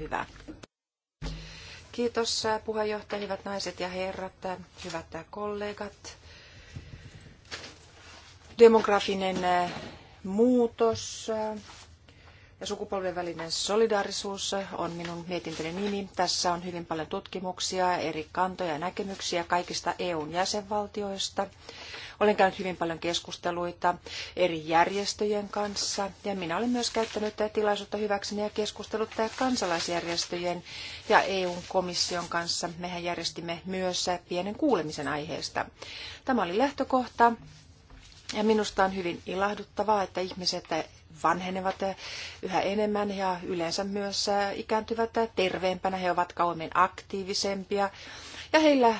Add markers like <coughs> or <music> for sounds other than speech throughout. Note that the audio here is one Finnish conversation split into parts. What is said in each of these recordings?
Hyvä. Kiitos äh, puheenjohtaja, hyvät naiset ja herrat, äh, hyvät äh, kollegat. Demografinen muutos ja sukupolven välinen solidaarisuus on minun mietintöni nimi. Tässä on hyvin paljon tutkimuksia, eri kantoja ja näkemyksiä kaikista EUn jäsenvaltioista olen käynyt hyvin paljon keskusteluita eri järjestöjen kanssa ja minä olen myös käyttänyt tätä tilaisuutta hyväkseni ja keskustellut kansalaisjärjestöjen ja EU-komission kanssa. Mehän järjestimme myös pienen kuulemisen aiheesta. Tämä oli lähtökohta. Ja minusta on hyvin ilahduttavaa, että ihmiset vanhenevat yhä enemmän ja yleensä myös ikääntyvät terveempänä. He ovat kauemmin aktiivisempia ja heillä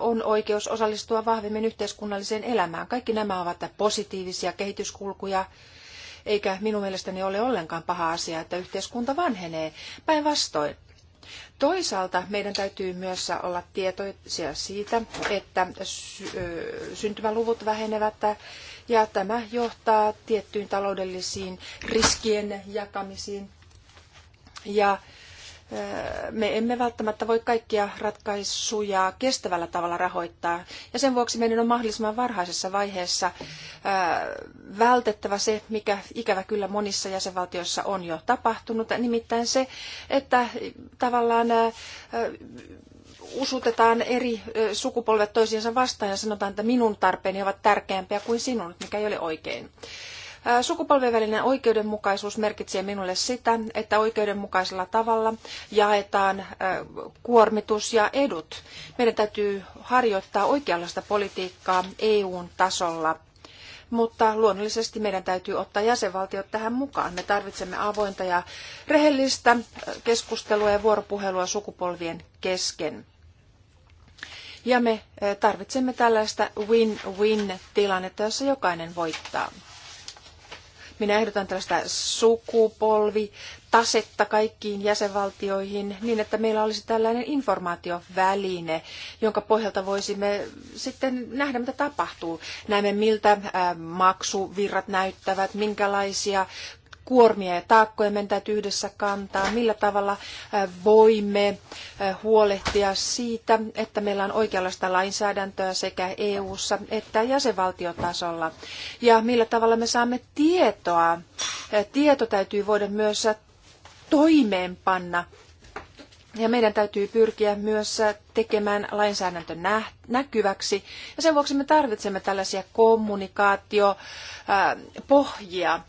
on oikeus osallistua vahvemmin yhteiskunnalliseen elämään. Kaikki nämä ovat positiivisia kehityskulkuja, eikä minun mielestäni ole ollenkaan paha asia, että yhteiskunta vanhenee. Päinvastoin, Toisaalta meidän täytyy myös olla tietoisia siitä, että syntymäluvut vähenevät ja tämä johtaa tiettyyn taloudellisiin riskien jakamisiin. Ja me emme välttämättä voi kaikkia ratkaisuja kestävällä tavalla rahoittaa. Ja sen vuoksi meidän on mahdollisimman varhaisessa vaiheessa vältettävä se, mikä ikävä kyllä monissa jäsenvaltioissa on jo tapahtunut, nimittäin se, että tavallaan usutetaan eri sukupolvet toisiinsa vastaan ja sanotaan, että minun tarpeeni ovat tärkeämpiä kuin sinun, mikä ei ole oikein. Sukupolvien välinen oikeudenmukaisuus merkitsee minulle sitä, että oikeudenmukaisella tavalla jaetaan kuormitus ja edut. Meidän täytyy harjoittaa oikeanlaista politiikkaa EUn tasolla mutta luonnollisesti meidän täytyy ottaa jäsenvaltiot tähän mukaan. Me tarvitsemme avointa ja rehellistä keskustelua ja vuoropuhelua sukupolvien kesken. Ja me tarvitsemme tällaista win-win tilannetta, jossa jokainen voittaa. Minä ehdotan tällaista sukupolvitasetta kaikkiin jäsenvaltioihin niin, että meillä olisi tällainen informaatioväline, jonka pohjalta voisimme sitten nähdä, mitä tapahtuu. Näemme, miltä maksuvirrat näyttävät, minkälaisia kuormia ja taakkoja meidän täytyy yhdessä kantaa, millä tavalla voimme huolehtia siitä, että meillä on oikeanlaista lainsäädäntöä sekä EU-ssa että jäsenvaltiotasolla ja millä tavalla me saamme tietoa. Tieto täytyy voida myös toimeenpanna ja meidän täytyy pyrkiä myös tekemään lainsäädäntö näkyväksi. Ja sen vuoksi me tarvitsemme tällaisia kommunikaatiopohjia.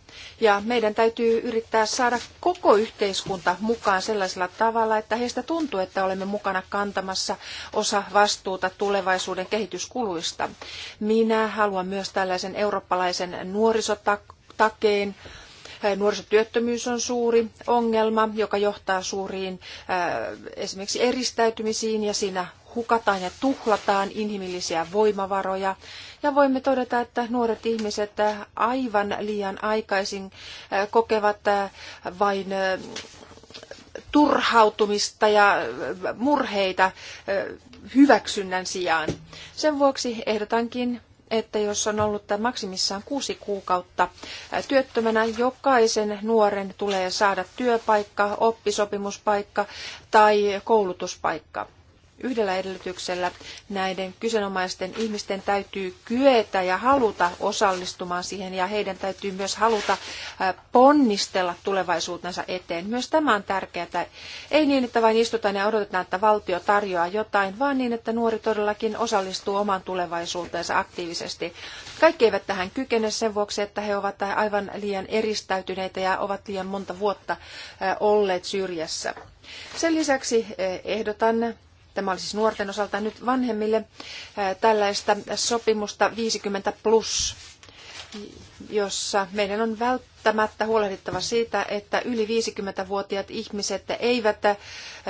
Ja meidän täytyy yrittää saada koko yhteiskunta mukaan sellaisella tavalla, että heistä tuntuu, että olemme mukana kantamassa osa vastuuta tulevaisuuden kehityskuluista. Minä haluan myös tällaisen eurooppalaisen nuorisotakeen Nuorisotyöttömyys on suuri ongelma, joka johtaa suuriin esimerkiksi eristäytymisiin ja siinä hukataan ja tuhlataan inhimillisiä voimavaroja. Ja voimme todeta, että nuoret ihmiset aivan liian aikaisin kokevat vain turhautumista ja murheita hyväksynnän sijaan. Sen vuoksi ehdotankin että jos on ollut maksimissaan kuusi kuukautta työttömänä, jokaisen nuoren tulee saada työpaikka, oppisopimuspaikka tai koulutuspaikka yhdellä edellytyksellä näiden kyseenomaisten ihmisten täytyy kyetä ja haluta osallistumaan siihen ja heidän täytyy myös haluta ponnistella tulevaisuutensa eteen. Myös tämä on tärkeää. Ei niin, että vain istutaan ja odotetaan, että valtio tarjoaa jotain, vaan niin, että nuori todellakin osallistuu omaan tulevaisuuteensa aktiivisesti. Kaikki eivät tähän kykene sen vuoksi, että he ovat aivan liian eristäytyneitä ja ovat liian monta vuotta olleet syrjässä. Sen lisäksi ehdotan Tämä oli siis nuorten osalta nyt vanhemmille tällaista sopimusta 50 plus jossa meidän on välttämättä huolehdittava siitä, että yli 50-vuotiaat ihmiset eivät äh,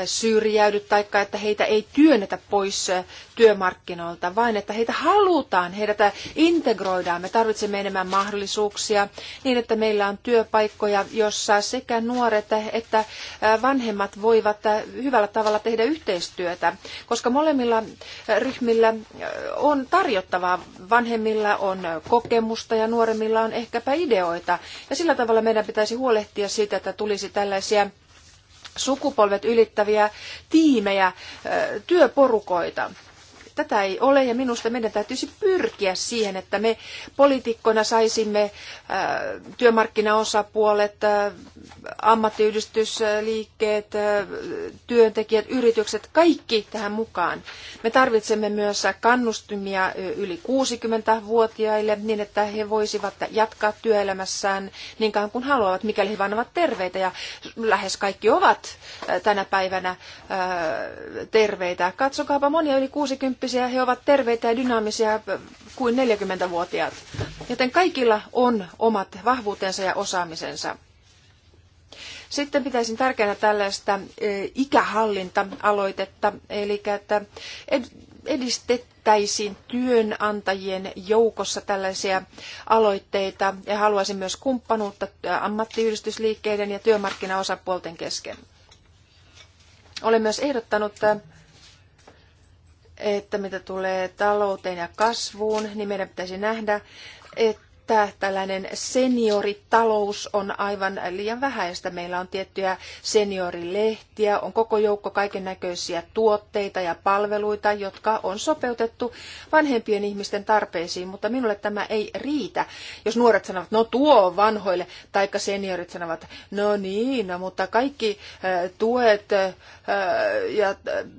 syrjäydy tai että heitä ei työnnetä pois äh, työmarkkinoilta, vaan että heitä halutaan, heidät äh, integroidaan. Me tarvitsemme enemmän mahdollisuuksia niin, että meillä on työpaikkoja, jossa sekä nuoret että vanhemmat voivat hyvällä tavalla tehdä yhteistyötä, koska molemmilla ryhmillä on tarjottavaa. Vanhemmilla on kokemusta ja nuoremmilla on ehkäpä ideoita. Ja sillä tavalla meidän pitäisi huolehtia siitä, että tulisi tällaisia sukupolvet ylittäviä tiimejä, työporukoita. Tätä ei ole ja minusta meidän täytyisi pyrkiä siihen, että me poliitikkoina saisimme äh, työmarkkinaosapuolet, äh, ammattiyhdistysliikkeet, äh, työntekijät, yritykset, kaikki tähän mukaan. Me tarvitsemme myös kannustimia yli 60-vuotiaille niin, että he voisivat jatkaa työelämässään niin kauan kuin haluavat, mikäli he vain ovat terveitä ja lähes kaikki ovat tänä päivänä terveitä. Katsokaapa monia yli 60 80 he ovat terveitä ja dynaamisia kuin 40-vuotiaat. Joten kaikilla on omat vahvuutensa ja osaamisensa. Sitten pitäisin tärkeänä tällaista e, ikähallinta-aloitetta, eli että edistettäisiin työnantajien joukossa tällaisia aloitteita ja haluaisin myös kumppanuutta ammattiyhdistysliikkeiden ja työmarkkinaosapuolten kesken. Olen myös ehdottanut että mitä tulee talouteen ja kasvuun, niin meidän pitäisi nähdä, että että tällainen senioritalous on aivan liian vähäistä. Meillä on tiettyjä seniorilehtiä, on koko joukko kaiken näköisiä tuotteita ja palveluita, jotka on sopeutettu vanhempien ihmisten tarpeisiin, mutta minulle tämä ei riitä. Jos nuoret sanovat, no tuo on vanhoille, taikka seniorit sanovat, no niin, no, mutta kaikki tuet ja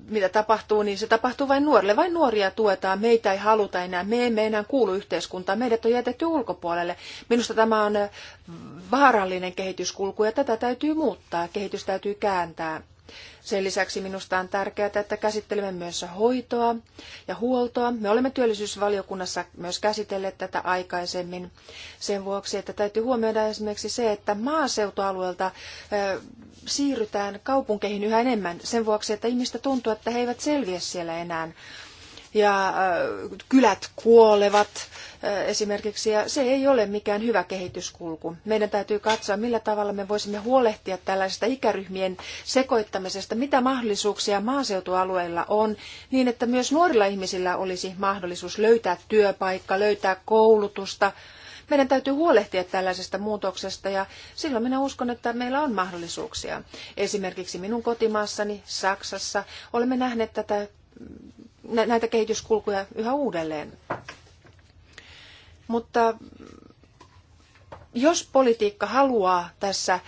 mitä tapahtuu, niin se tapahtuu vain nuorille. Vain nuoria tuetaan, meitä ei haluta enää, me emme enää kuulu yhteiskuntaan, meidät on jätetty ulkopuolelle ulkopuolelle. Minusta tämä on vaarallinen kehityskulku ja tätä täytyy muuttaa, kehitys täytyy kääntää. Sen lisäksi minusta on tärkeää, että käsittelemme myös hoitoa ja huoltoa. Me olemme työllisyysvaliokunnassa myös käsitelleet tätä aikaisemmin sen vuoksi, että täytyy huomioida esimerkiksi se, että maaseutualueelta siirrytään kaupunkeihin yhä enemmän sen vuoksi, että ihmistä tuntuu, että he eivät selviä siellä enää ja äh, kylät kuolevat äh, esimerkiksi, ja se ei ole mikään hyvä kehityskulku. Meidän täytyy katsoa, millä tavalla me voisimme huolehtia tällaisesta ikäryhmien sekoittamisesta, mitä mahdollisuuksia maaseutualueilla on, niin että myös nuorilla ihmisillä olisi mahdollisuus löytää työpaikka, löytää koulutusta, meidän täytyy huolehtia tällaisesta muutoksesta ja silloin minä uskon, että meillä on mahdollisuuksia. Esimerkiksi minun kotimaassani Saksassa olemme nähneet tätä näitä kehityskulkuja yhä uudelleen. Mutta jos politiikka haluaa tässä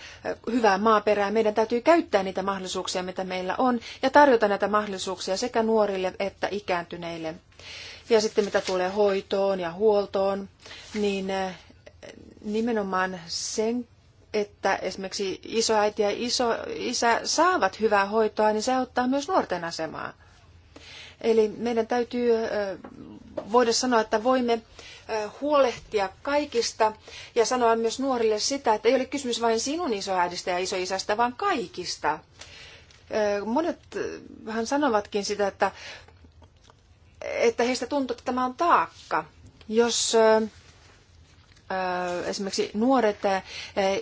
hyvää maaperää, meidän täytyy käyttää niitä mahdollisuuksia, mitä meillä on, ja tarjota näitä mahdollisuuksia sekä nuorille että ikääntyneille. Ja sitten mitä tulee hoitoon ja huoltoon, niin nimenomaan sen, että esimerkiksi isoäiti ja iso isä saavat hyvää hoitoa, niin se auttaa myös nuorten asemaa. Eli meidän täytyy voida sanoa, että voimme huolehtia kaikista ja sanoa myös nuorille sitä, että ei ole kysymys vain sinun isoäidistä ja isoisästä, vaan kaikista. Monethan sanovatkin sitä, että, että heistä tuntuu, että tämä on taakka. Jos esimerkiksi nuoret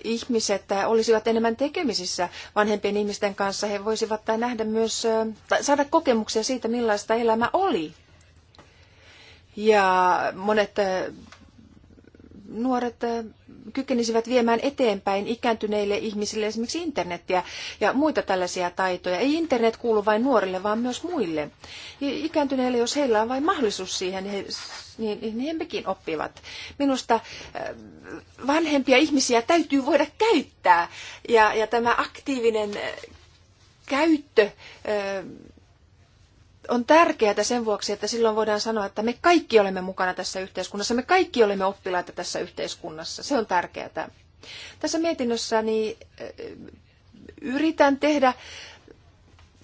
ihmiset olisivat enemmän tekemisissä vanhempien ihmisten kanssa, he voisivat nähdä myös, saada kokemuksia siitä, millaista elämä oli. Ja monet nuoret kykenisivät viemään eteenpäin ikääntyneille ihmisille esimerkiksi internettiä ja muita tällaisia taitoja. Ei internet kuulu vain nuorille, vaan myös muille. Ikääntyneille, jos heillä on vain mahdollisuus siihen, he, niin, niin hekin oppivat. Minusta vanhempia ihmisiä täytyy voida käyttää ja, ja tämä aktiivinen käyttö on tärkeää sen vuoksi, että silloin voidaan sanoa, että me kaikki olemme mukana tässä yhteiskunnassa, me kaikki olemme oppilaita tässä yhteiskunnassa. Se on tärkeää. Tässä mietinnössäni yritän tehdä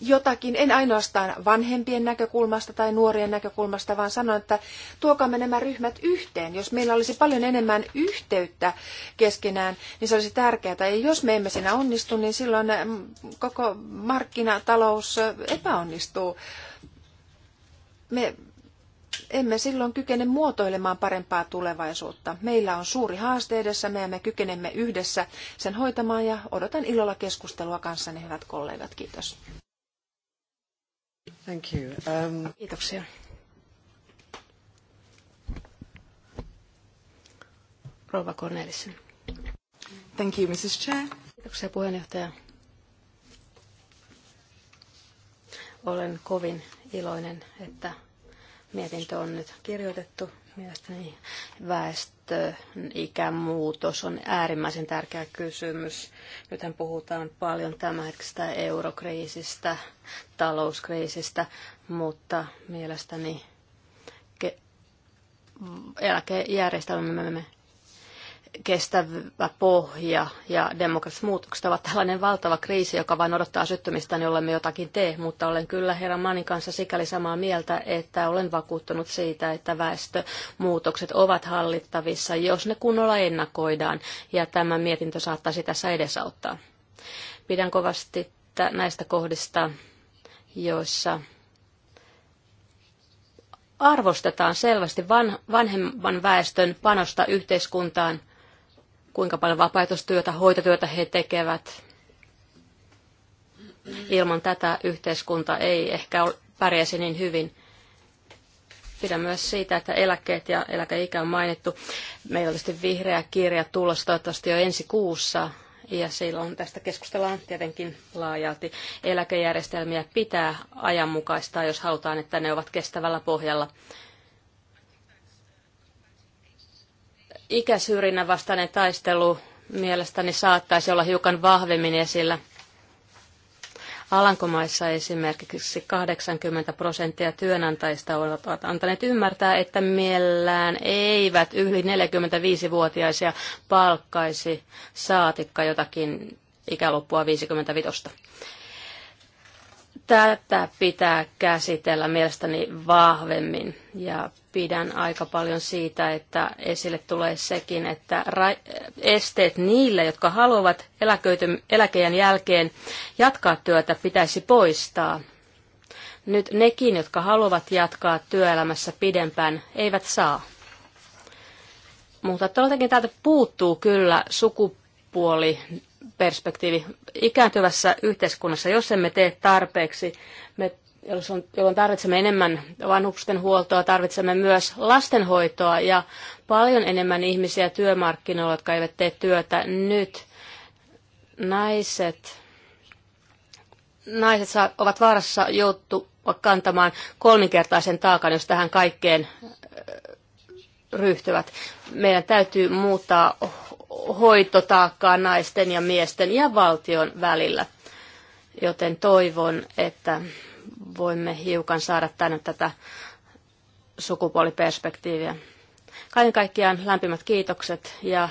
jotakin, en ainoastaan vanhempien näkökulmasta tai nuorien näkökulmasta, vaan sanon, että tuokaamme nämä ryhmät yhteen. Jos meillä olisi paljon enemmän yhteyttä keskenään, niin se olisi tärkeää. Ja jos me emme siinä onnistu, niin silloin mm, koko markkinatalous epäonnistuu. Me emme silloin kykene muotoilemaan parempaa tulevaisuutta. Meillä on suuri haaste edessä, ja me kykenemme yhdessä sen hoitamaan ja odotan ilolla keskustelua kanssanne, hyvät kollegat. Kiitos. Thank you. Um... Kiitoksia. Rouva Cornelissen. Thank you, Mrs. Chair. Kiitoksia puheenjohtaja. Olen kovin iloinen, että mietintö on nyt kirjoitettu. Mielestäni väestö ikämuutos on äärimmäisen tärkeä kysymys. Nythän puhutaan paljon tämänhetkisestä eurokriisistä, talouskriisistä, mutta mielestäni eläkejärjestelmämme kestävä pohja ja demokraattiset muutokset ovat tällainen valtava kriisi, joka vain odottaa syttymistä, niin olemme jotakin tee. Mutta olen kyllä herran Manin kanssa sikäli samaa mieltä, että olen vakuuttunut siitä, että väestömuutokset ovat hallittavissa, jos ne kunnolla ennakoidaan. Ja tämä mietintö saattaisi tässä edesauttaa. Pidän kovasti näistä kohdista, joissa arvostetaan selvästi vanhemman väestön panosta yhteiskuntaan kuinka paljon vapaaehtoistyötä, hoitotyötä he tekevät. Ilman tätä yhteiskunta ei ehkä pärjäisi niin hyvin. Pidän myös siitä, että eläkkeet ja eläkeikä on mainittu. Meillä on tietysti vihreä kirja tulossa toivottavasti jo ensi kuussa. Ja silloin tästä keskustellaan tietenkin laajalti. Eläkejärjestelmiä pitää ajanmukaistaa, jos halutaan, että ne ovat kestävällä pohjalla. Ikäsyrjinnän vastainen taistelu mielestäni saattaisi olla hiukan vahvemmin esillä. Alankomaissa esimerkiksi 80 prosenttia työnantajista ovat antaneet ymmärtää, että mielellään eivät yli 45-vuotiaisia palkkaisi saatikka jotakin ikäloppua 55. Tätä pitää käsitellä mielestäni vahvemmin ja pidän aika paljon siitä, että esille tulee sekin, että esteet niille, jotka haluavat eläkeen jälkeen jatkaa työtä, pitäisi poistaa. Nyt nekin, jotka haluavat jatkaa työelämässä pidempään, eivät saa. Mutta todellakin täältä puuttuu kyllä sukupuoli perspektiivi. Ikääntyvässä yhteiskunnassa, jos emme tee tarpeeksi, me jolloin tarvitsemme enemmän vanhusten huoltoa, tarvitsemme myös lastenhoitoa ja paljon enemmän ihmisiä työmarkkinoilla, jotka eivät tee työtä nyt. Naiset, naiset ovat vaarassa joutu kantamaan kolminkertaisen taakan, jos tähän kaikkeen ryhtyvät. Meidän täytyy muuttaa hoitotaakkaa naisten ja miesten ja valtion välillä. Joten toivon, että voimme hiukan saada tänne tätä sukupuoliperspektiiviä. Kaiken kaikkiaan lämpimät kiitokset ja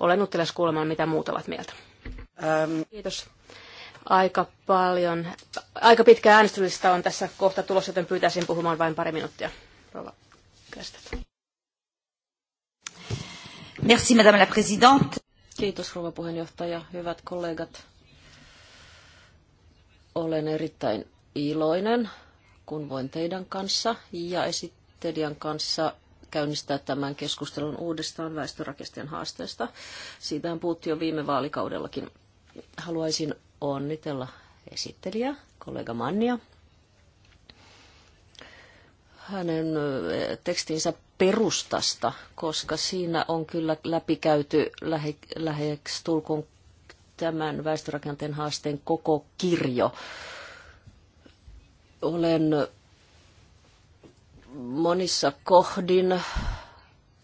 olen utelias kuulemaan, mitä muut ovat mieltä. Ähm. Kiitos. Aika paljon, aika pitkä äänestyslista on tässä kohta tulossa, joten pyytäisin puhumaan vain pari minuuttia. Rova Merci, madame la présidente. Kiitos, rouva puheenjohtaja. Hyvät kollegat, olen erittäin iloinen, kun voin teidän kanssa ja esittelijän kanssa käynnistää tämän keskustelun uudestaan väestörakestien haasteesta. Siitähän puhuttiin jo viime vaalikaudellakin. Haluaisin onnitella esittelijää, kollega Mannia, hänen tekstinsä perustasta, koska siinä on kyllä läpikäyty lähe, läheeksi tulkun tämän väestörakenteen haasteen koko kirjo. Olen monissa kohdin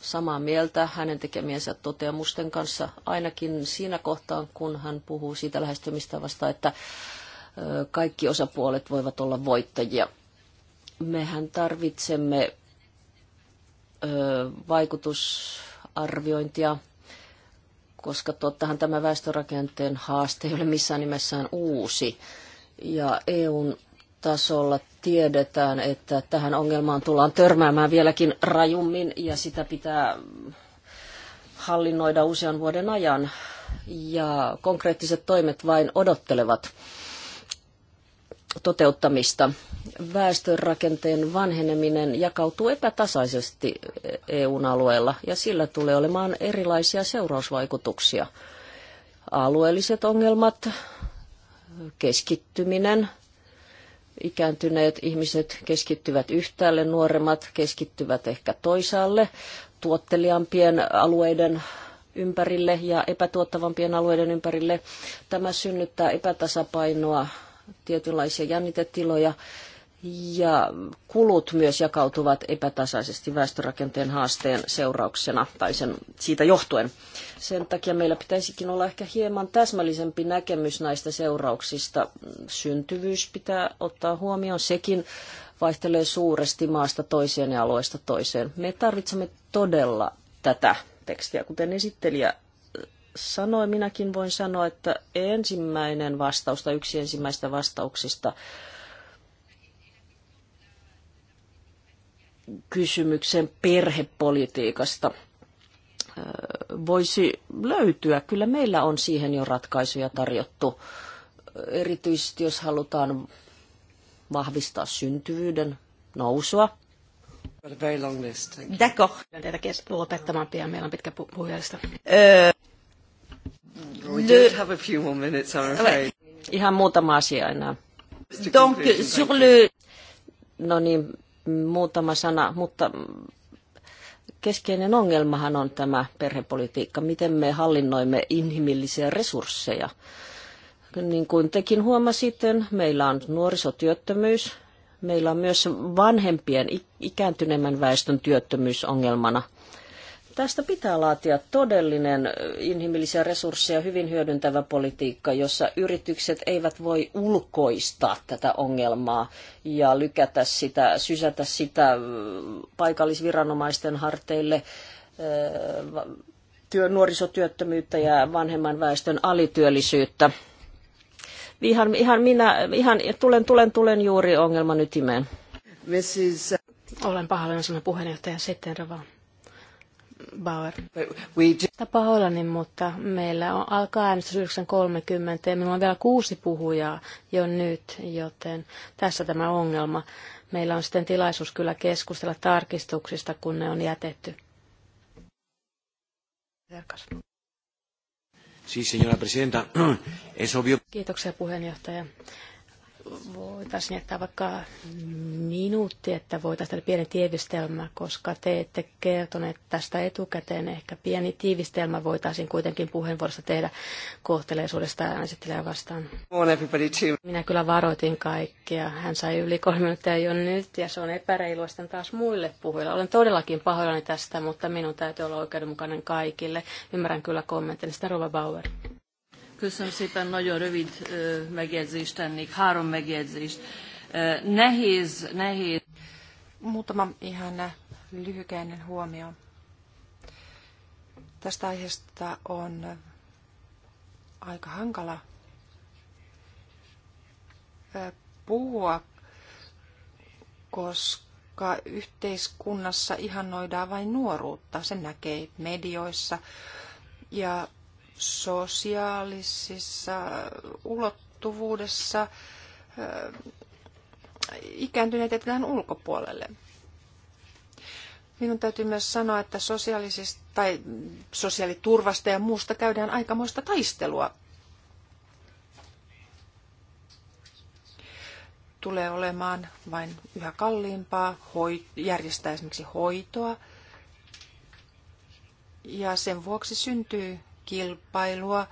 samaa mieltä hänen tekemiensä toteamusten kanssa, ainakin siinä kohtaa, kun hän puhuu siitä lähestymistavasta, että kaikki osapuolet voivat olla voittajia – Mehän tarvitsemme vaikutusarviointia, koska tottahan tämä väestörakenteen haaste ei ole missään nimessään uusi. Ja EUn tasolla tiedetään, että tähän ongelmaan tullaan törmäämään vieläkin rajummin ja sitä pitää hallinnoida usean vuoden ajan. Ja konkreettiset toimet vain odottelevat toteuttamista. Väestörakenteen vanheneminen jakautuu epätasaisesti EUn alueella ja sillä tulee olemaan erilaisia seurausvaikutuksia. Alueelliset ongelmat, keskittyminen, ikääntyneet ihmiset keskittyvät yhtäälle, nuoremmat keskittyvät ehkä toisaalle, tuotteliaampien alueiden ympärille ja epätuottavampien alueiden ympärille. Tämä synnyttää epätasapainoa tietynlaisia jännitetiloja ja kulut myös jakautuvat epätasaisesti väestörakenteen haasteen seurauksena tai sen, siitä johtuen. Sen takia meillä pitäisikin olla ehkä hieman täsmällisempi näkemys näistä seurauksista. Syntyvyys pitää ottaa huomioon, sekin vaihtelee suuresti maasta toiseen ja alueesta toiseen. Me tarvitsemme todella tätä tekstiä, kuten esittelijä sanoi, minäkin voin sanoa, että ensimmäinen vastaus tai yksi ensimmäistä vastauksista kysymyksen perhepolitiikasta äh, voisi löytyä. Kyllä meillä on siihen jo ratkaisuja tarjottu, erityisesti jos halutaan vahvistaa syntyvyyden nousua. D'accord. Teitä lopettamaan pian, meillä on pitkä pu- We have a few more minutes, I'm afraid. Ihan muutama asia enää. Donc, sur le... No niin, muutama sana, mutta keskeinen ongelmahan on tämä perhepolitiikka, miten me hallinnoimme inhimillisiä resursseja. Niin kuin tekin huomasitte, meillä on nuorisotyöttömyys, meillä on myös vanhempien ikääntyneemmän väestön työttömyysongelmana. ongelmana – Tästä pitää laatia todellinen inhimillisiä resursseja hyvin hyödyntävä politiikka, jossa yritykset eivät voi ulkoistaa tätä ongelmaa ja lykätä sitä, sysätä sitä paikallisviranomaisten harteille eh, työ, nuorisotyöttömyyttä ja vanhemman väestön alityöllisyyttä. Ihan, ihan minä ihan, tulen, tulen, tulen juuri ongelman ytimeen. Mrs. Olen pahoillani jos puheenjohtaja sitten Bauer. Pahoillani, mutta meillä on, alkaa äänestys 9.30 ja meillä on vielä kuusi puhujaa jo nyt, joten tässä tämä ongelma. Meillä on sitten tilaisuus kyllä keskustella tarkistuksista, kun ne on jätetty. <clears throat> Kiitoksia puheenjohtaja voitaisiin jättää vaikka minuutti, että voitaisiin tehdä pieni tiivistelmä, koska te ette kertoneet tästä etukäteen. Ehkä pieni tiivistelmä voitaisiin kuitenkin puheenvuorossa tehdä kohteleisuudesta äänesittelijää vastaan. Minä kyllä varoitin kaikkia. Hän sai yli kolme minuuttia jo nyt ja se on epäreilua sitten taas muille puhujille. Olen todellakin pahoillani tästä, mutta minun täytyy olla oikeudenmukainen kaikille. Ymmärrän kyllä kommentin. Sitä Rova Bauer. Köszönöm szépen, nagyon rövid megjegyzést tennék, három megjegyzést. Nehéz, nehéz. Muutama ihan lyhykäinen huomio. Tästä aiheesta on aika hankala puhua, koska yhteiskunnassa ihannoidaan vain nuoruutta. Sen näkee medioissa ja sosiaalisissa ulottuvuudessa ikääntyneet jätetään ulkopuolelle. Minun täytyy myös sanoa, että sosiaalisista, tai sosiaaliturvasta ja muusta käydään aikamoista taistelua. Tulee olemaan vain yhä kalliimpaa järjestää esimerkiksi hoitoa. Ja sen vuoksi syntyy kilpailua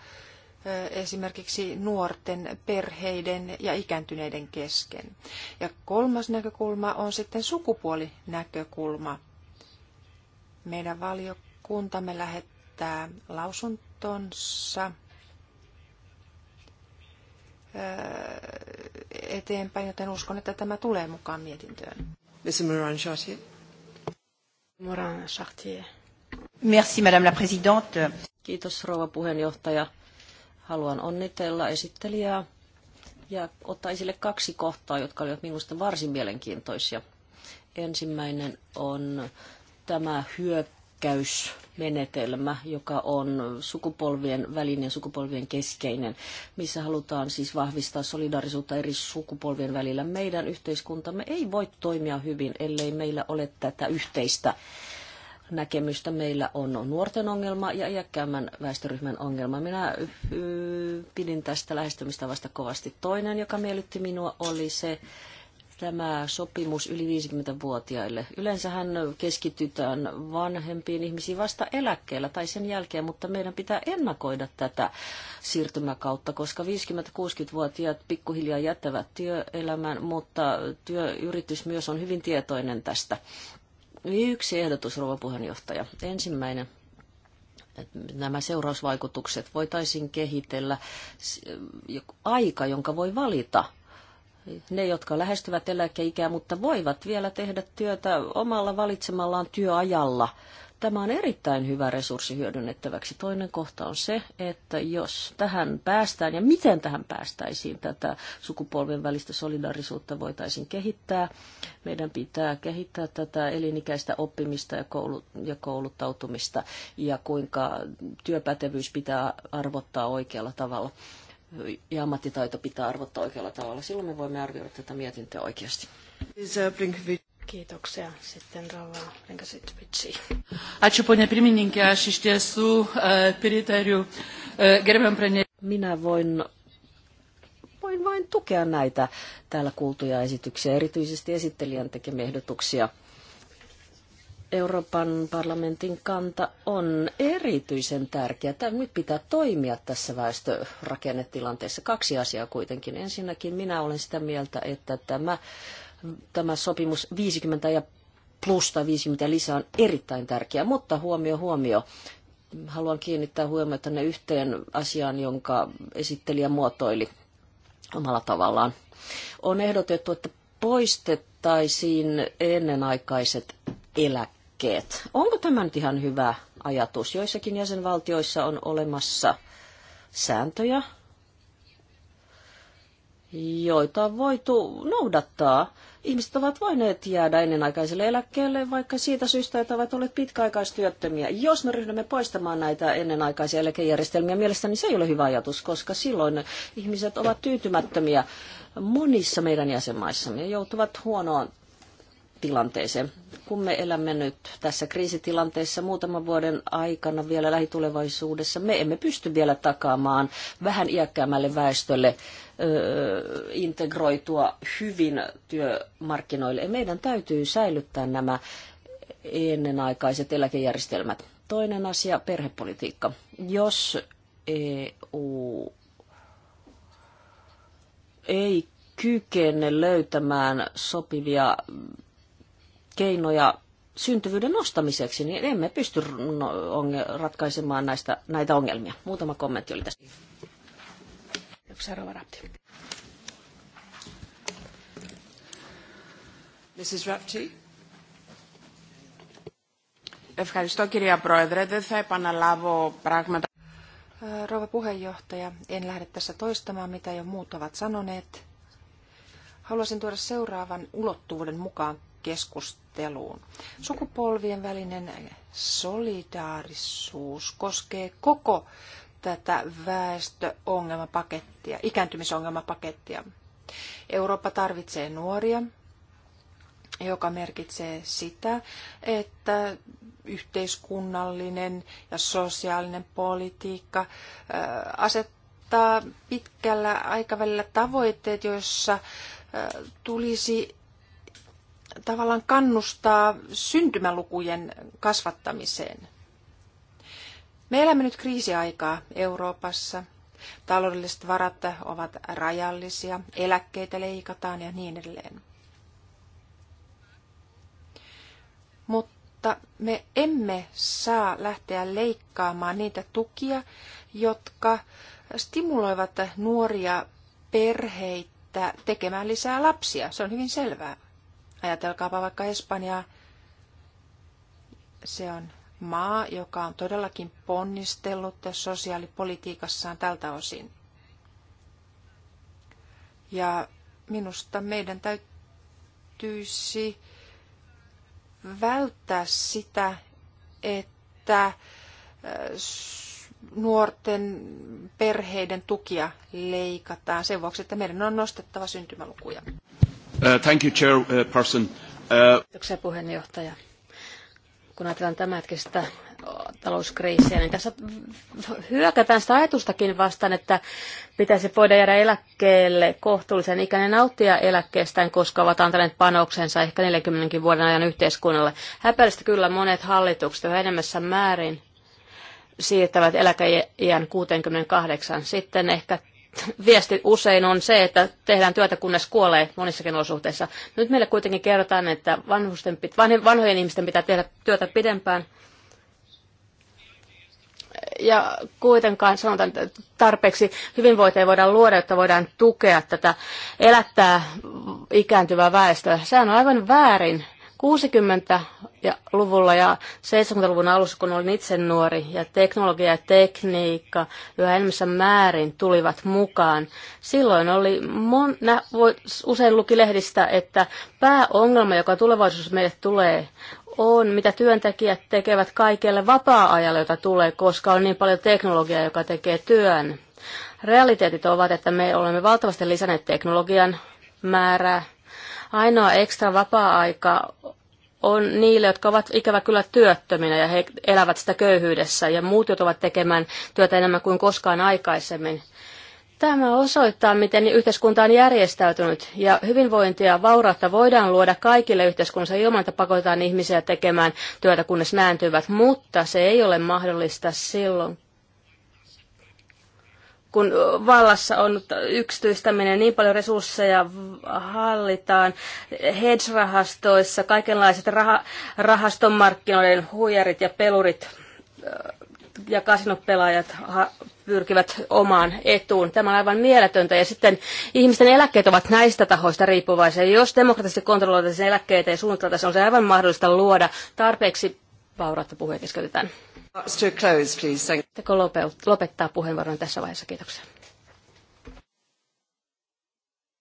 esimerkiksi nuorten, perheiden ja ikääntyneiden kesken. Ja kolmas näkökulma on sitten sukupuolinäkökulma. Meidän valiokuntamme lähettää lausuntonsa eteenpäin, joten uskon, että tämä tulee mukaan mietintöön. Moran Chartier. Moran Chartier. Merci, Madame la Présidente. Kiitos, rouva puheenjohtaja. Haluan onnitella esittelijää ja ottaa esille kaksi kohtaa, jotka olivat minusta varsin mielenkiintoisia. Ensimmäinen on tämä hyökkäysmenetelmä, joka on sukupolvien välinen, sukupolvien keskeinen, missä halutaan siis vahvistaa solidaarisuutta eri sukupolvien välillä. Meidän yhteiskuntamme ei voi toimia hyvin, ellei meillä ole tätä yhteistä näkemystä. Meillä on nuorten ongelma ja iäkkäämmän väestöryhmän ongelma. Minä pidin tästä vasta kovasti. Toinen, joka miellytti minua, oli se, tämä sopimus yli 50-vuotiaille. Yleensähän keskitytään vanhempiin ihmisiin vasta eläkkeellä tai sen jälkeen, mutta meidän pitää ennakoida tätä siirtymäkautta, koska 50-60-vuotiaat pikkuhiljaa jättävät työelämän, mutta työyritys myös on hyvin tietoinen tästä Yksi ehdotus, rouva puheenjohtaja. Ensimmäinen nämä seurausvaikutukset voitaisiin kehitellä aika, jonka voi valita. Ne, jotka lähestyvät eläkeikää, mutta voivat vielä tehdä työtä omalla valitsemallaan työajalla. Tämä on erittäin hyvä resurssi hyödynnettäväksi. Toinen kohta on se, että jos tähän päästään ja miten tähän päästäisiin, tätä sukupolven välistä solidarisuutta voitaisiin kehittää. Meidän pitää kehittää tätä elinikäistä oppimista ja, ja kouluttautumista ja kuinka työpätevyys pitää arvottaa oikealla tavalla ja ammattitaito pitää arvottaa oikealla tavalla. Silloin me voimme arvioida tätä mietintöä oikeasti. Kiitoksia sitten Rava Renkasitvici. Ačiū, ponė pirmininkė, aš iš tiesų e, pritariu e, gerbiam pranė. Minä voin, voin vain tukea näitä täällä kuultuja esityksiä, erityisesti esittelijän tekemiä ehdotuksia. Euroopan parlamentin kanta on erityisen tärkeä. Tämä nyt pitää toimia tässä väestörakennetilanteessa. Kaksi asiaa kuitenkin. Ensinnäkin minä olen sitä mieltä, että tämä tämä sopimus 50 ja plus tai 50 lisää on erittäin tärkeä, mutta huomio, huomio. Haluan kiinnittää huomiota tänne yhteen asiaan, jonka esittelijä muotoili omalla tavallaan. On ehdotettu, että poistettaisiin ennenaikaiset eläkkeet. Onko tämä nyt ihan hyvä ajatus? Joissakin jäsenvaltioissa on olemassa sääntöjä, joita on voitu noudattaa. Ihmiset ovat voineet jäädä ennenaikaiselle eläkkeelle, vaikka siitä syystä, että ovat olleet pitkäaikaistyöttömiä. Jos me ryhdymme poistamaan näitä ennenaikaisia eläkejärjestelmiä, mielestäni se ei ole hyvä ajatus, koska silloin ihmiset ovat tyytymättömiä monissa meidän jäsenmaissamme ja joutuvat huonoon tilanteeseen. Kun me elämme nyt tässä kriisitilanteessa muutaman vuoden aikana vielä lähitulevaisuudessa, me emme pysty vielä takaamaan vähän iäkkäämmälle väestölle ö, integroitua hyvin työmarkkinoille. Meidän täytyy säilyttää nämä ennenaikaiset eläkejärjestelmät. Toinen asia, perhepolitiikka. Jos EU ei kykene löytämään sopivia keinoja syntyvyyden nostamiseksi, niin emme pysty no, ratkaisemaan näistä, näitä ongelmia. Muutama kommentti oli tässä. Mrs. Rapti. Ευχαριστώ κυρία Πρόεδρε. Δεν θα επαναλάβω πράγματα. Rouva puheenjohtaja, en lähde tässä toistamaan, mitä jo muut ovat sanoneet. Haluaisin tuoda seuraavan ulottuvuuden mukaan keskusteluun. Sukupolvien välinen solidaarisuus koskee koko tätä väestöongelmapakettia, ikääntymisongelmapakettia. Eurooppa tarvitsee nuoria, joka merkitsee sitä, että yhteiskunnallinen ja sosiaalinen politiikka äh, asettaa pitkällä aikavälillä tavoitteet, joissa äh, tulisi tavallaan kannustaa syntymälukujen kasvattamiseen. Me elämme nyt kriisiaikaa Euroopassa. Taloudelliset varat ovat rajallisia, eläkkeitä leikataan ja niin edelleen. Mutta me emme saa lähteä leikkaamaan niitä tukia, jotka stimuloivat nuoria perheitä tekemään lisää lapsia. Se on hyvin selvää. Ajatelkaapa vaikka Espanjaa. Se on maa, joka on todellakin ponnistellut sosiaalipolitiikassaan tältä osin. Ja minusta meidän täytyisi välttää sitä, että äh, nuorten perheiden tukia leikataan sen vuoksi, että meidän on nostettava syntymälukuja. Uh, thank you, chairperson. Uh, uh, Kiitoksia puheenjohtaja. Kun ajatellaan tämänhetkistä uh, talouskriisiä, niin tässä hyökätään sitä ajatustakin vastaan, että pitäisi voida jäädä eläkkeelle kohtuullisen ikäinen nauttia eläkkeestään, koska ovat antaneet panoksensa ehkä 40 vuoden ajan yhteiskunnalle. Häpeällistä kyllä monet hallitukset yhä enemmässä määrin siirtävät eläkeiän 68. Sitten ehkä viesti usein on se, että tehdään työtä kunnes kuolee monissakin olosuhteissa. Nyt meille kuitenkin kerrotaan, että vanhusten, vanhojen ihmisten pitää tehdä työtä pidempään. Ja kuitenkaan sanotaan että tarpeeksi hyvinvointia voidaan luoda, että voidaan tukea tätä, elättää ikääntyvää väestöä. Sehän on aivan väärin 60-luvulla ja 70-luvun alussa, kun olin itse nuori, ja teknologia ja tekniikka yhä enemmässä määrin tulivat mukaan. Silloin oli mon, nä, voi, usein luki lehdistä, että pääongelma, joka tulevaisuudessa meille tulee, on, mitä työntekijät tekevät kaikelle vapaa-ajalle, jota tulee, koska on niin paljon teknologiaa, joka tekee työn. Realiteetit ovat, että me olemme valtavasti lisänneet teknologian määrää, Ainoa ekstra vapaa-aika on niille, jotka ovat ikävä kyllä työttöminä ja he elävät sitä köyhyydessä ja muut ovat tekemään työtä enemmän kuin koskaan aikaisemmin. Tämä osoittaa, miten yhteiskunta on järjestäytynyt ja hyvinvointia ja vaurautta voidaan luoda kaikille yhteiskunnassa ilman, että pakotetaan ihmisiä tekemään työtä, kunnes nääntyvät, mutta se ei ole mahdollista silloin, kun vallassa on yksityistäminen, niin paljon resursseja hallitaan hedge-rahastoissa, kaikenlaiset raha- rahastonmarkkinoiden huijarit ja pelurit äh, ja kasinopelaajat pyrkivät omaan etuun. Tämä on aivan mieletöntä. Ja sitten ihmisten eläkkeet ovat näistä tahoista riippuvaisia. Jos demokraattisesti kontrolloitaisiin eläkkeitä ja suunniteltaisiin, on se aivan mahdollista luoda tarpeeksi vaurautta puheen keskeytetään. To close, please. lopettaa puheenvuoron tässä vaiheessa. Kiitoksia.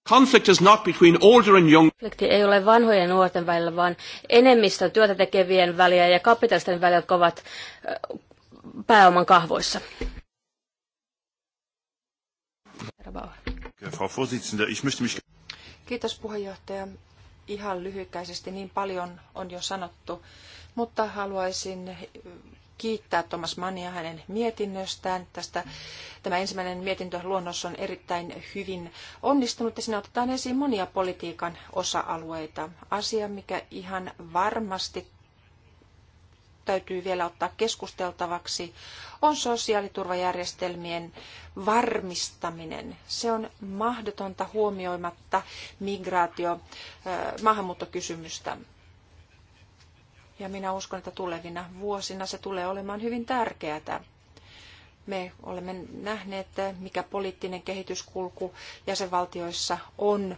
Conflict is not between older and young. Konflikti ei ole vanhojen ja nuorten välillä, vaan enemmistön työtä tekevien väliä ja kapitalisten välillä, jotka ovat pääoman kahvoissa. Kiitos puheenjohtaja. Ihan lyhykäisesti niin paljon on jo sanottu, mutta haluaisin kiittää Thomas Mannia hänen mietinnöstään. Tästä, tämä ensimmäinen mietintöluonnos on erittäin hyvin onnistunut ja siinä otetaan esiin monia politiikan osa-alueita. Asia, mikä ihan varmasti täytyy vielä ottaa keskusteltavaksi, on sosiaaliturvajärjestelmien varmistaminen. Se on mahdotonta huomioimatta migraatio- maahanmuuttokysymystä ja minä uskon, että tulevina vuosina se tulee olemaan hyvin tärkeää. Me olemme nähneet, mikä poliittinen kehityskulku jäsenvaltioissa on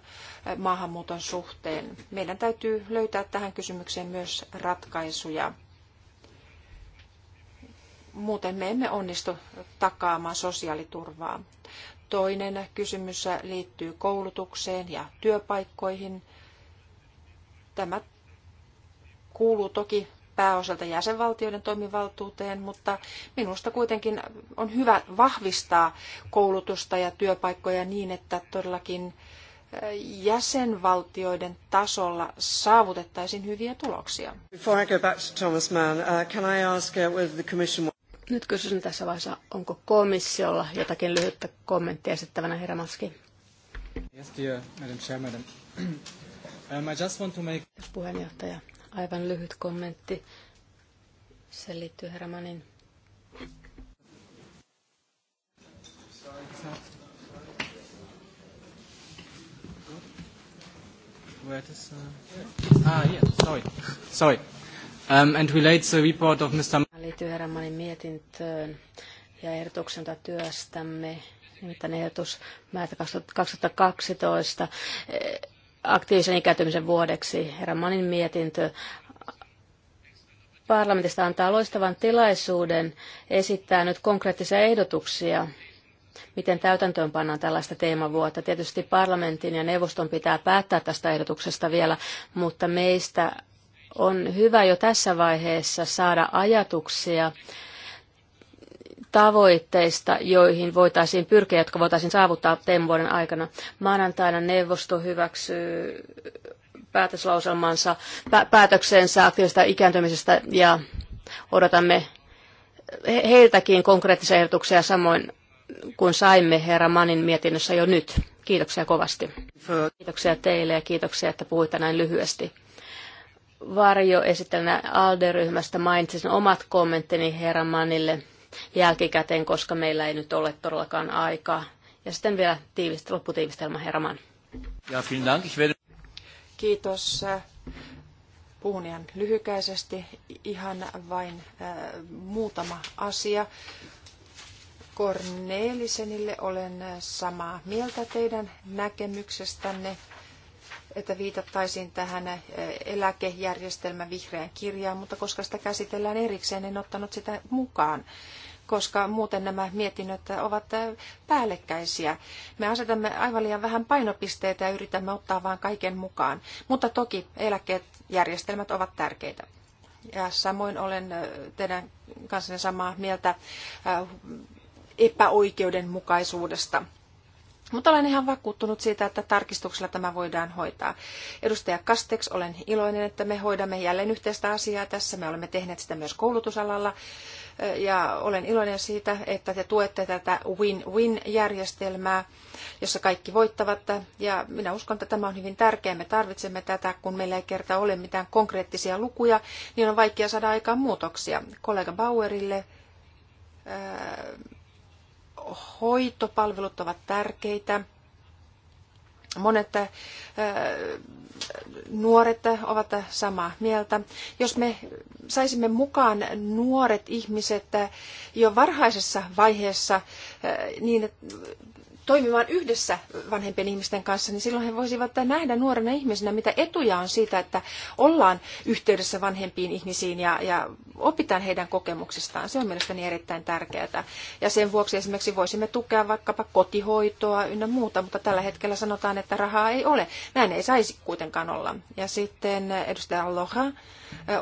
eh, maahanmuuton suhteen. Meidän täytyy löytää tähän kysymykseen myös ratkaisuja. Muuten me emme onnistu takaamaan sosiaaliturvaa. Toinen kysymys liittyy koulutukseen ja työpaikkoihin. Tämä kuuluu toki pääosalta jäsenvaltioiden toimivaltuuteen, mutta minusta kuitenkin on hyvä vahvistaa koulutusta ja työpaikkoja niin, että todellakin eh, jäsenvaltioiden tasolla saavutettaisiin hyviä tuloksia. Uh, uh, Nyt kysyisin tässä vaiheessa, onko komissiolla jotakin lyhyttä kommenttia esittävänä, herra Maski? Yes, dear, Madam Chairman. <clears throat> Um, I just want to make... Puheenjohtaja, Aivan lyhyt kommentti. Se liittyy Hermanin. Where does, uh... Ah, yeah, sorry. Sorry. Um, and relates the report of Mr. Liittyy Hermanin mietintöön ja ehdotuksen, tai työstämme, nimittäin ehdotus määrä 2012 aktiivisen ikääntymisen vuodeksi. Herra Manin mietintö parlamentista antaa loistavan tilaisuuden esittää nyt konkreettisia ehdotuksia, miten täytäntöön pannaan tällaista teemavuotta. Tietysti parlamentin ja neuvoston pitää päättää tästä ehdotuksesta vielä, mutta meistä on hyvä jo tässä vaiheessa saada ajatuksia tavoitteista, joihin voitaisiin pyrkiä, jotka voitaisiin saavuttaa teemme vuoden aikana. Maanantaina neuvosto hyväksyy päätöslauselmansa, pä- päätöksensä aktiivisesta ikääntymisestä ja odotamme heiltäkin konkreettisia ehdotuksia samoin kuin saimme herra Manin mietinnössä jo nyt. Kiitoksia kovasti. Kiitoksia teille ja kiitoksia, että puhuitte näin lyhyesti. Varjo esittelenä ALDE-ryhmästä mainitsin omat kommenttini herra Manille jälkikäteen, koska meillä ei nyt ole todellakaan aikaa. Ja sitten vielä tiivist, lopputiivistelmä Herman. Ja, Dank. Ich werde... Kiitos. Puhun ihan lyhykäisesti. Ihan vain äh, muutama asia. Korneelisenille olen äh, samaa mieltä teidän näkemyksestänne, että viitattaisiin tähän äh, eläkejärjestelmän vihreään kirjaan, mutta koska sitä käsitellään erikseen, en ottanut sitä mukaan koska muuten nämä mietinnöt ovat päällekkäisiä. Me asetamme aivan liian vähän painopisteitä ja yritämme ottaa vain kaiken mukaan. Mutta toki eläkkeet, järjestelmät ovat tärkeitä. Ja samoin olen teidän kanssanne samaa mieltä epäoikeudenmukaisuudesta. Mutta olen ihan vakuuttunut siitä, että tarkistuksella tämä voidaan hoitaa. Edustaja Kasteks, olen iloinen, että me hoidamme jälleen yhteistä asiaa tässä. Me olemme tehneet sitä myös koulutusalalla ja olen iloinen siitä, että te tuette tätä win-win-järjestelmää, jossa kaikki voittavat. Ja minä uskon, että tämä on hyvin tärkeää. Me tarvitsemme tätä, kun meillä ei kerta ole mitään konkreettisia lukuja, niin on vaikea saada aikaan muutoksia. Kollega Bauerille hoitopalvelut ovat tärkeitä Monet äh, nuoret ovat samaa mieltä. Jos me saisimme mukaan nuoret ihmiset jo varhaisessa vaiheessa äh, niin, toimimaan yhdessä vanhempien ihmisten kanssa, niin silloin he voisivat nähdä nuorena ihmisenä, mitä etuja on siitä, että ollaan yhteydessä vanhempiin ihmisiin ja, ja opitaan heidän kokemuksistaan. Se on mielestäni erittäin tärkeää. Ja sen vuoksi esimerkiksi voisimme tukea vaikkapa kotihoitoa ynnä muuta, mutta tällä hetkellä sanotaan, että rahaa ei ole. Näin ei saisi kuitenkaan olla. Ja sitten eh, edustaja Loha, eh,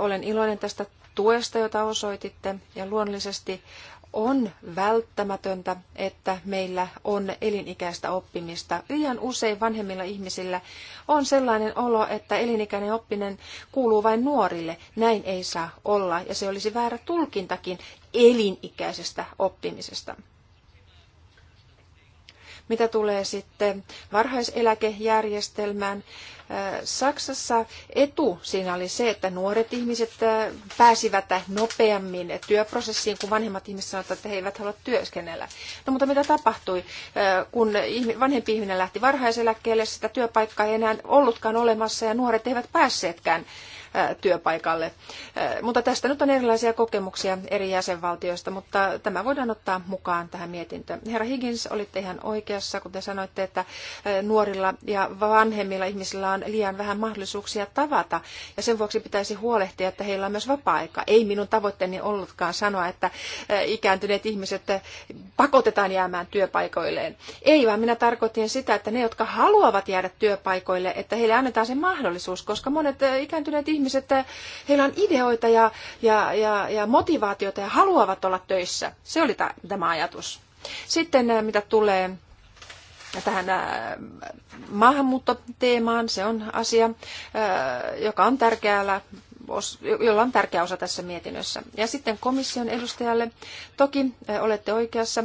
olen iloinen tästä tuesta, jota osoititte, ja luonnollisesti on välttämätöntä, että meillä on elinikäistä oppimista. Liian usein vanhemmilla ihmisillä on sellainen olo, että elinikäinen oppinen kuuluu vain nuorille. Näin ei saa olla, ja se olisi väärä tulkintakin elinikäisestä oppimisesta. Mitä tulee sitten varhaiseläkejärjestelmään, äh, Saksassa etu siinä oli se, että nuoret ihmiset äh, pääsivät nopeammin työprosessiin, kun vanhemmat ihmiset sanoivat, että he eivät halua työskennellä. No mutta mitä tapahtui, äh, kun vanhempi ihminen lähti varhaiseläkkeelle, sitä työpaikkaa ei enää ollutkaan olemassa ja nuoret eivät päässeetkään työpaikalle. Mutta tästä nyt on erilaisia kokemuksia eri jäsenvaltioista, mutta tämä voidaan ottaa mukaan tähän mietintöön. Herra Higgins, olitte ihan oikeassa, kun te sanoitte, että nuorilla ja vanhemmilla ihmisillä on liian vähän mahdollisuuksia tavata, ja sen vuoksi pitäisi huolehtia, että heillä on myös vapaa-aika. Ei minun tavoitteeni ollutkaan sanoa, että ikääntyneet ihmiset pakotetaan jäämään työpaikoilleen. Ei, vaan minä tarkoitin sitä, että ne, jotka haluavat jäädä työpaikoille, että heille annetaan se mahdollisuus, koska monet ikääntyneet ihmiset ihmiset, heillä on ideoita ja, ja, ja, ja motivaatiota ja haluavat olla töissä. Se oli tämä ajatus. Sitten äh, mitä tulee tähän äh, maahanmuuttoteemaan, se on asia, äh, joka on tärkeällä jolla on tärkeä osa tässä mietinnössä. Ja sitten komission edustajalle. Toki olette oikeassa.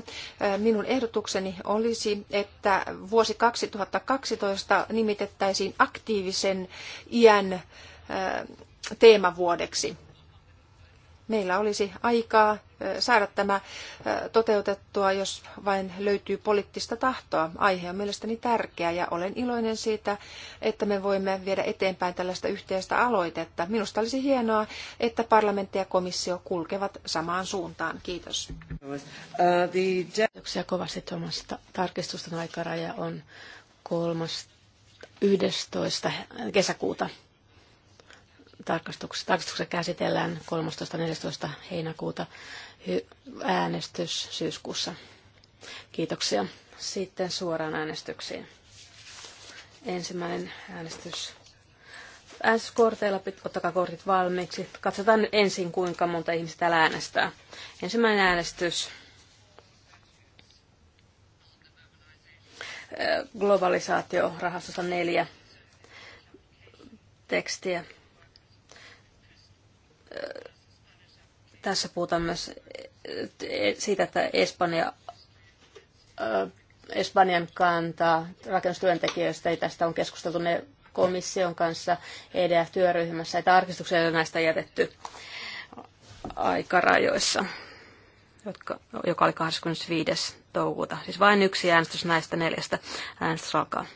Minun ehdotukseni olisi, että vuosi 2012 nimitettäisiin aktiivisen iän teemavuodeksi. Meillä olisi aikaa saada tämä toteutettua, jos vain löytyy poliittista tahtoa. Aihe on mielestäni tärkeä ja olen iloinen siitä, että me voimme viedä eteenpäin tällaista yhteistä aloitetta. Minusta olisi hienoa, että parlamentti ja komissio kulkevat samaan suuntaan. Kiitos. Kiitoksia kovasti Tuomasta. Tarkistusten aikaraja on 3.11. kesäkuuta tarkastuksessa, tarkastuksessa käsitellään 13-14 heinäkuuta äänestys syyskuussa. Kiitoksia. Sitten suoraan äänestyksiin. Ensimmäinen äänestys. Äänestyskorteilla ottakaa kortit valmiiksi. Katsotaan nyt ensin, kuinka monta ihmistä täällä äänestää. Ensimmäinen äänestys. Globalisaatio rahastossa neljä tekstiä tässä puhutaan myös eh, siitä, että Espanja, eh, Espanjan kanta rakennustyöntekijöistä, ei tästä on keskusteltu ne komission kanssa EDF-työryhmässä, arkistuksia on näistä jätetty aikarajoissa, jotka, joka oli 25. toukokuuta. Siis vain yksi äänestys näistä neljästä. Äänestys alkaa.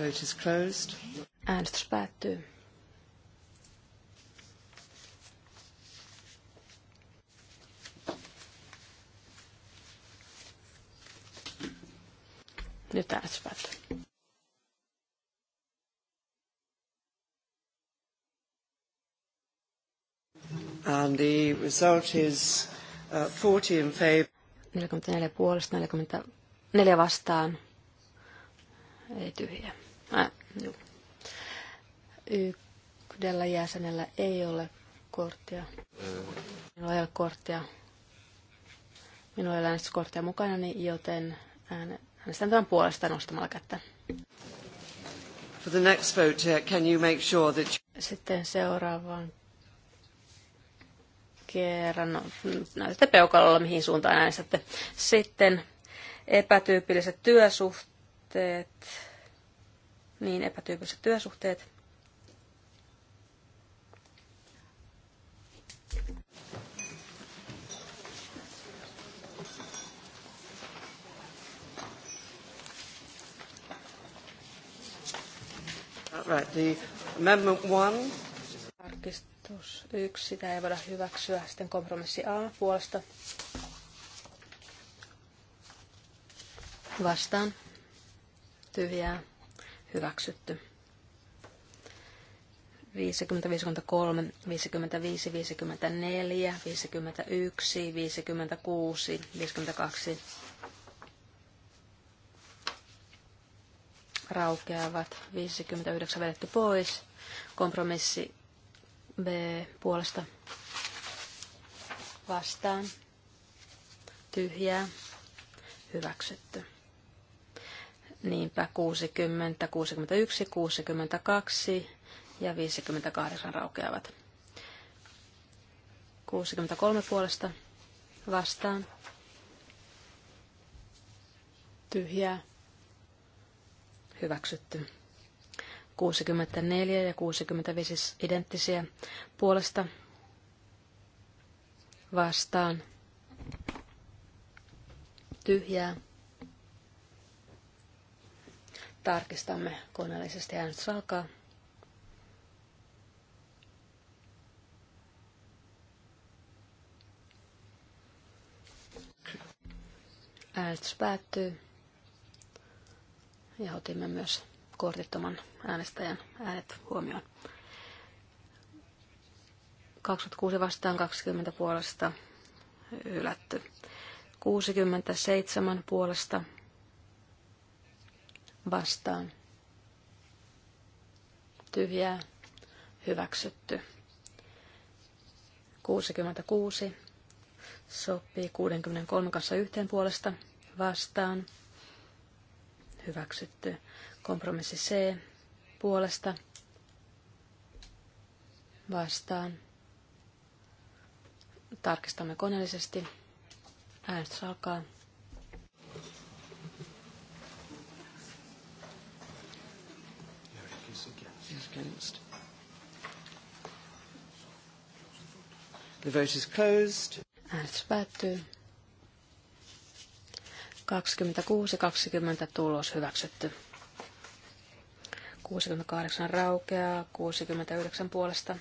Vote is closed. Äänestys päättyy. Nyt äänestys päättyy. And the result is uh, 40 in favor. 44 puolesta, 44 vastaan, ei tyhjä. Ah, Yhdellä jäsenellä ei ole korttia. Minulla ei ole korttia. Minulla ei ole äänestyskorttia mukana, joten äänestän tämän puolesta nostamalla kättä. For the next vote, uh, can you make sure that you... Sitten seuraavaan kerran no, näytätte peukalolla, mihin suuntaan äänestätte. Sitten epätyypilliset työsuhteet niin epätyypilliset työsuhteet. Right, the amendment one. Tarkistus yksi, sitä ei voida hyväksyä. Sitten kompromissi A puolesta. Vastaan. Tyhjää hyväksytty. 50, 53, 55, 54, 51, 56, 52 raukeavat, 59 vedetty pois, kompromissi B puolesta vastaan, tyhjää, hyväksytty. Niinpä 60, 61, 62 ja 58 raukeavat. 63 puolesta vastaan. Tyhjää. Hyväksytty. 64 ja 65 identtisiä puolesta vastaan. Tyhjää tarkistamme koneellisesti. Äänestys alkaa. Äänestys päättyy. Ja otimme myös kortittoman äänestäjän äänet huomioon. 26 vastaan 20 puolesta hylätty. 67 puolesta vastaan tyhjää hyväksytty. 66 sopii 63 kanssa yhteen puolesta vastaan hyväksytty. Kompromissi C puolesta vastaan. Tarkistamme koneellisesti. Äänestys alkaa. closed. The vote is closed. Äänestys päättyy. 26-20 tulos hyväksytty. 68 raukeaa, 69 puolesta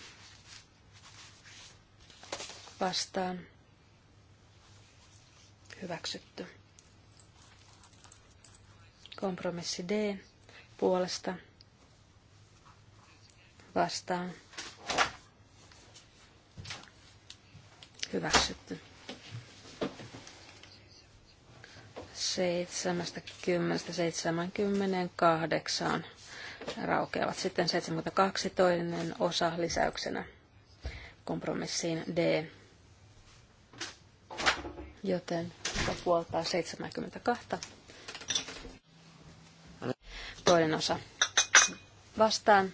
vastaan hyväksytty. Kompromissi D puolesta vastaan. Hyväksytty. 70-78 raukeavat. Sitten 72 toinen osa lisäyksenä kompromissiin D. Joten joka puoltaa 72. Toinen osa vastaan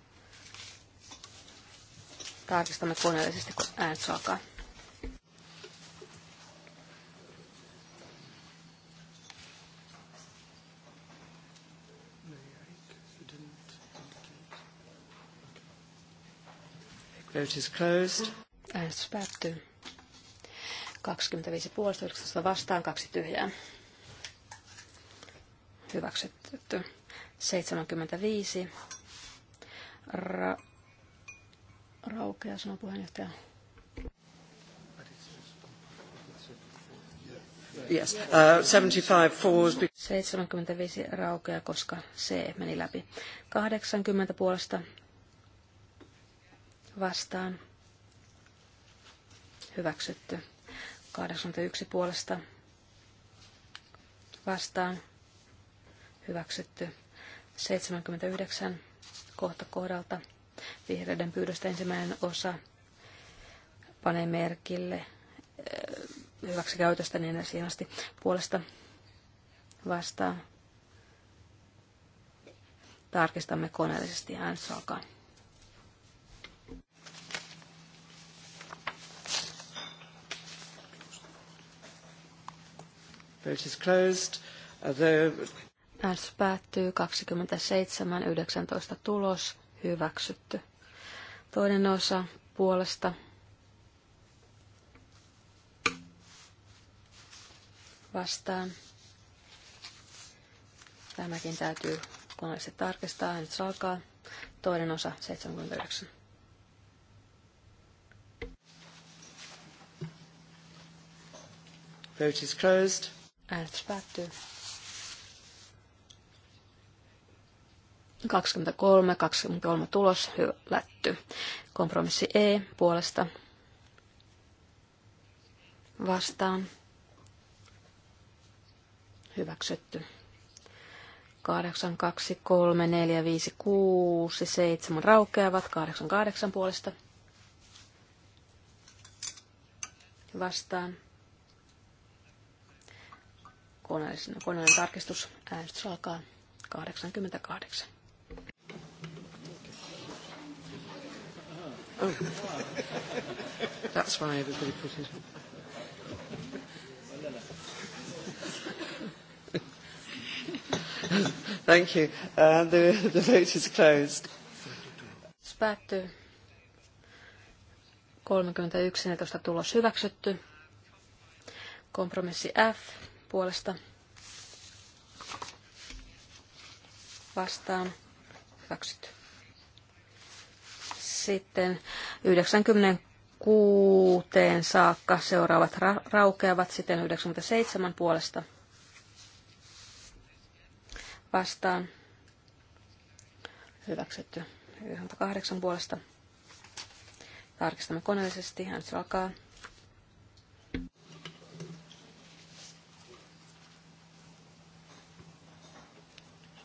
Tarkistamme koneellisesti, kun äänet alkaa. Vote is closed. Äänestys päättyy. 25 puolesta, 19 vastaan, kaksi tyhjää. Hyväksytty. 75. Ra- raukeaa, sanoo puheenjohtaja. Yes. Uh, 75, four. 75 raukea, koska C meni läpi. 80 puolesta vastaan. Hyväksytty. 81 puolesta vastaan. Hyväksytty. 79 kohta kohdalta vihreiden pyydöstä ensimmäinen osa panee merkille äh, hyväksi käytöstä niin siihen asti puolesta vastaan. Tarkistamme koneellisesti äänestys Vote is closed. Äänestys päättyy 27.19 tulos hyväksytty. Toinen osa puolesta vastaan. Tämäkin täytyy koneellisesti tarkistaa. Nyt se alkaa. Toinen osa 79. Vote is closed. Äänestys päättyy. 23, 23 tulos, hylätty. Kompromissi E puolesta vastaan. Hyväksytty. 8, 2, 3, 4, 5, 6, 7 raukeavat. 8, 8 puolesta vastaan. Koneellinen, koneellinen tarkistus. Äänestys alkaa 88. Oh. That's why everybody put it on. Thank you. Uh, the, the vote is closed. Päättyy. 31.14 tulos hyväksytty. Kompromissi F puolesta vastaan hyväksytty sitten 96 saakka seuraavat ra- raukeavat, sitten 97 puolesta vastaan hyväksytty 98 puolesta. Tarkistamme koneellisesti. hän se alkaa.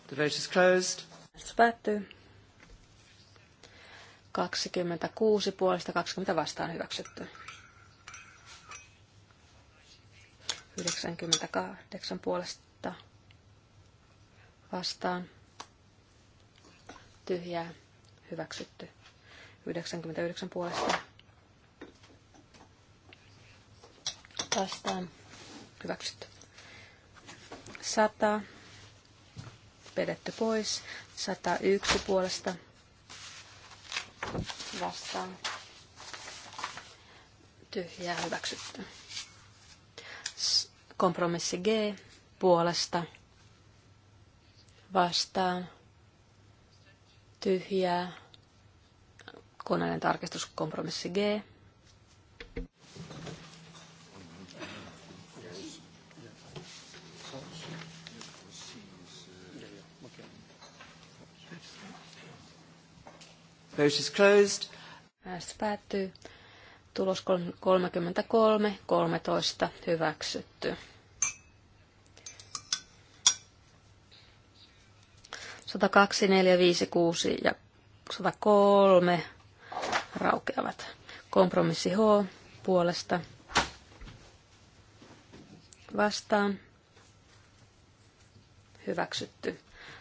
The vote is closed. Äänestys päättyy. 26 puolesta 20 vastaan hyväksytty. 98 puolesta vastaan tyhjää hyväksytty. 99 puolesta vastaan hyväksytty. 100 vedetty pois. 101 puolesta vastaan tyhjää hyväksytty. Kompromissi G puolesta vastaan tyhjää. Koneellinen tarkistus kompromissi G. Vote is closed. Äänestys päättyy. Tulos 33, 13 hyväksytty. Sata kaksi neljä viisi kuusi ja 103 raukeavat. Kompromissi H puolesta vastaan. Hyväksytty.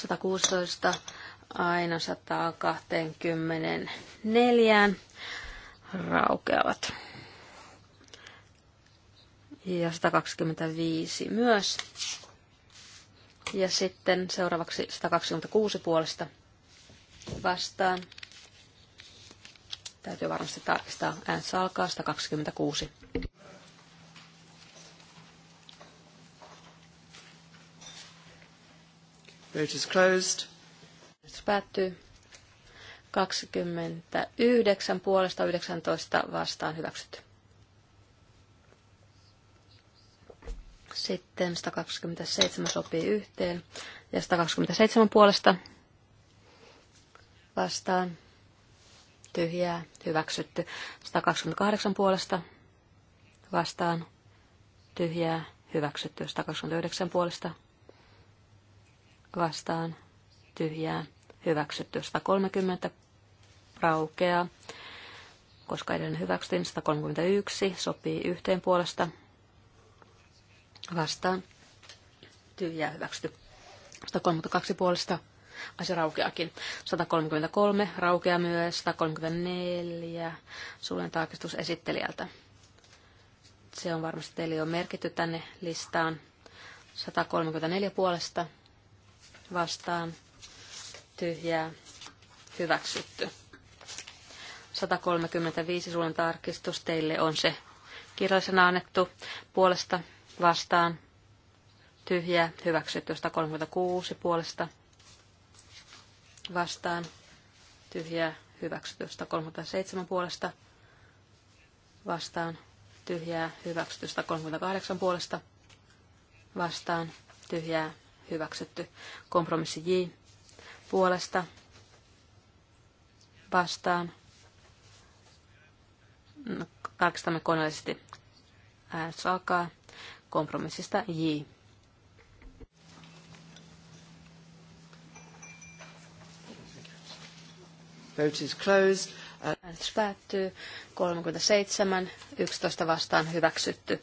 116 aina 124 raukeavat. Ja 125 myös. Ja sitten seuraavaksi 126 puolesta vastaan. Täytyy varmasti tarkistaa. Äänsä alkaa 126. Vote is closed. Äänestys päättyy. 29 puolesta 19 vastaan hyväksytty. Sitten 127 sopii yhteen ja 127 puolesta vastaan tyhjää hyväksytty. 128 puolesta vastaan tyhjää hyväksytty. 129 puolesta vastaan tyhjää hyväksytty. 130 raukeaa, koska edellinen hyväksyttiin. 131 sopii yhteen puolesta vastaan tyhjää hyväksytty. 132 puolesta asia raukeakin. 133 raukeaa myös, 134 suljen tarkistus esittelijältä. Se on varmasti teille jo merkitty tänne listaan. 134 puolesta vastaan tyhjää hyväksytty. 135 suunnan tarkistus teille on se kirjallisena annettu puolesta vastaan tyhjää hyväksytty. 136 puolesta vastaan tyhjää hyväksytty. 137 puolesta vastaan tyhjää hyväksytty. 138 puolesta vastaan tyhjää hyväksytty. Kompromissi J puolesta vastaan. No, tarkistamme koneellisesti. Äänestys alkaa kompromissista J. Vote is closed. Äänestys päättyy 37, 11 vastaan hyväksytty.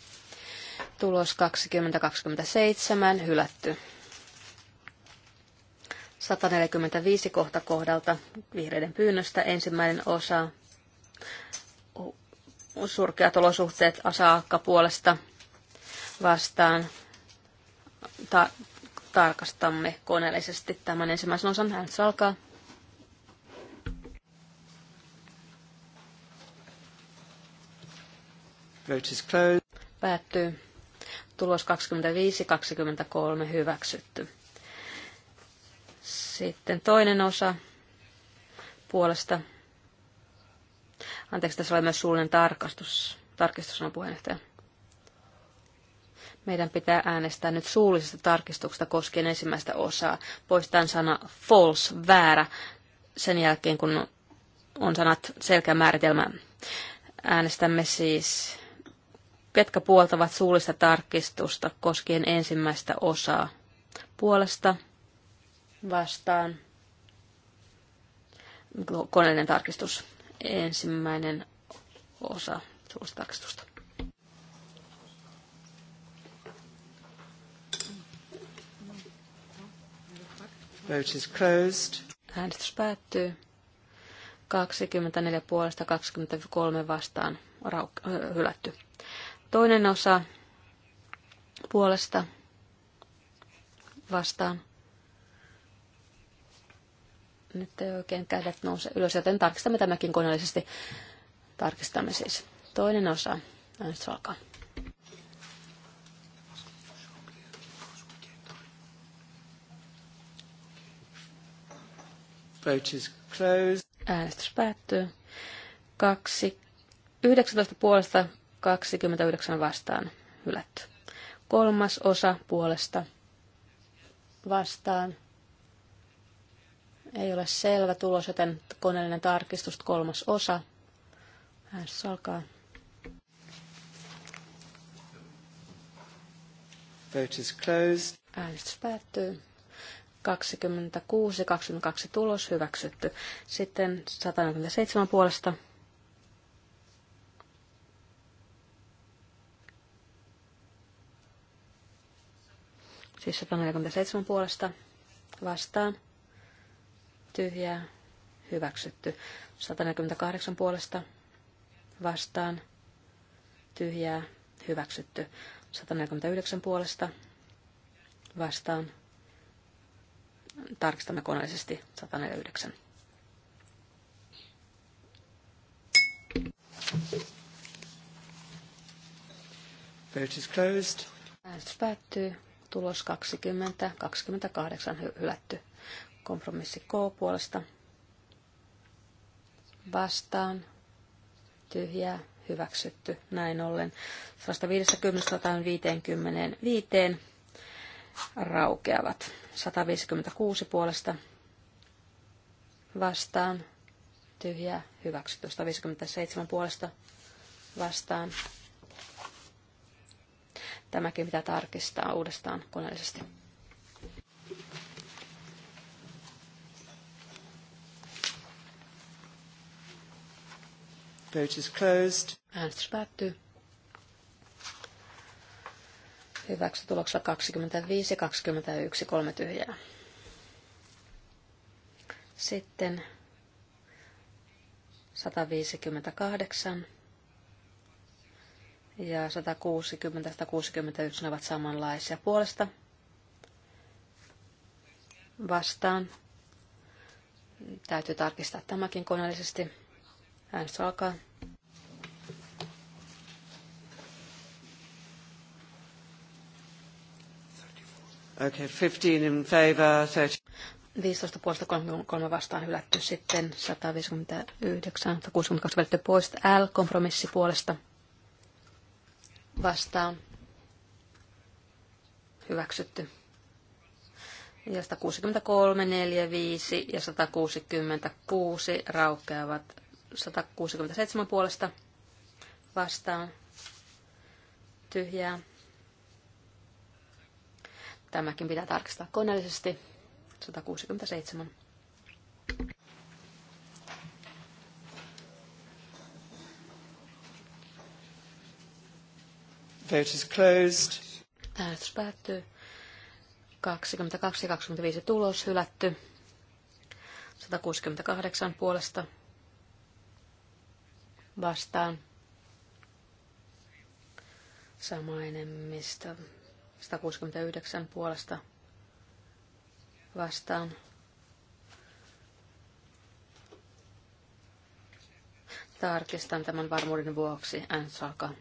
Tulos 20-27, hylätty. 145 kohta kohdalta vihreiden pyynnöstä ensimmäinen osa surkeat olosuhteet asaakka puolesta vastaan ta- tarkastamme koneellisesti tämän ensimmäisen osan. hän alkaa. Vote is closed. Päättyy. Tulos 25-23 hyväksytty. Sitten toinen osa puolesta. Anteeksi, tässä oli myös suullinen tarkastus. Tarkistus on puheenjohtaja. Meidän pitää äänestää nyt suullisesta tarkistuksesta koskien ensimmäistä osaa. Poistetaan sana false, väärä, sen jälkeen kun on sanat selkeä määritelmä. Äänestämme siis ketkä puoltavat suullista tarkistusta koskien ensimmäistä osaa. Puolesta vastaan koneellinen tarkistus, ensimmäinen osa suullista tarkistusta. Vote is closed. Äänestys päättyy. 24 puolesta 23 vastaan rauk- hylätty Toinen osa puolesta vastaan. Nyt ei oikein kädet nouse ylös, joten tarkistamme tämäkin koneellisesti. Tarkistamme siis. Toinen osa. Nyt alkaa. Vote is closed. Äänestys päättyy. Kaksi. 19 puolesta 29 vastaan hylätty. Kolmas osa puolesta vastaan ei ole selvä tulos, joten koneellinen tarkistus kolmas osa. Äänestys alkaa. Vote is closed. Äänestys päättyy. 26, 22 tulos hyväksytty. Sitten 147 puolesta Siis 147 puolesta vastaan. Tyhjää. Hyväksytty. 148 puolesta vastaan. Tyhjää. Hyväksytty. 149 puolesta vastaan. Tarkistamme koneellisesti 149. Vote is closed. Äänestys päättyy tulos 20, 28 hylätty. Kompromissi K puolesta vastaan tyhjää hyväksytty näin ollen 150-155 raukeavat. 156 puolesta vastaan tyhjää hyväksytty. 157 puolesta vastaan tämäkin pitää tarkistaa uudestaan koneellisesti. Vote is closed. Äänestys päättyy. Hyväksy tuloksella 25, 21, 3 tyhjää. Sitten 158 ja 160-161 ovat samanlaisia puolesta. Vastaan. Täytyy tarkistaa tämäkin koneellisesti. Äänestys alkaa. Okay, 15 in favor, 30. 15 puolesta 33 vastaan hylätty, sitten 159, 162 välttö pois, L-kompromissi puolesta vastaan hyväksytty. Ja 163, 4, 5 ja 166 raukeavat 167 puolesta vastaan tyhjää. Tämäkin pitää tarkistaa koneellisesti. 167. Vote is closed. Äänestys päättyy. 22-25 tulos hylätty. 168 puolesta vastaan. Sama enemmistö. 169 puolesta vastaan. Tarkistan tämän varmuuden vuoksi. Äänestys alkaa.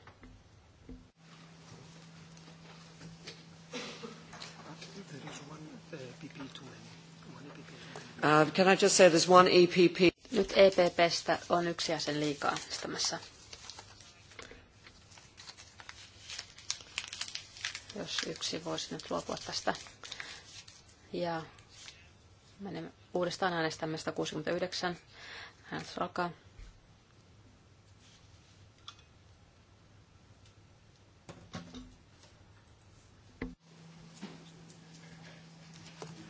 Uh, can I just say there's one EPP? Nyt EPPstä on yksi jäsen liikaa äänestämässä. Jos yksi voisi nyt luopua tästä. Ja menemme uudestaan äänestämme 169. Äänestys alkaa.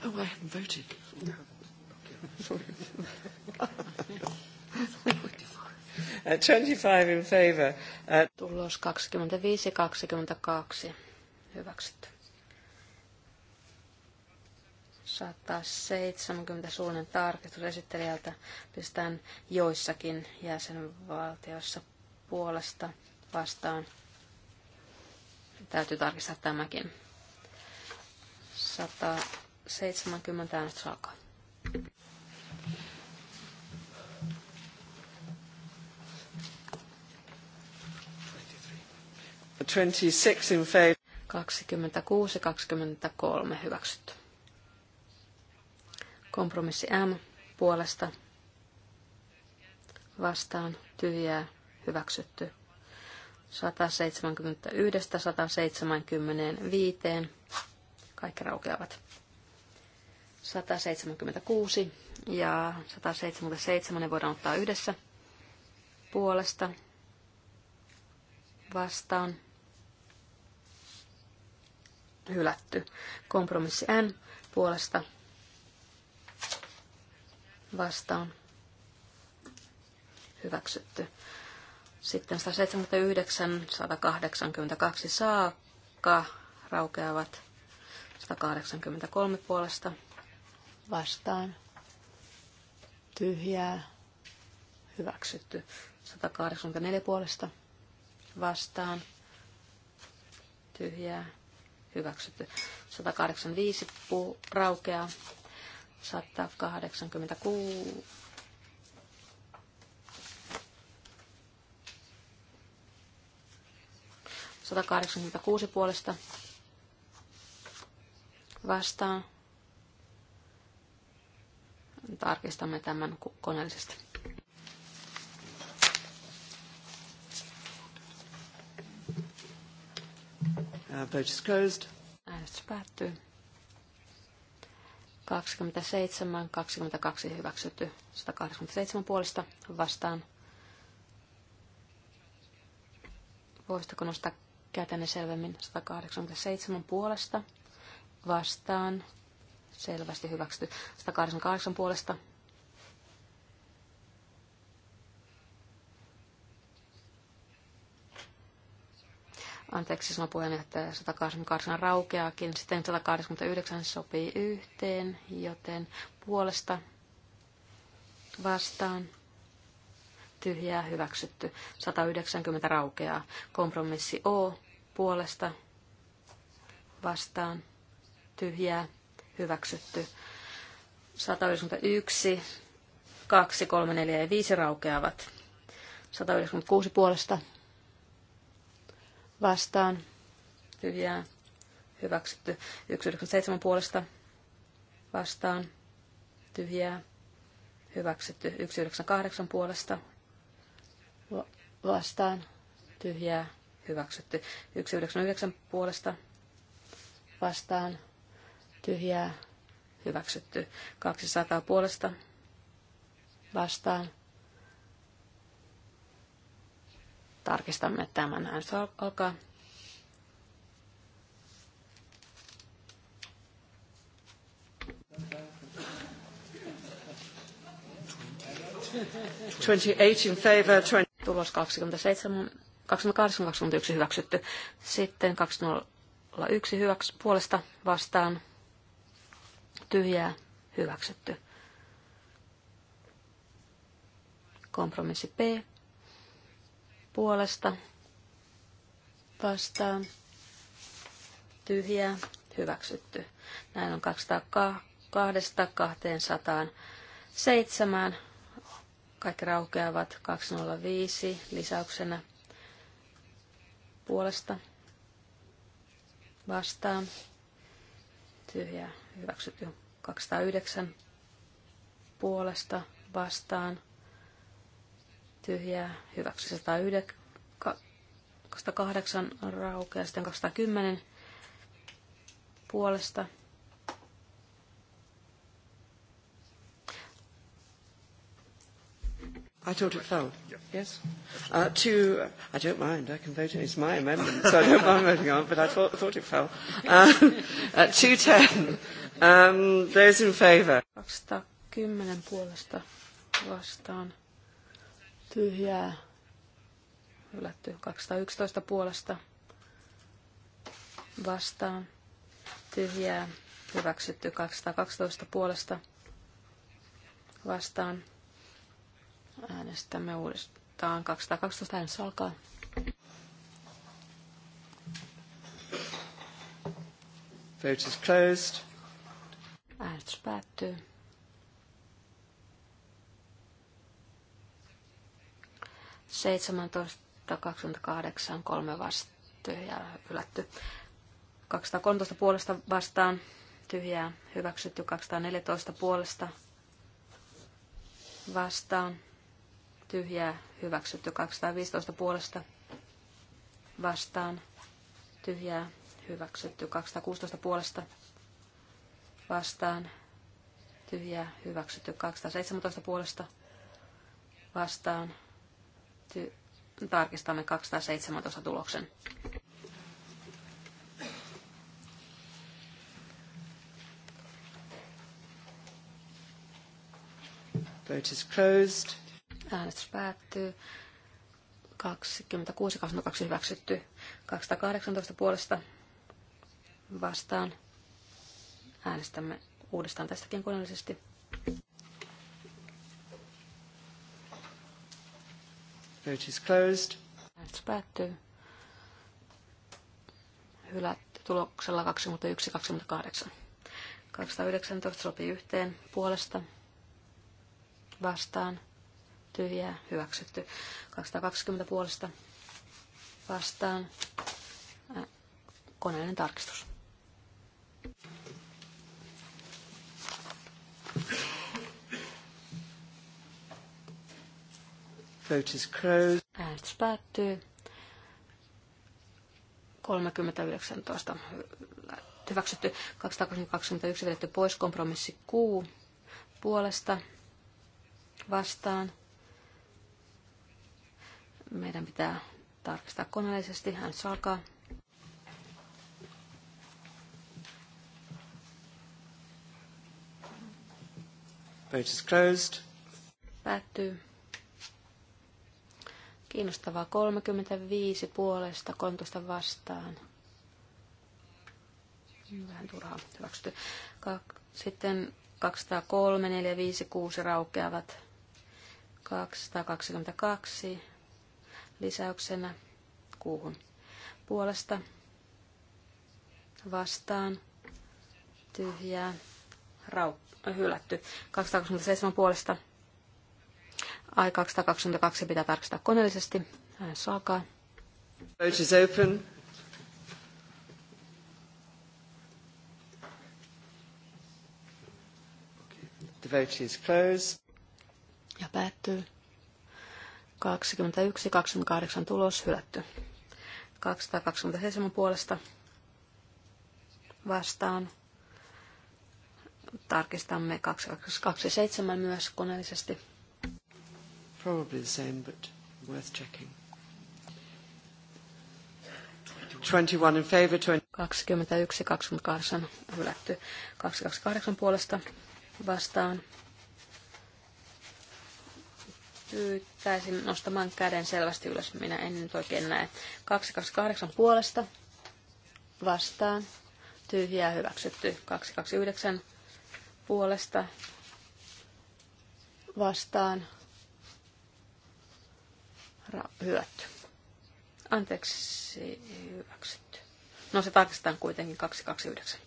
Oh, I haven't voted. No. 25 uh, in favor. Uh, Tulos 25-22. Hyväksytty. 170 suunnan tarkistus esittelijältä pistetään joissakin jäsenvaltioissa puolesta vastaan. Täytyy tarkistaa tämäkin. 170 äänestys alkaa. 26 in favor. 26, 23 hyväksytty. Kompromissi M puolesta vastaan tyhjää hyväksytty. 171, 175, kaikki raukeavat. 176 ja 177 ne voidaan ottaa yhdessä puolesta vastaan hylätty. Kompromissi N puolesta vastaan hyväksytty. Sitten 179, 182 saakka raukeavat 183 puolesta vastaan tyhjää hyväksytty 184 puolesta vastaan tyhjää hyväksytty. 185 puu, raukeaa. 186. puolesta vastaan. Tarkistamme tämän koneellisesti. Uh, vote is closed. Äänestys päättyy. 27, 22 hyväksytty, 187 puolesta vastaan. Voisitko nostaa kätenne selvemmin 187 puolesta vastaan? Selvästi hyväksytty. 188 puolesta anteeksi sanoi puheenjohtaja, 188 raukeakin, sitten 189 sopii yhteen, joten puolesta vastaan tyhjää hyväksytty, 190 raukeaa, kompromissi O puolesta vastaan tyhjää hyväksytty, 191, 2, 3, 4 ja 5 raukeavat, 196 puolesta vastaan tyhjää hyväksytty. 197 puolesta vastaan tyhjää hyväksytty. 198 puolesta vastaan tyhjää hyväksytty. 199 puolesta vastaan tyhjää hyväksytty. 200 puolesta vastaan Tarkistamme tämän. Äänestys alkaa. in favor, 20. Tulos 27, 28, 21 hyväksytty. Sitten 201 hyväks, puolesta vastaan tyhjää hyväksytty. Kompromissi P puolesta vastaan tyhjää hyväksytty. Näin on 202-207. Kaikki raukeavat 205 lisäyksenä puolesta vastaan. Tyhjää hyväksytty 209 puolesta vastaan tyhjää, hyväksy 108 208 raukea, sitten 210 puolesta. I thought it fell. Yes. Uh, to, I don't mind. I can vote It's my amendment, so I don't mind voting on. But I thought, thought it fell. Uh, uh two ten. Um, those in favour. 210 puolesta vastaan tyhjää, hylätty 211 puolesta vastaan, tyhjää, hyväksytty 212 puolesta vastaan. Äänestämme uudestaan 212 äänestys alkaa. Vote is closed. Äänestys päättyy. 17, 28, 3 vasta, tyhjää hylätty. 213 puolesta vastaan tyhjää hyväksytty. 214 puolesta vastaan tyhjää hyväksytty. 215 puolesta vastaan tyhjää hyväksytty. 216 puolesta vastaan tyhjää hyväksytty. 217 puolesta vastaan Ty- tarkistamme 217 tuloksen. Vote is closed. Äänestys päättyy. 26, 22 hyväksytty. 218 puolesta vastaan. Äänestämme uudestaan tästäkin koneellisesti. Vote is closed. Äänestys päättyy. Hylätty tuloksella 21, 28. 219 sopii yhteen puolesta vastaan tyhjää hyväksytty. 220 puolesta vastaan koneellinen tarkistus. Vote is closed. Äänestys päättyy. 3019 hyväksytty, 221 vedetty pois, kompromissi Q puolesta vastaan. Meidän pitää tarkistaa koneellisesti. hän alkaa. Vote is closed. Päättyy. Kiinnostavaa 35 puolesta, 13 vastaan. Vähän turhaa hyväksytty. Sitten 203, 4, 5, 6 raukeavat 222 lisäyksenä kuuhun puolesta vastaan tyhjää rau, hylätty. 227 puolesta Ai 222 pitää tarkistaa koneellisesti. Hän saakaa. Vote is open. The vote is closed. Ja päättyy. 21, 28 tulos hylätty. 227 puolesta vastaan. Tarkistamme 227 myös koneellisesti. Probably the same, but worth checking. 21 in favor, 20. 21, 28 hylätty. 228 puolesta vastaan. Pyytäisin nostamaan käden selvästi ylös. Minä en nyt oikein näe. 228 puolesta vastaan. Tyhjää hyväksytty. 229 puolesta vastaan ra hylätty. Anteeksi, hyväksytty. No se tarkistetaan kuitenkin 229.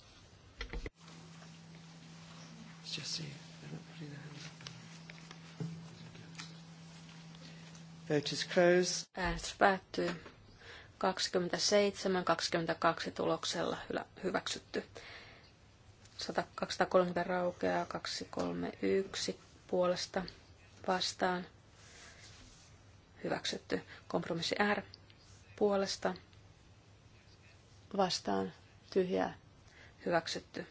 Vote is closed. Äänestys päättyy. 27-22 tuloksella hyväksytty. 230 raukeaa 231 puolesta vastaan hyväksytty. Kompromissi R puolesta vastaan tyhjää hyväksytty.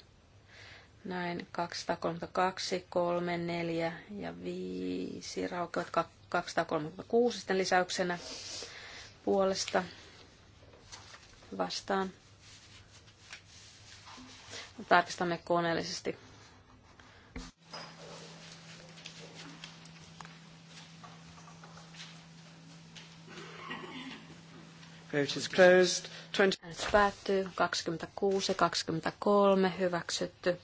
Näin 232, 3, 4 ja 5 raukeavat 236 sitten lisäyksenä puolesta vastaan. Tarkistamme koneellisesti Vote is closed. 20... Äänestys päättyy. 26 23 hyväksytty.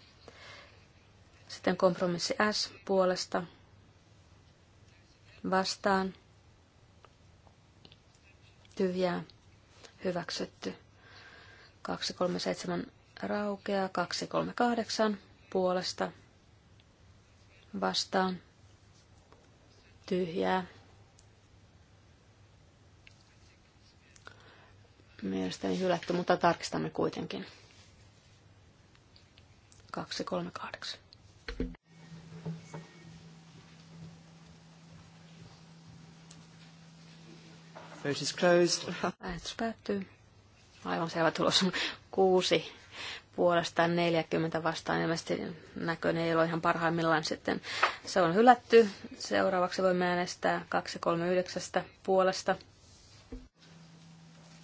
Sitten kompromissi S puolesta vastaan. Tyhjää. Hyväksytty. 237 raukeaa. 238 puolesta vastaan. Tyhjää. Mielestäni hylätty, mutta tarkistamme kuitenkin. 238. Vote is closed. Äänestys päättyy. Aivan selvä tulos on kuusi puolestaan 40 vastaan. Ilmeisesti näköinen ei ole ihan parhaimmillaan sitten. Se on hylätty. Seuraavaksi voimme äänestää 239 puolesta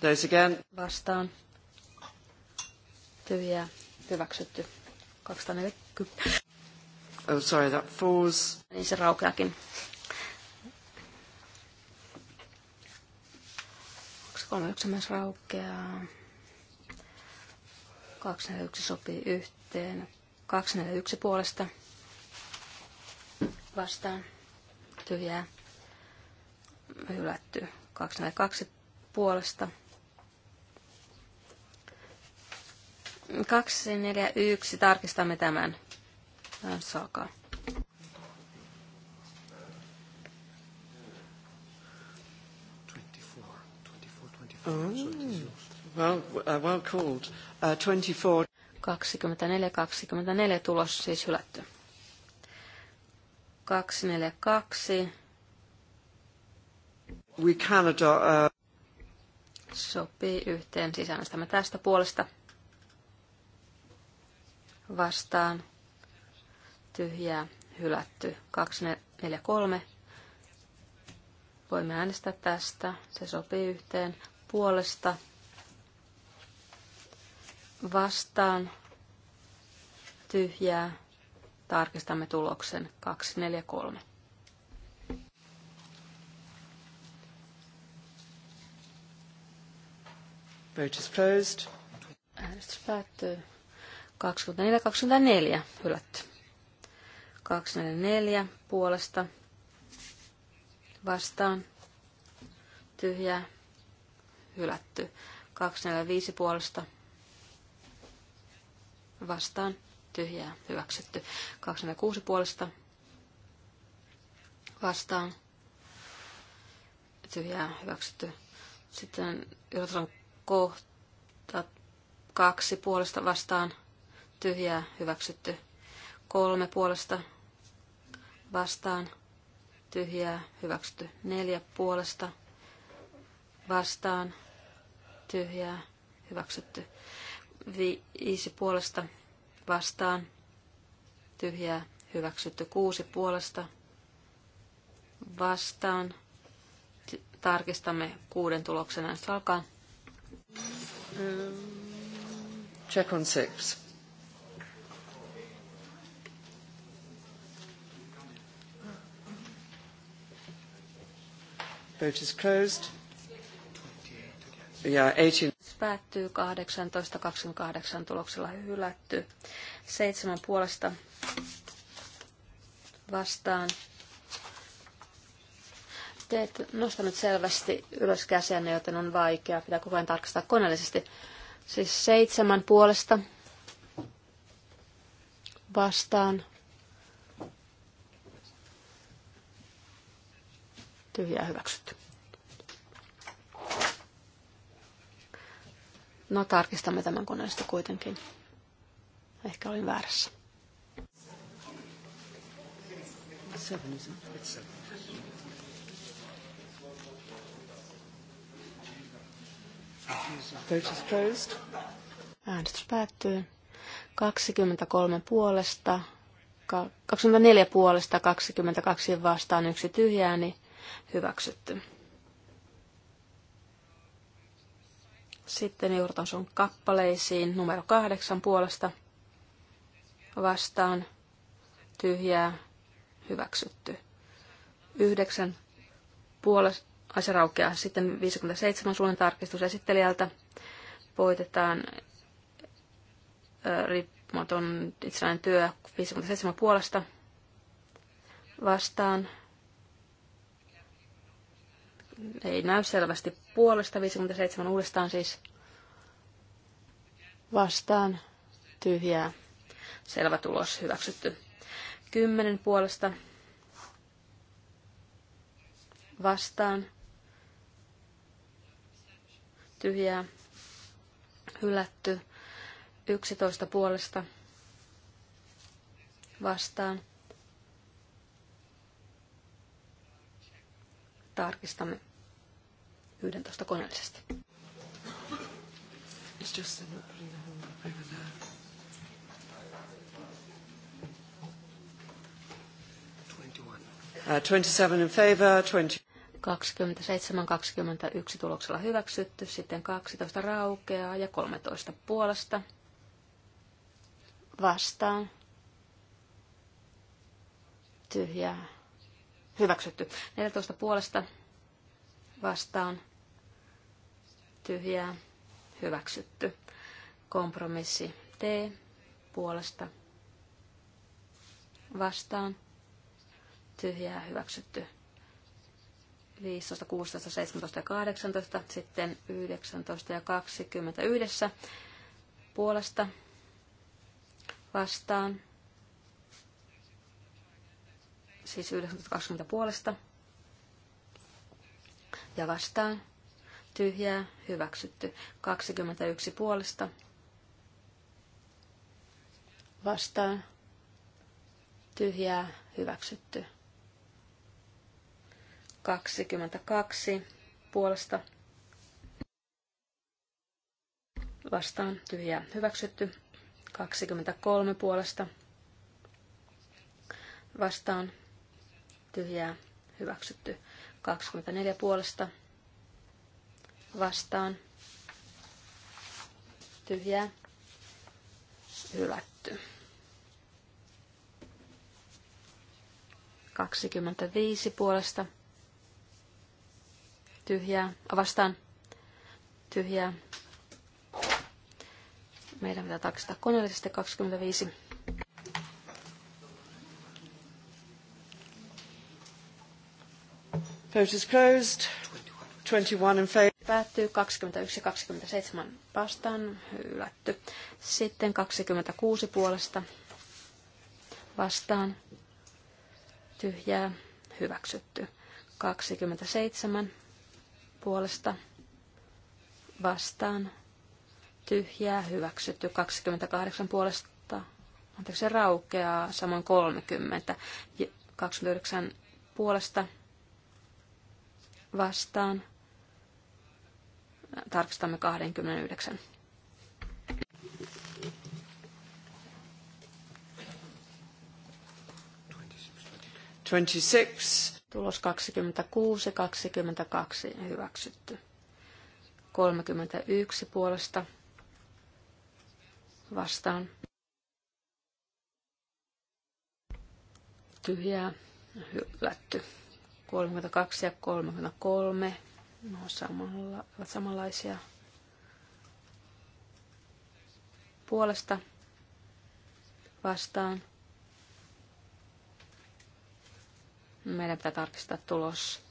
Those again. Vastaan. Tyhjää. Hyväksytty. 240. Oh, sorry, that falls. Niin se raukeakin. 239 myös raukeaa. 241 sopii yhteen. 241 puolesta vastaan tyhjää hylätty. 242 puolesta 241, tarkistamme tämän. Saakaa. Oh. Well, uh, well called. Uh, 24. 24, 24 tulos siis hylätty. 242. We Canada, uh... Sopii yhteen sisäänestämme tästä puolesta vastaan tyhjää hylätty. 243 voimme äänestää tästä. Se sopii yhteen puolesta vastaan tyhjää. Tarkistamme tuloksen 243. Vote is closed. Äänestys päättyy. 24, 24 hylätty. 244 puolesta vastaan tyhjää hylätty. 245 puolesta vastaan tyhjää hyväksytty. 246 puolesta vastaan tyhjää hyväksytty. Sitten yritän kohta kaksi puolesta vastaan tyhjää hyväksytty. Kolme puolesta vastaan tyhjää hyväksytty. Neljä puolesta vastaan tyhjää hyväksytty. Viisi puolesta vastaan tyhjää hyväksytty. Kuusi puolesta vastaan. Tarkistamme kuuden tuloksen ensi alkaa. Check on six. Vote is closed. Ja 18. Päättyy 18.28 tuloksella hylätty. Seitsemän puolesta vastaan. Te et nostanut selvästi ylös käsiänne, joten on vaikea. Pitää koko ajan tarkastaa koneellisesti. Siis seitsemän puolesta vastaan tyhjä hyväksytty. No tarkistamme tämän koneesta kuitenkin. Ehkä olin väärässä. Äänestys päättyy. 23 puolesta, 24 puolesta, 22 vastaan yksi tyhjääni. Niin hyväksytty. Sitten joudutaan sun kappaleisiin numero kahdeksan puolesta vastaan tyhjää hyväksytty. Yhdeksän puolesta asia raukeaa. Sitten 57 suunnan tarkistus esittelijältä voitetaan riippumaton itsenäinen työ 57 puolesta vastaan ei näy selvästi puolesta, 57 uudestaan siis vastaan, tyhjää, selvä tulos, hyväksytty. 10 puolesta vastaan, tyhjää, hylätty, 11 puolesta vastaan, Tarkistamme 11 koneellisesti. Uh, 27 in favor, 20. 27-21 tuloksella hyväksytty, sitten 12 raukeaa ja 13 puolesta vastaan. Tyhjää hyväksytty. 14 puolesta vastaan tyhjää hyväksytty. Kompromissi T puolesta vastaan tyhjää hyväksytty. 15, 16, 17 ja 18, sitten 19 ja 20 yhdessä puolesta vastaan Siis 920 puolesta. Ja vastaan. Tyhjää. Hyväksytty. 21 puolesta. Vastaan. Tyhjää. Hyväksytty. 22 puolesta. Vastaan tyhjää hyväksytty. 23 puolesta. Vastaan tyhjää hyväksytty 24 puolesta vastaan tyhjää hylätty. 25 puolesta tyhjää vastaan tyhjää. Meidän pitää taksata koneellisesti 25. Vote closed. 21 in favor. Päättyy 21 27 vastaan. Hylätty. Sitten 26 puolesta vastaan. Tyhjää. Hyväksytty. 27 puolesta vastaan. Tyhjää. Hyväksytty. 28 puolesta anteeksi, se raukeaa samoin 30, 29 puolesta vastaan. Tarkistamme 29. Tulos 26, 22 hyväksytty. 31 puolesta vastaan. Tyhjää hylätty. 32 ja 33 no, samalla, ovat samanlaisia puolesta vastaan. Meidän pitää tarkistaa tulos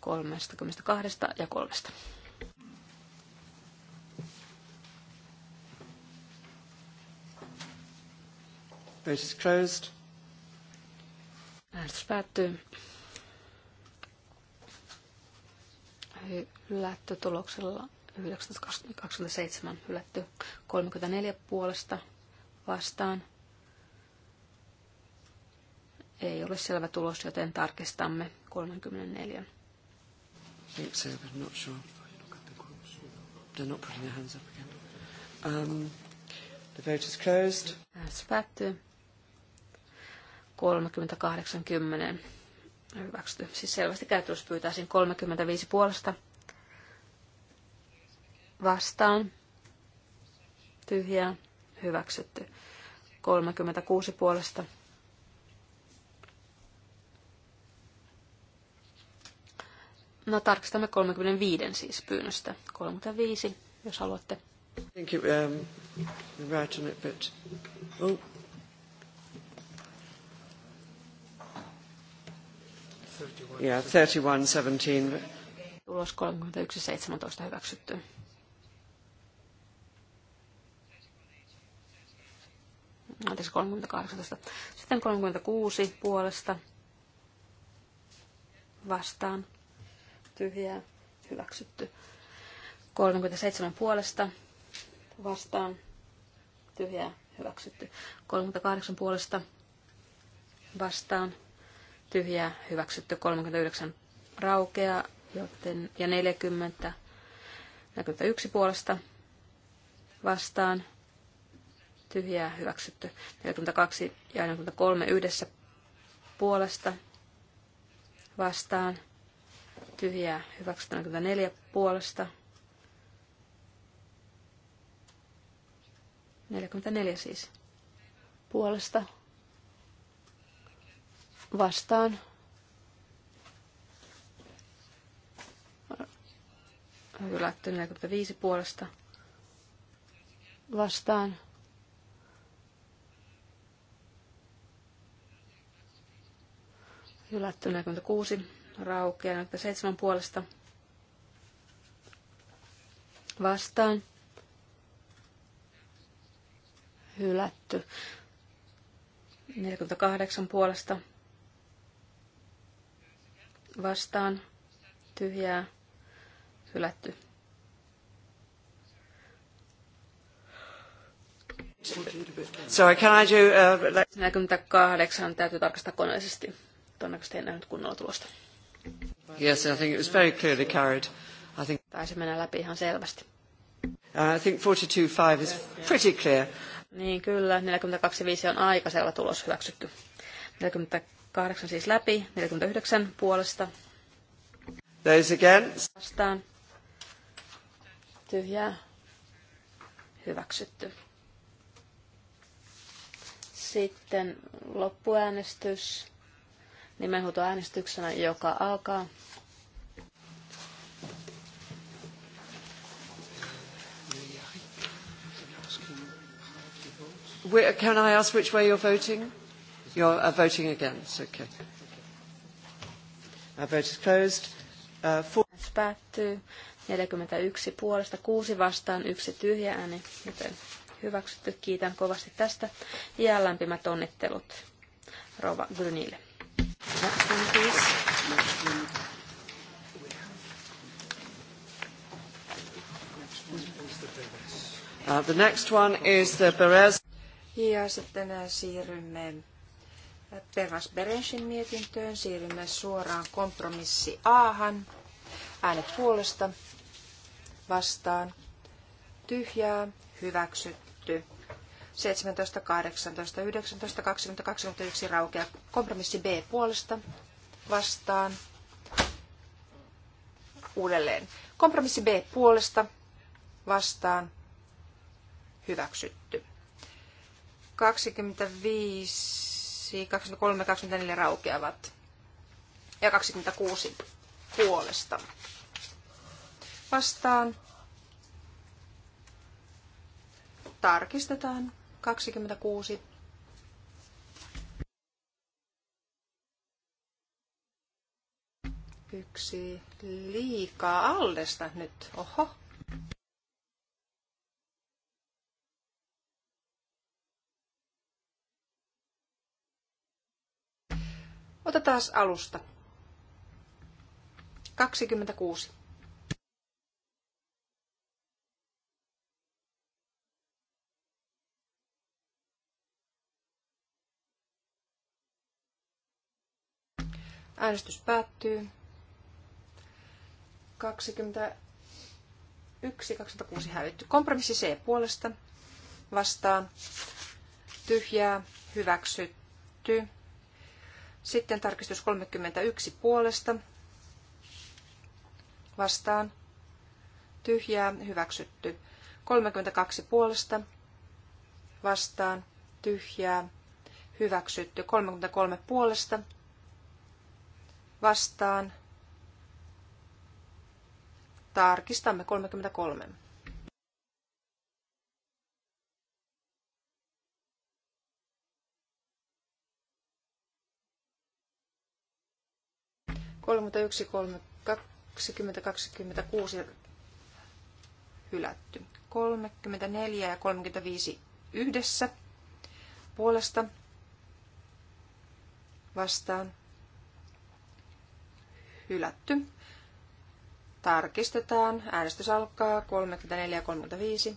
32 ja 3. Vote is closed. Äänestys päättyy. hylättötuloksella tuloksella 1927 hylätty 34 puolesta vastaan. Ei ole selvä tulos, joten tarkistamme 34. Se so, but Hyväksytty. Siis selvästi käytössä pyytäisin 35 puolesta. Vastaan. Tyhjää. Hyväksytty. 36 puolesta. No tarkistamme 35 siis pyynnöstä. 35, jos haluatte. Thank you. Um, right on it, but... Oh. Yeah, 31.17. Tulos 31.17 hyväksytty. anteeksi 3018. Sitten 36 puolesta vastaan tyhjää hyväksytty. 37 puolesta vastaan tyhjää hyväksytty. 38 puolesta vastaan tyhjää hyväksytty 39 raukea joten, ja 40 41 puolesta vastaan tyhjää hyväksytty 42 ja 43 yhdessä puolesta vastaan tyhjää hyväksytty 44 puolesta 44 siis puolesta vastaan. Hylätty 45 puolesta vastaan. Hylätty 46 raukea 47 puolesta vastaan. Hylätty 48 puolesta vastaan vastaan tyhjää hylätty. Sorry, can I do, uh, like... 48 täytyy tarkastaa koneellisesti. Todennäköisesti en nähnyt kunnolla tulosta. Yes, I think it was very clearly carried. I think... Taisi mennä läpi ihan selvästi. Uh, I think 42.5 is pretty clear. Niin kyllä, 42.5 on aika selvä tulos hyväksytty. 40 Kahdeksan siis läpi, 49 puolesta. Those against. Vastaan. Tyhjää. Hyväksytty. Sitten loppuäänestys nimenhuutoäänestyksenä, joka alkaa. Can I ask which way you're voting? You're uh, voting against, okay. Our vote is closed. Uh, Päättyy 41 puolesta, 6 vastaan, yksi tyhjä ääni, joten hyväksytty. Kiitän kovasti tästä ja lämpimät onnittelut Rova Grynille. Uh, the next one is the Perez. Ja sitten uh, siirrymme Pervas Berensin mietintöön. Siirrymme suoraan kompromissi Ahan. Äänet puolesta vastaan. Tyhjää. Hyväksytty. 17, 18, 19, 20, 21 raukea. Kompromissi B puolesta vastaan. Uudelleen. Kompromissi B puolesta vastaan. Hyväksytty. 25 Siksi 23 ja 24 raukeavat. Ja 26 puolesta. Vastaan. Tarkistetaan. 26 yksi liikaa allesta nyt. Oho. taas alusta. 26. Äänestys päättyy. 21, 26 hävitty. Kompromissi C puolesta. Vastaan. Tyhjää. Hyväksytty. Sitten tarkistus 31 puolesta. Vastaan. Tyhjää. Hyväksytty. 32 puolesta. Vastaan. Tyhjää. Hyväksytty. 33 puolesta. Vastaan. Tarkistamme 33. 31, hylätty. 34 ja 35 yhdessä puolesta vastaan hylätty. Tarkistetaan. Äänestys alkaa 34 ja 35.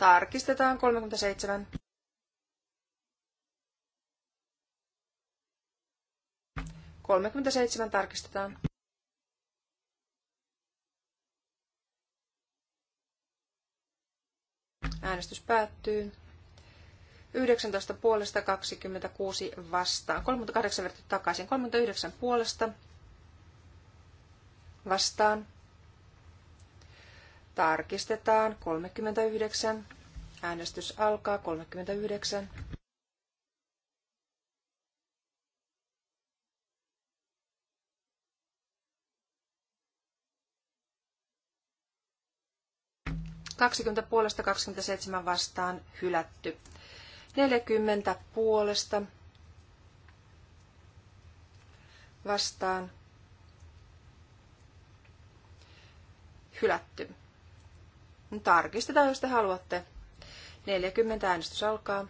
Tarkistetaan 37. seitsemän tarkistetaan. Äänestys päättyy. Yhdeksäntoista puolesta 26 vastaan. Kolmekymmentä kahdeksan takaisin. yhdeksän puolesta vastaan Tarkistetaan 39. Äänestys alkaa 39. Kaksikymmentä puolesta 27 vastaan hylätty. 40 puolesta vastaan hylätty. Tarkistetaan, jos te haluatte. 40 äänestys alkaa.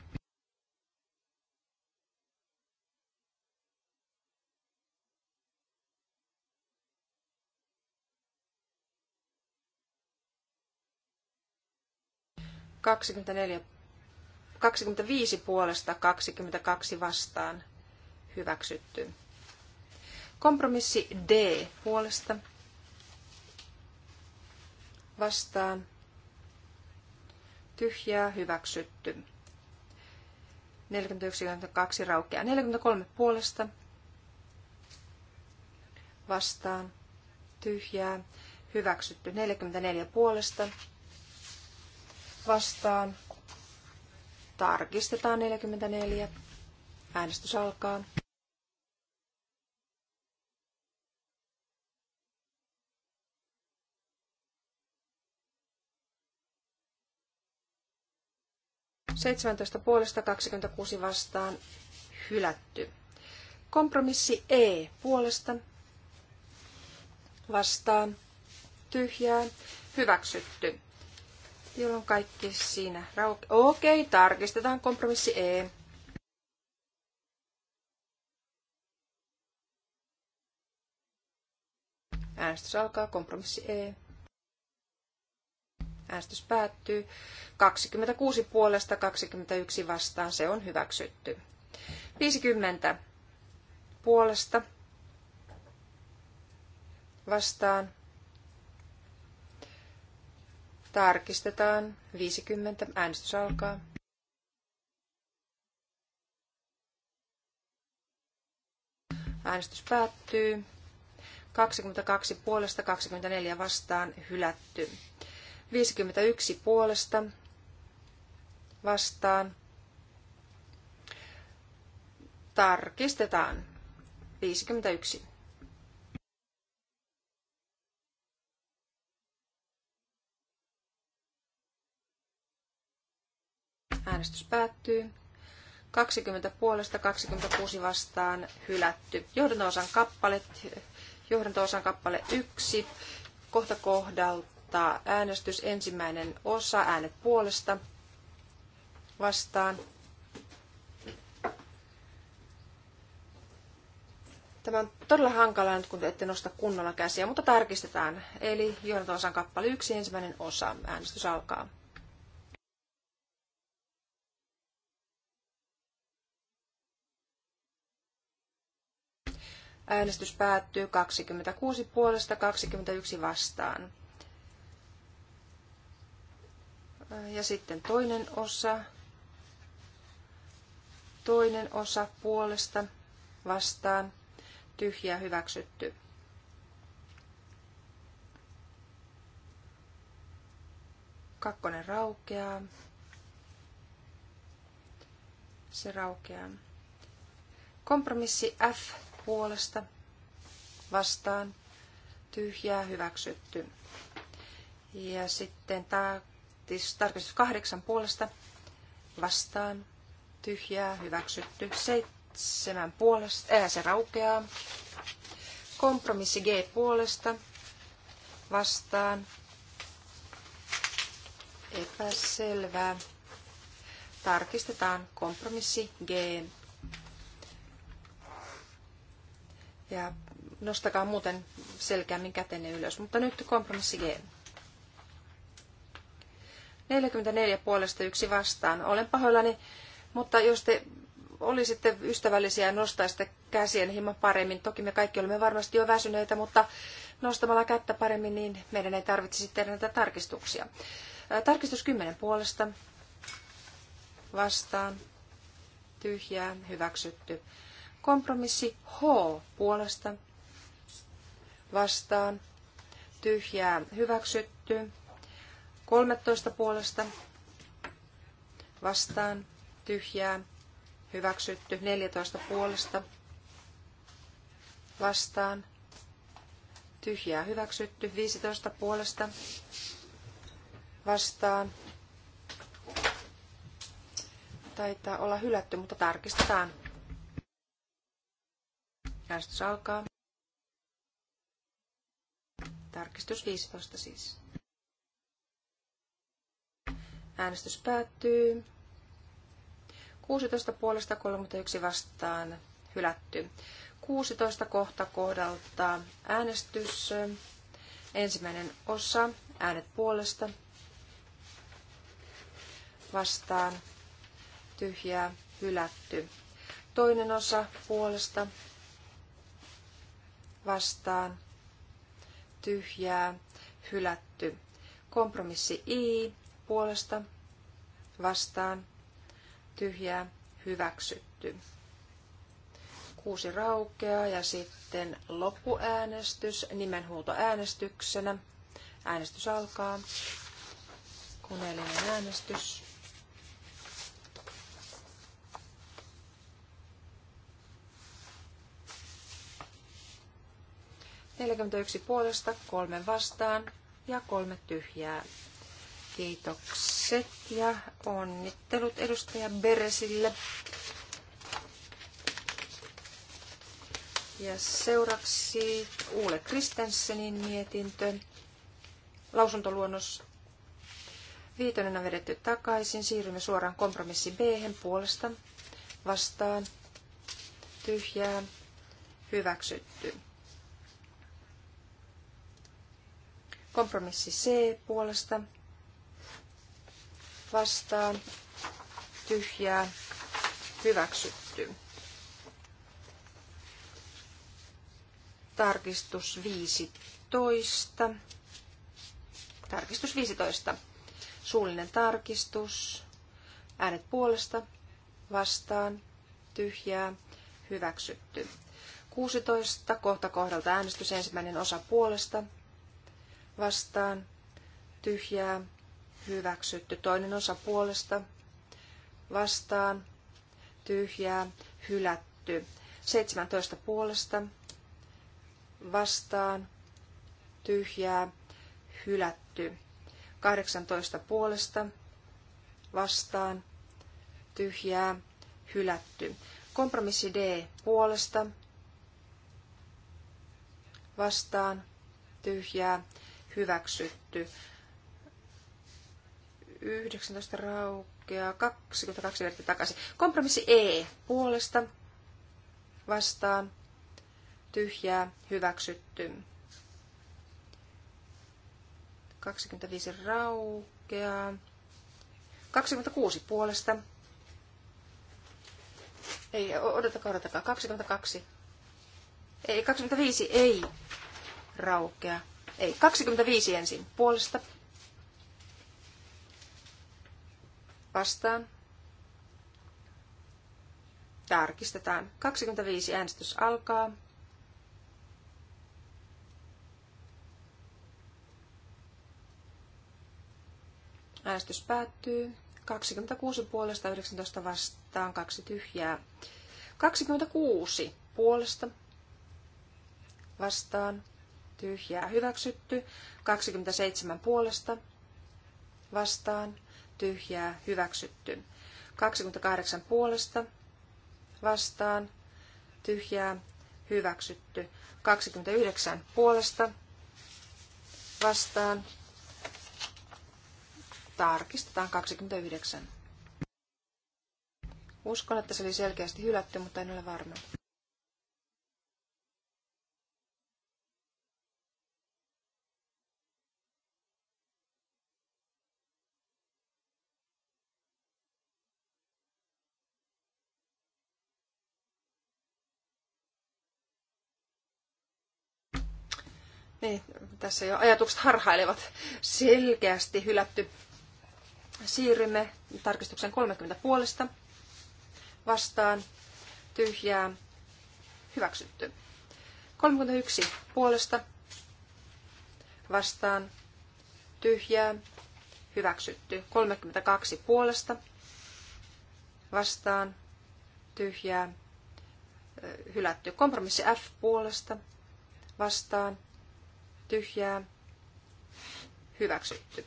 viisi puolesta 22 vastaan hyväksytty. Kompromissi D puolesta vastaan tyhjää, hyväksytty. 41, 42 raukeaa. 43 puolesta vastaan, tyhjää, hyväksytty. 44 puolesta vastaan, tarkistetaan 44. Äänestys alkaa. 17 puolesta 26 vastaan hylätty. Kompromissi E puolesta vastaan tyhjää hyväksytty. Jolloin kaikki siinä rauke- Okei, tarkistetaan kompromissi E. Äänestys alkaa kompromissi E. Äänestys päättyy. 26 puolesta 21 vastaan. Se on hyväksytty. 50 puolesta vastaan. Tarkistetaan. 50. Äänestys alkaa. Äänestys päättyy. 22 puolesta 24 vastaan hylätty. 51 puolesta vastaan. Tarkistetaan. 51. Äänestys päättyy. 20 puolesta 26 vastaan hylätty. Johdantoosan kappale, johdantoosan kappale 1, kohta kohdalta kohtaa äänestys. Ensimmäinen osa, äänet puolesta, vastaan. Tämä on todella hankalaa nyt, kun ette nosta kunnolla käsiä, mutta tarkistetaan. Eli osan kappale 1, ensimmäinen osa. Äänestys alkaa. Äänestys päättyy 26 puolesta 21 vastaan. Ja sitten toinen osa. Toinen osa puolesta vastaan. Tyhjä hyväksytty. Kakkonen raukeaa. Se raukeaa. Kompromissi F puolesta vastaan tyhjää hyväksytty. Ja sitten tämä Kompromissis tarkistus kahdeksan puolesta vastaan tyhjää hyväksytty. Seitsemän puolesta, ää se raukeaa. Kompromissi G puolesta vastaan epäselvää. Tarkistetaan kompromissi G. Ja nostakaa muuten selkeämmin kätenne ylös, mutta nyt kompromissi G. 44 puolesta yksi vastaan. Olen pahoillani, mutta jos te olisitte ystävällisiä ja nostaisitte käsien hieman paremmin, toki me kaikki olemme varmasti jo väsyneitä, mutta nostamalla kättä paremmin, niin meidän ei tarvitsisi tehdä näitä tarkistuksia. Tarkistus 10 puolesta vastaan, tyhjää, hyväksytty. Kompromissi H puolesta vastaan, tyhjää, hyväksytty. 13 puolesta vastaan tyhjää hyväksytty 14 puolesta vastaan tyhjää hyväksytty 15 puolesta vastaan taitaa olla hylätty, mutta tarkistetaan. Äänestys alkaa. Tarkistus 15 siis. Äänestys päättyy. 16 puolesta 31 vastaan hylätty. 16 kohta kohdalta äänestys. Ensimmäinen osa, äänet puolesta, vastaan, tyhjää, hylätty. Toinen osa puolesta, vastaan, tyhjää, hylätty. Kompromissi I puolesta vastaan tyhjää hyväksytty. Kuusi raukeaa ja sitten loppuäänestys nimenhuutoäänestyksenä. Äänestys alkaa. Koneellinen äänestys. Neljäkymmentäyksi puolesta, kolme vastaan ja kolme tyhjää. Kiitokset ja onnittelut edustaja Beresille. Ja seuraksi Uule Kristensenin mietintö. Lausuntoluonnos Viitonen on vedetty takaisin. Siirrymme suoraan kompromissi B puolesta. Vastaan. Tyhjää. Hyväksytty. Kompromissi C puolesta vastaan tyhjää hyväksytty. Tarkistus 15. Tarkistus 15. Suullinen tarkistus. Äänet puolesta vastaan tyhjää hyväksytty. 16. Kohta kohdalta äänestys ensimmäinen osa puolesta vastaan tyhjää hyväksytty. Toinen osa puolesta vastaan, tyhjää, hylätty. 17 puolesta vastaan, tyhjää, hylätty. 18 puolesta vastaan, tyhjää, hylätty. Kompromissi D puolesta vastaan, tyhjää, hyväksytty. 19 raukea, 22 vertti takaisin. Kompromissi E puolesta vastaan tyhjää hyväksytty. 25 raukea, 26 puolesta. Ei, odotakaa, odotakaa. 22. Ei, 25 ei raukea. Ei, 25 ensin puolesta vastaan. Tarkistetaan. 25 äänestys alkaa. Äänestys päättyy. 26 puolesta, 19 vastaan, kaksi tyhjää. 26 puolesta vastaan, tyhjää hyväksytty. 27 puolesta vastaan, tyhjää, hyväksytty. 28 puolesta, vastaan, tyhjää, hyväksytty. 29 puolesta, vastaan, tarkistetaan 29. Uskon, että se oli selkeästi hylätty, mutta en ole varma. Niin, tässä jo ajatukset harhailevat. Selkeästi hylätty. Siirrymme tarkistuksen 30 puolesta. Vastaan. Tyhjää. Hyväksytty. 31 puolesta. Vastaan. Tyhjää. Hyväksytty. 32 puolesta. Vastaan. Tyhjää. Hylätty. Kompromissi F puolesta. Vastaan tyhjää, hyväksytty.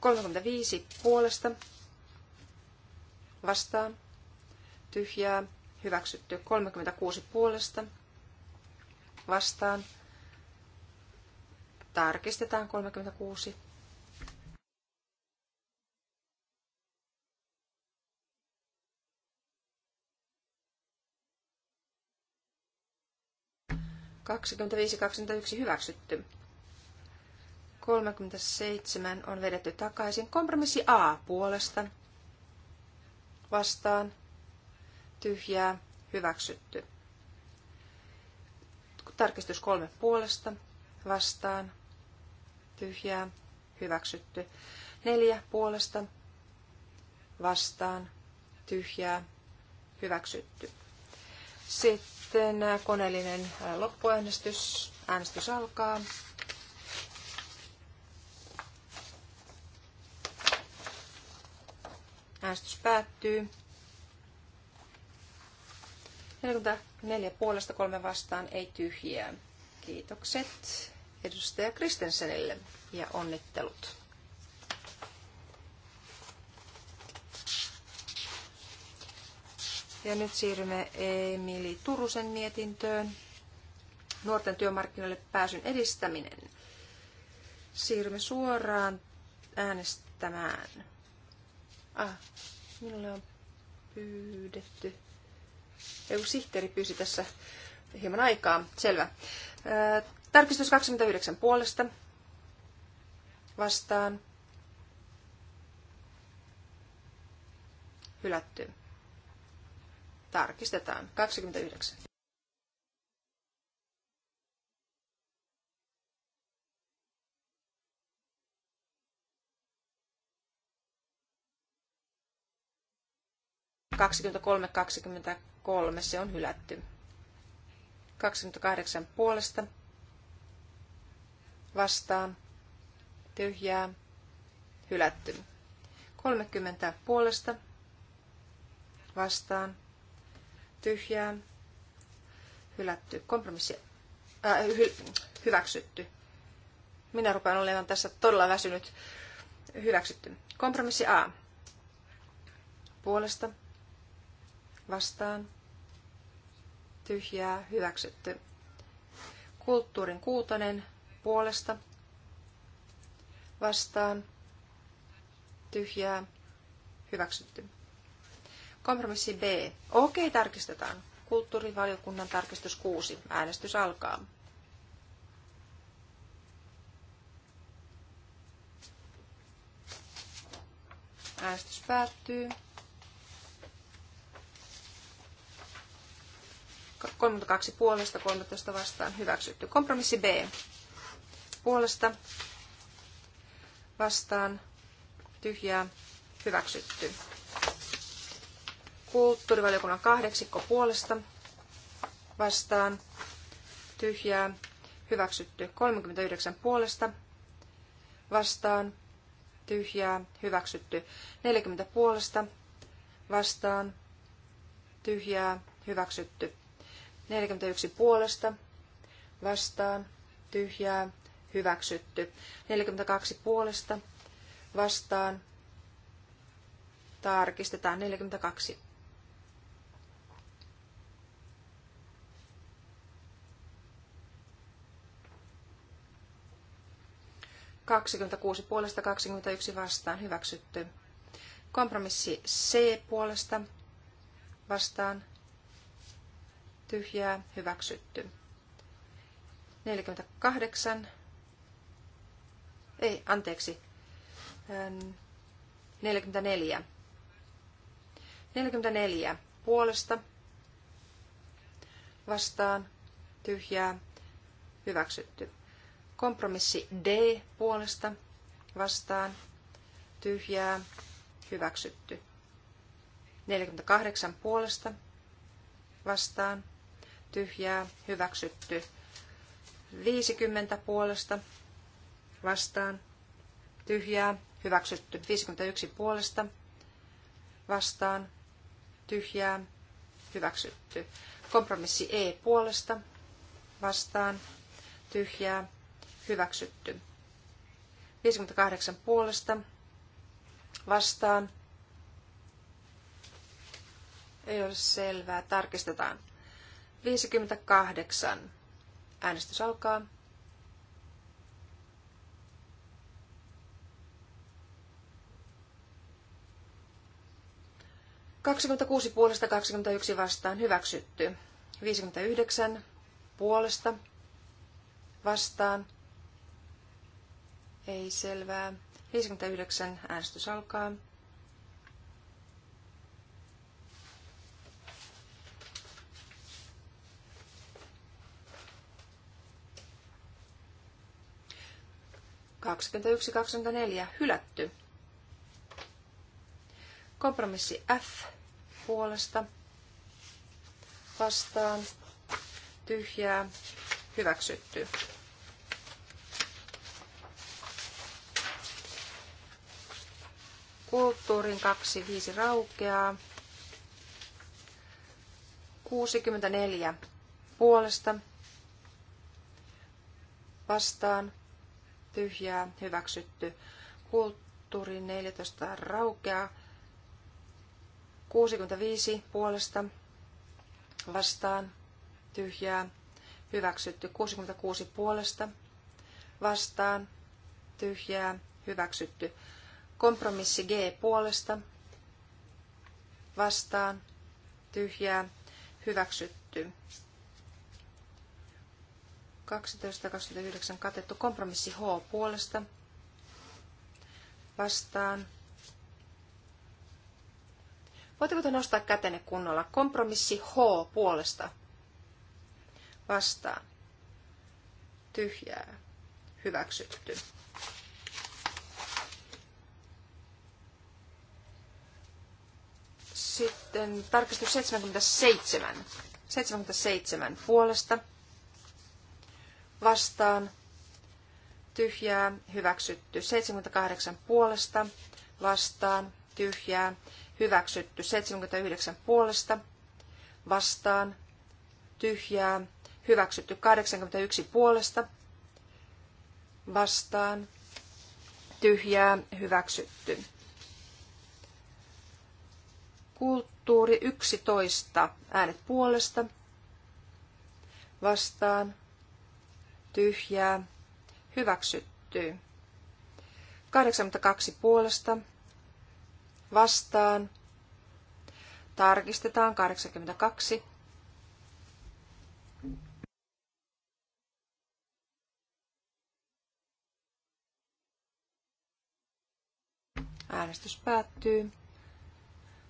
35 puolesta vastaan, tyhjää, hyväksytty. 36 puolesta vastaan, tarkistetaan 36 25-21 hyväksytty. 37 on vedetty takaisin. Kompromissi A puolesta. Vastaan. Tyhjää. Hyväksytty. Tarkistus kolme puolesta. Vastaan. Tyhjää. Hyväksytty. Neljä puolesta. Vastaan. Tyhjää. Hyväksytty. Sitten sitten äh, koneellinen äh, loppuäänestys. Äänestys alkaa. Äänestys päättyy. 44 puolesta kolme vastaan, ei tyhjää. Kiitokset edustaja Kristensenille ja onnittelut. Ja nyt siirrymme Emili Turusen mietintöön. Nuorten työmarkkinoille pääsyn edistäminen. Siirrymme suoraan äänestämään. Ah, minulle on pyydetty. Joku sihteeri pyysi tässä hieman aikaa. Selvä. Tarkistus 29 puolesta. Vastaan. Hylätty. Tarkistetaan. 29. kaksikymmentä kolme, se on hylätty. 28 puolesta vastaan tyhjää hylätty. 30 puolesta vastaan tyhjää, hylätty, kompromissi, äh, hy, hyväksytty. Minä rupean olemaan tässä todella väsynyt. Hyväksytty. Kompromissi A. Puolesta, vastaan, tyhjää, hyväksytty. Kulttuurin kuutonen, puolesta, vastaan, tyhjää, hyväksytty. Kompromissi B. Okei, tarkistetaan. Kulttuurivaliokunnan tarkistus 6. Äänestys alkaa. Äänestys päättyy. 32 puolesta, 13 vastaan hyväksytty. Kompromissi B. Puolesta vastaan tyhjää hyväksytty. Kulttuurivaliokunnan kahdeksikko puolesta vastaan tyhjää hyväksytty 39 puolesta vastaan tyhjää hyväksytty 40 puolesta vastaan tyhjää hyväksytty 41 puolesta vastaan tyhjää hyväksytty 42 puolesta vastaan tarkistetaan 42 26 puolesta 21 vastaan hyväksytty. Kompromissi C puolesta vastaan tyhjää hyväksytty. 48, ei anteeksi, 44. 44 puolesta vastaan tyhjää hyväksytty. Kompromissi D puolesta vastaan tyhjää hyväksytty. 48 puolesta vastaan tyhjää hyväksytty. 50 puolesta vastaan tyhjää hyväksytty. 51 puolesta vastaan tyhjää hyväksytty. Kompromissi E puolesta vastaan tyhjää hyväksytty. 58 puolesta vastaan. Ei ole selvää. Tarkistetaan. 58. Äänestys alkaa. Kaksikymmentäkuusi puolesta 21 vastaan hyväksytty. 59 puolesta vastaan ei selvää. 59 äänestys alkaa. Kaksikymmentäyksi, kaksikymmentäneljä, hylätty. Kompromissi F puolesta vastaan tyhjää hyväksytty. Kulttuurin 25 raukeaa. 64 puolesta vastaan tyhjää hyväksytty. Kulttuuri 14 raukeaa. 65 puolesta vastaan tyhjää hyväksytty. 66 puolesta vastaan tyhjää hyväksytty. Kompromissi G puolesta vastaan tyhjää hyväksytty. 12.29 katettu kompromissi H puolesta vastaan. Voitteko te nostaa kätenne kunnolla? Kompromissi H puolesta vastaan. Tyhjää. Hyväksytty. Sitten tarkistus 77. 77 puolesta vastaan tyhjää hyväksytty. 78 puolesta vastaan tyhjää hyväksytty. 79 puolesta vastaan tyhjää hyväksytty. 81 puolesta vastaan tyhjää hyväksytty. Kulttuuri 11. Äänet puolesta. Vastaan. Tyhjää. Hyväksytty. 82 puolesta. Vastaan. Tarkistetaan 82. Äänestys päättyy.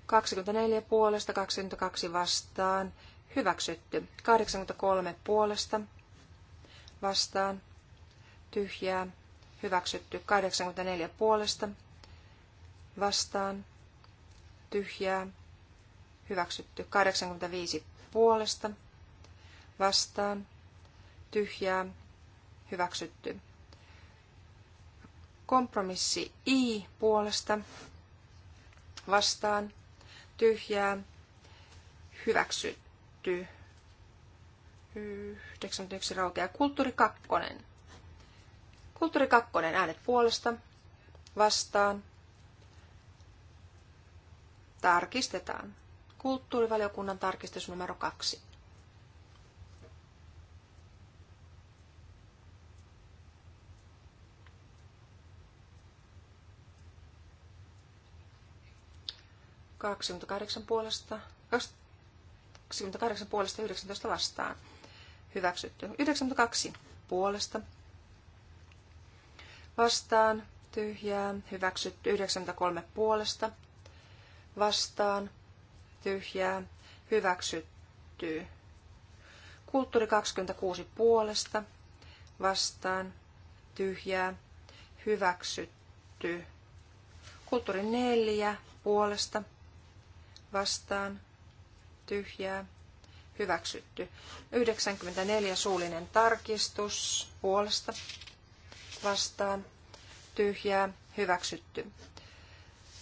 24 puolesta, 22 vastaan, hyväksytty. 83 puolesta, vastaan, tyhjää, hyväksytty. 84 puolesta, vastaan, tyhjää, hyväksytty. 85 puolesta, vastaan, tyhjää, hyväksytty. Kompromissi I puolesta, vastaan, tyhjää, hyväksytty. 91 rautia. Kulttuuri kakkonen. Kulttuuri kakkonen, Äänet puolesta. Vastaan. Tarkistetaan. Kulttuurivaliokunnan tarkistus numero kaksi. 28 puolesta, 28 puolesta 19 vastaan. Hyväksytty. 92 puolesta vastaan. Tyhjää. Hyväksytty. 93 puolesta vastaan. Tyhjää. Hyväksytty. Kulttuuri 26 puolesta vastaan. Tyhjää. Hyväksytty. Kulttuuri 4 puolesta vastaan vastaan, tyhjää, hyväksytty. 94 suullinen tarkistus puolesta vastaan, tyhjää, hyväksytty.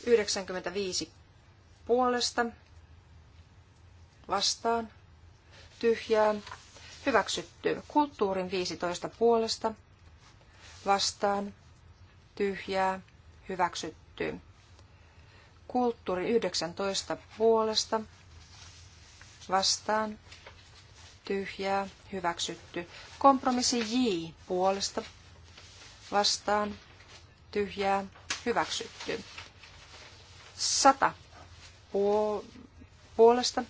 95 puolesta vastaan, tyhjää, hyväksytty. Kulttuurin 15 puolesta vastaan, tyhjää, hyväksytty. Kulttuuri 19 puolesta vastaan tyhjää hyväksytty. Kompromissi J puolesta vastaan tyhjää hyväksytty. 100 puolesta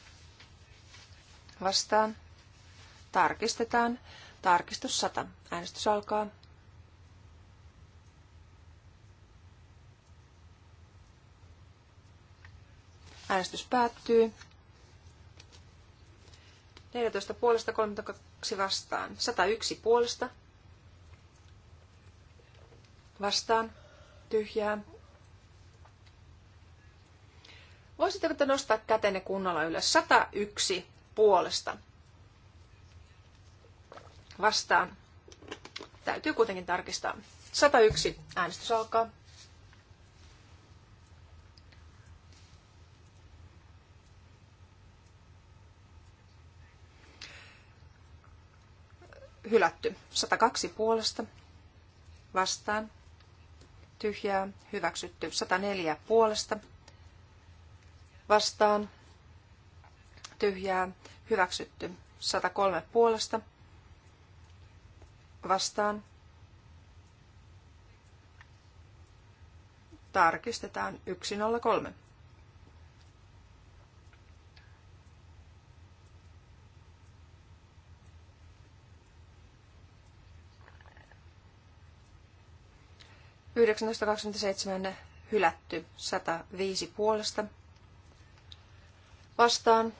vastaan tarkistetaan. Tarkistus 100. Äänestys alkaa. Äänestys päättyy. 14 puolesta 32 vastaan. 101 puolesta. Vastaan. Tyhjää. Voisitteko te nostaa kätenne kunnolla ylös? 101 puolesta. Vastaan. Täytyy kuitenkin tarkistaa. 101. Äänestys alkaa. hylätty. 102 puolesta vastaan tyhjää hyväksytty. 104 puolesta vastaan tyhjää hyväksytty. 103 puolesta vastaan tarkistetaan 103. 19.27 hylätty. 105 puolesta. Vastaan.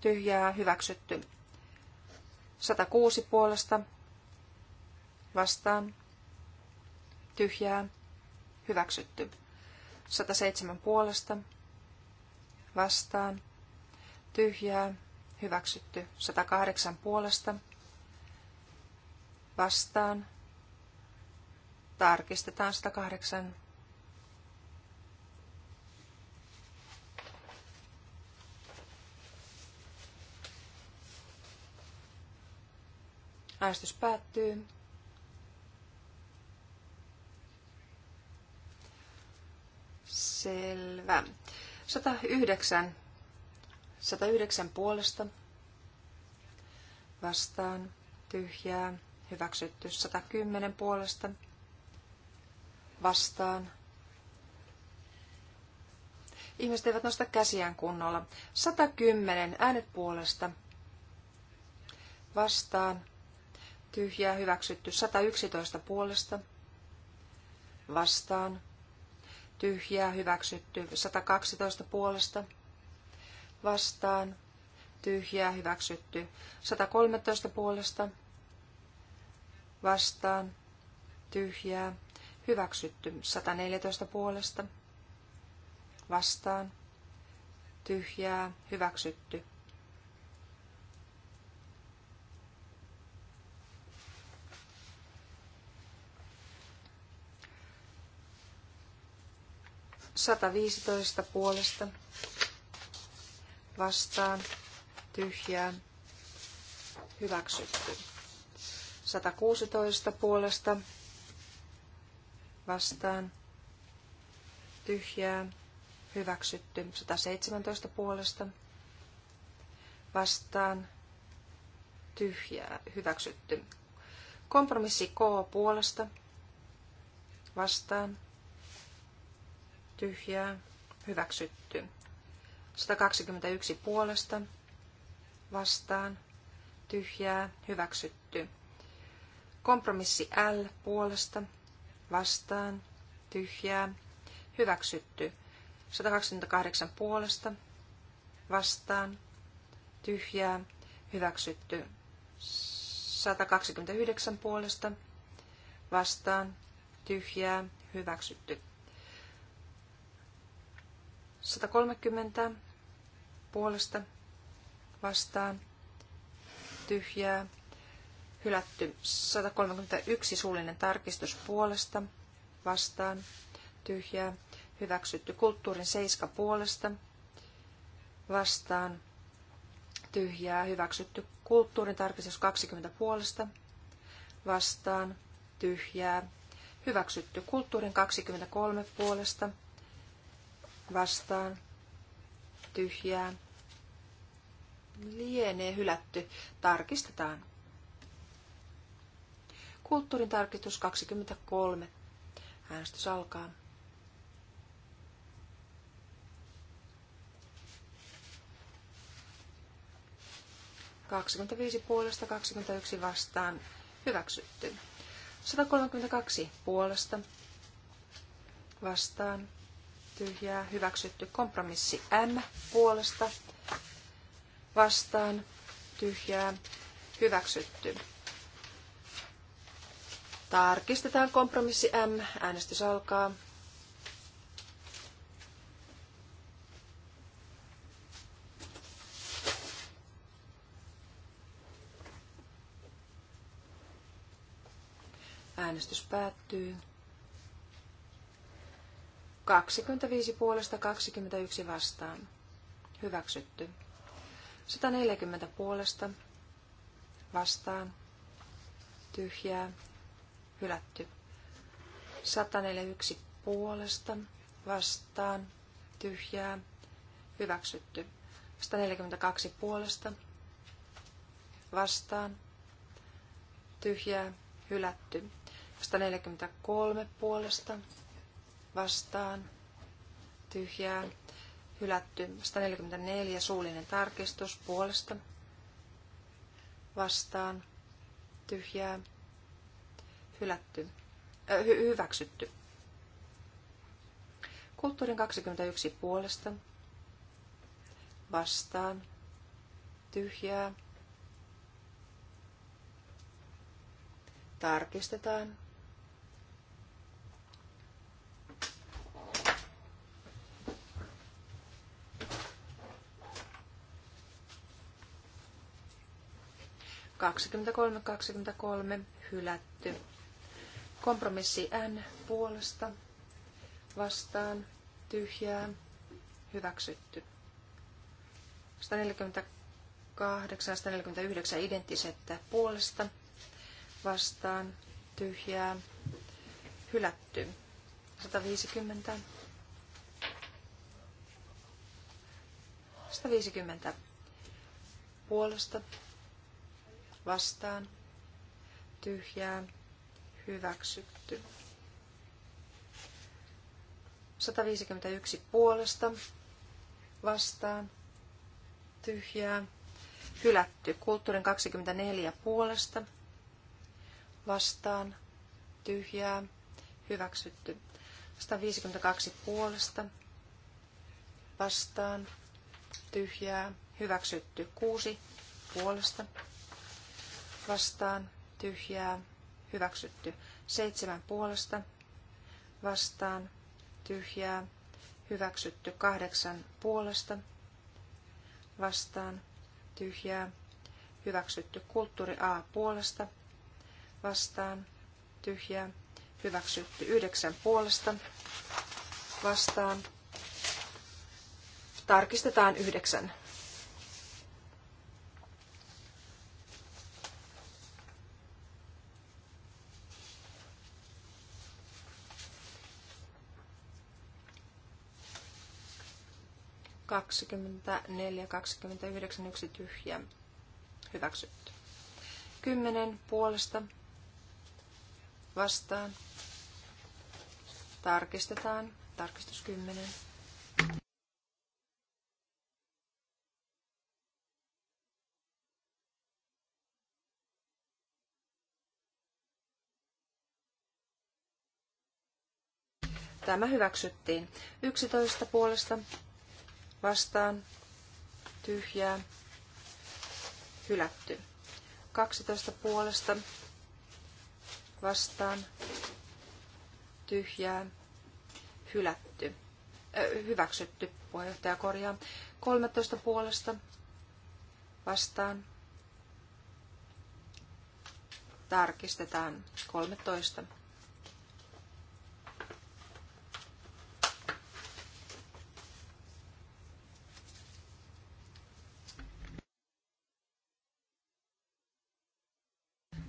Tyhjää hyväksytty. 106 puolesta. Vastaan. Tyhjää hyväksytty. 107 puolesta. Vastaan. Tyhjää hyväksytty. 108 puolesta. Vastaan Tarkistetaan 108. Äänestys päättyy. Selvä. 109. 109 puolesta. Vastaan. Tyhjää. Hyväksytty. 110 puolesta vastaan. Ihmiset eivät nosta käsiään kunnolla. 110 äänet puolesta vastaan. Tyhjää hyväksytty. 111 puolesta vastaan. Tyhjää hyväksytty. 112 puolesta vastaan. Tyhjää hyväksytty. 113 puolesta vastaan. Tyhjää Hyväksytty 114 puolesta. Vastaan. Tyhjää. Hyväksytty. Sata viisitoista puolesta vastaan tyhjää hyväksytty. kuusitoista puolesta vastaan, tyhjää, hyväksytty. 117 puolesta vastaan, tyhjää, hyväksytty. Kompromissi K puolesta vastaan, tyhjää, hyväksytty. 121 puolesta vastaan, tyhjää, hyväksytty. Kompromissi L puolesta vastaan, tyhjää, hyväksytty. 128 puolesta, vastaan, tyhjää, hyväksytty. 129 puolesta, vastaan, tyhjää, hyväksytty. 130 puolesta, vastaan, tyhjää, Hylätty 131 suullinen tarkistus puolesta vastaan. Tyhjää. Hyväksytty kulttuurin seiska puolesta vastaan. Tyhjää. Hyväksytty kulttuurin tarkistus 20 puolesta vastaan. Tyhjää. Hyväksytty kulttuurin 23 puolesta vastaan. Tyhjää. Lienee hylätty. Tarkistetaan. Kulttuurin tarkistus 23. Äänestys alkaa. Kaksikymmentäviisi puolesta, 21 vastaan. Hyväksytty. 132 puolesta vastaan. Tyhjää. Hyväksytty. Kompromissi M puolesta vastaan. Tyhjää. Hyväksytty. Tarkistetaan kompromissi M. Äänestys alkaa. Äänestys päättyy. 25 puolesta 21 vastaan. Hyväksytty. 140 puolesta vastaan. Tyhjää hylätty. 141 puolesta vastaan tyhjää hyväksytty. 142 puolesta vastaan tyhjää hylätty. 143 puolesta vastaan tyhjää hylätty. 144 suullinen tarkistus puolesta vastaan tyhjää hylätty, äh, hy- hyväksytty. Kulttuurin 21 puolesta vastaan tyhjää. Tarkistetaan. kaksikymmentä kolme, hylätty. Kompromissi N puolesta vastaan tyhjää hyväksytty. 148 149 identtiset puolesta vastaan tyhjää hylätty. 150 150 puolesta vastaan tyhjää hyväksytty. 151 puolesta vastaan tyhjää hylätty. Kulttuurin 24 puolesta vastaan tyhjää hyväksytty. 152 puolesta vastaan tyhjää hyväksytty. 6 puolesta vastaan tyhjää hyväksytty. Seitsemän puolesta vastaan tyhjää, hyväksytty. Kahdeksan puolesta vastaan tyhjää, hyväksytty. Kulttuuri A puolesta vastaan tyhjää, hyväksytty. Yhdeksän puolesta vastaan. Tarkistetaan yhdeksän. 24, 29, yksi tyhjä. Hyväksytty. 10 puolesta vastaan. Tarkistetaan. Tarkistus 10. Tämä hyväksyttiin. 11 puolesta vastaan, tyhjää, hylätty. 12 puolesta vastaan, tyhjää, hylätty, äh, hyväksytty, puheenjohtaja korjaa. 13 puolesta vastaan, tarkistetaan 13.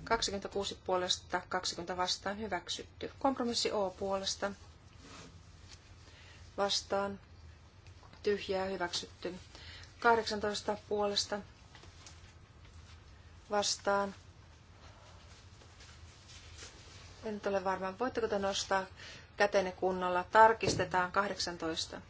26 puolesta, 20 vastaan hyväksytty. Kompromissi O puolesta vastaan tyhjää hyväksytty. 18 puolesta vastaan. En nyt ole varma, voitteko te nostaa kätenne kunnolla. Tarkistetaan 18.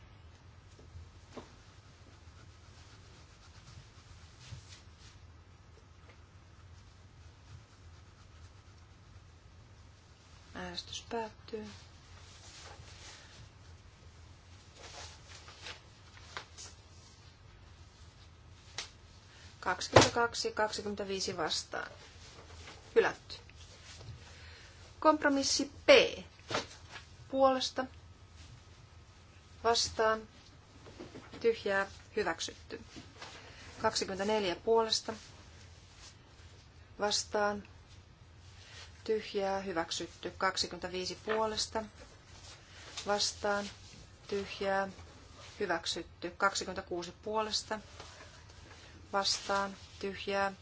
Äänestys päättyy. Kaksikymmentäkaksi, kaksikymmentäviisi vastaan. Hylätty. Kompromissi P. Puolesta. Vastaan. Tyhjää. Hyväksytty. 24 puolesta. Vastaan tyhjää, hyväksytty. 25 puolesta vastaan, tyhjää, hyväksytty. 26 puolesta vastaan, tyhjää,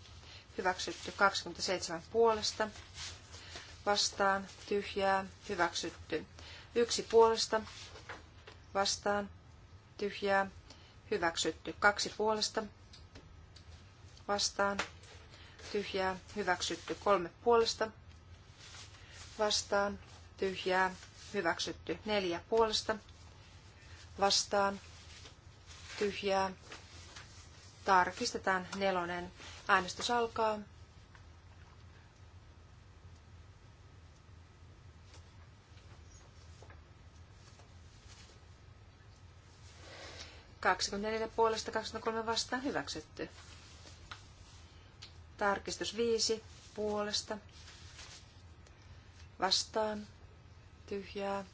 hyväksytty. 27 puolesta vastaan, tyhjää, hyväksytty. Yksi puolesta vastaan, tyhjää, hyväksytty. Kaksi puolesta vastaan, tyhjää, hyväksytty. Kolme puolesta vastaan vastaan, tyhjää, hyväksytty. Neljä puolesta, vastaan, tyhjää. Tarkistetaan nelonen. Äänestys alkaa. Kaksikymmentäneljä puolesta 23 vastaan hyväksytty. Tarkistus viisi puolesta vastaan, tyhjää,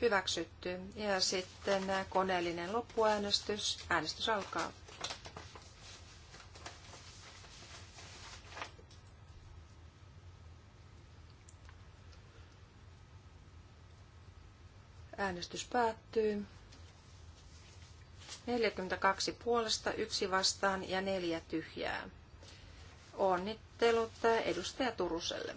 hyväksytty. Ja sitten koneellinen loppuäänestys. Äänestys alkaa. Äänestys päättyy. 42 puolesta, yksi vastaan ja neljä tyhjää. Onnittelut edustaja Turuselle.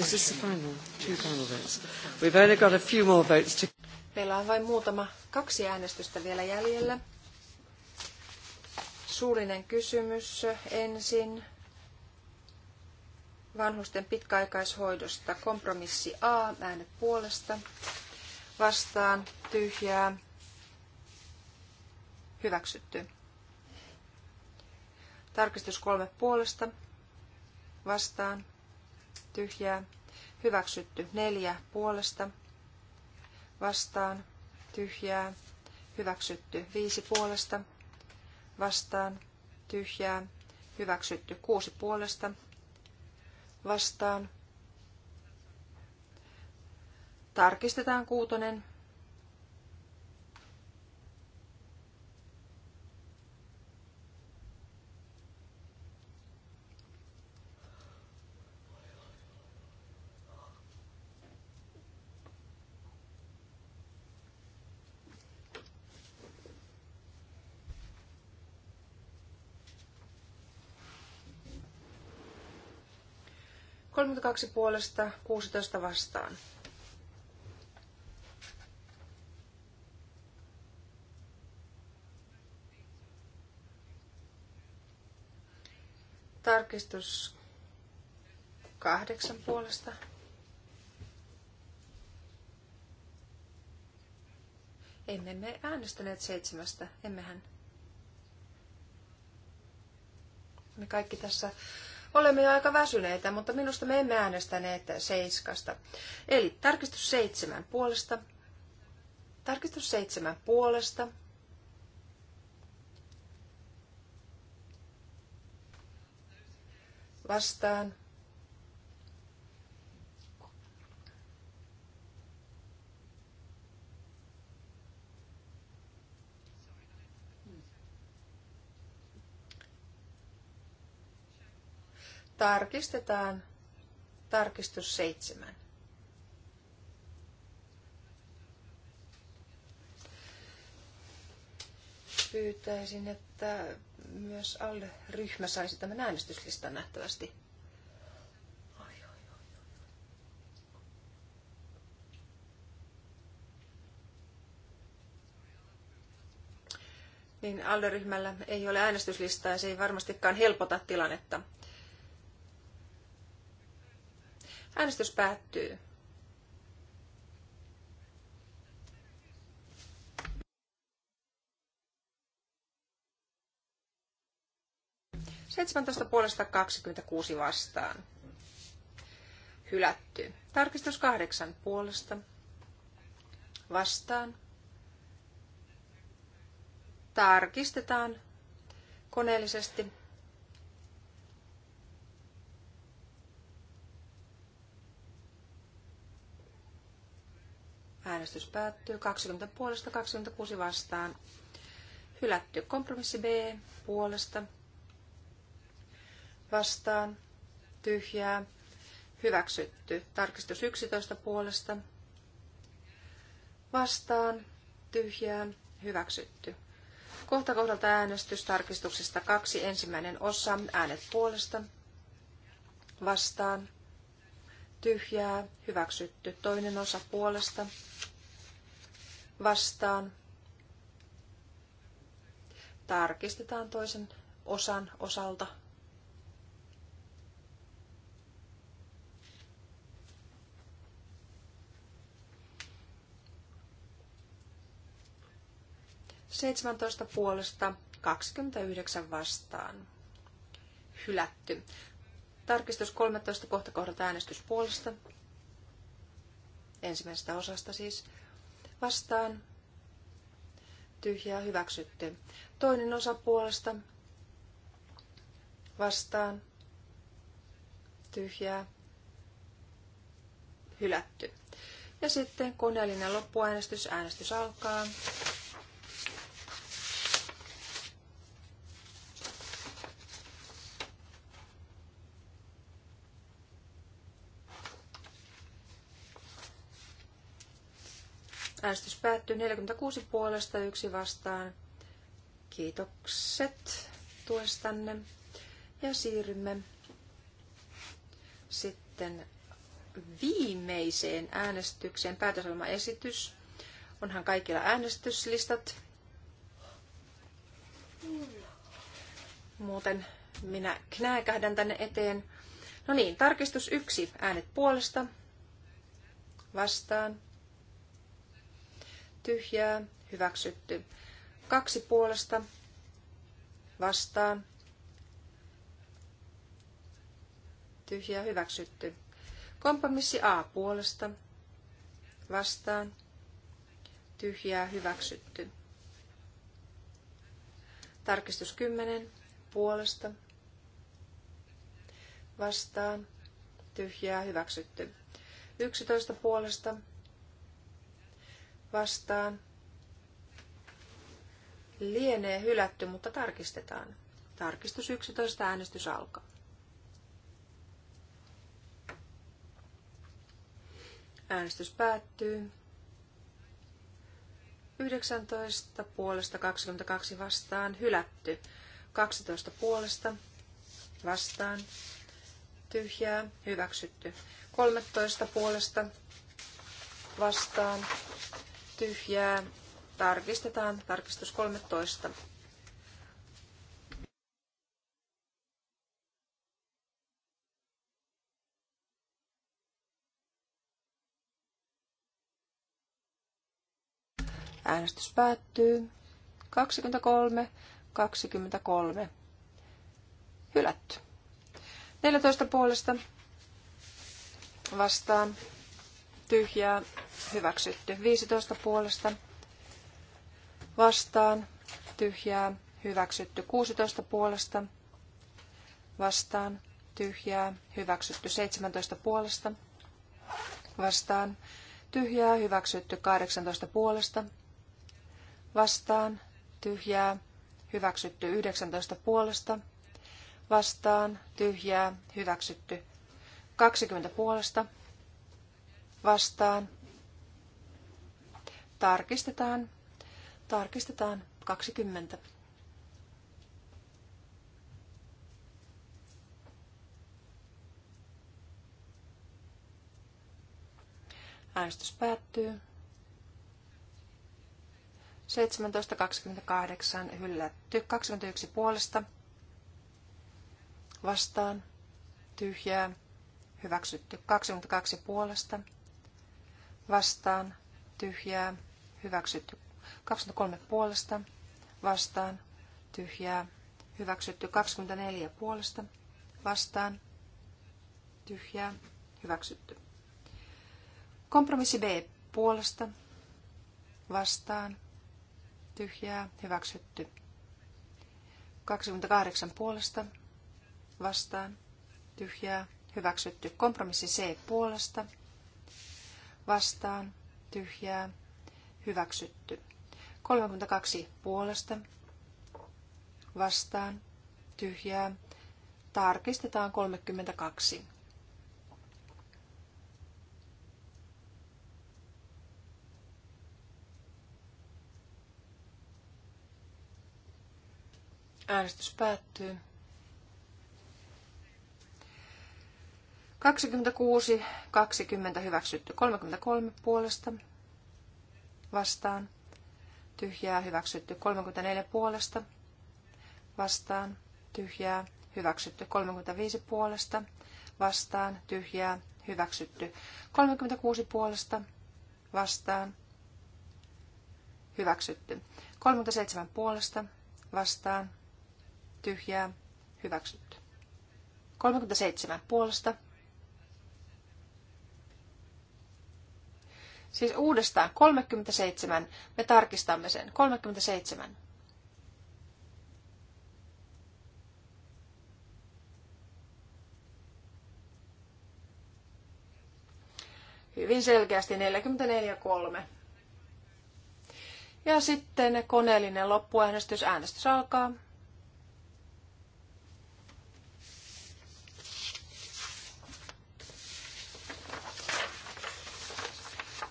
Is this the final? Two final votes. We've only got a few more votes to... Meillä on vain muutama, kaksi äänestystä vielä jäljellä. Suullinen kysymys ensin vanhusten pitkäaikaishoidosta. Kompromissi A, äänet puolesta. Vastaan, tyhjää, hyväksytty. Tarkistus kolme puolesta, vastaan, tyhjää, hyväksytty neljä puolesta, vastaan, tyhjää, hyväksytty viisi puolesta, vastaan, tyhjää, hyväksytty kuusi puolesta, vastaan. Tarkistetaan kuutonen. 32 puolesta 16 vastaan. Tarkistus kahdeksan puolesta. Emme me äänestäneet seitsemästä, emmehän. Me kaikki tässä Olemme jo aika väsyneitä, mutta minusta me emme äänestäneet seiskasta. Eli tarkistus seitsemän puolesta. Tarkistus seitsemän puolesta. Vastaan. Tarkistetaan tarkistus seitsemän. Pyytäisin, että myös alle ryhmä saisi tämän äänestyslistan nähtävästi. Niin alle ryhmällä ei ole äänestyslistaa ja se ei varmastikaan helpota tilannetta. Äänestys päättyy. Seitsemäntoista puolesta 26 vastaan. Hylätty. Tarkistus kahdeksan puolesta. Vastaan. Tarkistetaan koneellisesti. Äänestys päättyy 20 puolesta 26 vastaan. Hylätty kompromissi B puolesta vastaan. Tyhjää. Hyväksytty. Tarkistus 11 puolesta vastaan. Tyhjää. Hyväksytty. Kohta kohdalta äänestys tarkistuksesta kaksi ensimmäinen osa. Äänet puolesta vastaan tyhjää, hyväksytty. Toinen osa puolesta, vastaan. Tarkistetaan toisen osan osalta. Seitsemäntoista puolesta, 29 vastaan. Hylätty. Tarkistus 13 kohta kohdalta äänestys puolesta. Ensimmäisestä osasta siis. Vastaan. Tyhjää hyväksytty. Toinen osa puolesta. Vastaan. Tyhjää. Hylätty. Ja sitten koneellinen loppuäänestys. Äänestys alkaa. Äänestys päättyy 46 puolesta yksi vastaan. Kiitokset tuestanne. Ja siirrymme sitten viimeiseen äänestykseen. Päätösohjelmaesitys. Onhan kaikilla äänestyslistat. Muuten minä knääkähdän tänne eteen. No niin, tarkistus yksi. Äänet puolesta. Vastaan tyhjää, hyväksytty. Kaksi puolesta, vastaan, tyhjää, hyväksytty. Kompromissi A puolesta, vastaan, tyhjää, hyväksytty. Tarkistus 10 puolesta, vastaan, tyhjää, hyväksytty. 11 puolesta, vastaan. Lienee hylätty, mutta tarkistetaan. Tarkistus 11, äänestys alkaa. Äänestys päättyy. 19 puolesta 22 vastaan hylätty. 12 puolesta vastaan tyhjää hyväksytty. 13 puolesta vastaan tyhjää. Tarkistetaan. Tarkistus 13. Äänestys päättyy. 23, 23. Hylätty. 14 puolesta vastaan tyhjää, hyväksytty. 15 puolesta vastaan, tyhjää, hyväksytty. 16 puolesta vastaan, tyhjää, hyväksytty. 17 puolesta vastaan, tyhjää, hyväksytty. 18 puolesta vastaan, tyhjää, hyväksytty. 19 puolesta vastaan, tyhjää, hyväksytty. 20 puolesta vastaan. Tarkistetaan. Tarkistetaan 20. Äänestys päättyy. 17.28 hyllätty. 21 puolesta. Vastaan. Tyhjää. Hyväksytty. 22 puolesta vastaan, tyhjää, hyväksytty. 23 puolesta, vastaan, tyhjää, hyväksytty. 24 puolesta, vastaan, tyhjää, hyväksytty. Kompromissi B puolesta, vastaan, tyhjää, hyväksytty. 28 puolesta, vastaan, tyhjää, hyväksytty. Kompromissi C puolesta, vastaan, tyhjää, hyväksytty. 32 puolesta, vastaan, tyhjää, tarkistetaan 32. Äänestys päättyy. 26, 20 hyväksytty. 33 puolesta vastaan. Tyhjää hyväksytty. 34 puolesta vastaan. Tyhjää hyväksytty. 35 puolesta vastaan. Tyhjää hyväksytty. 36 puolesta vastaan. Hyväksytty. 37 puolesta vastaan. Tyhjää hyväksytty. 37 puolesta Siis uudestaan 37. Me tarkistamme sen. 37. Hyvin selkeästi 44.3. Ja sitten koneellinen loppuäänestys. Äänestys alkaa.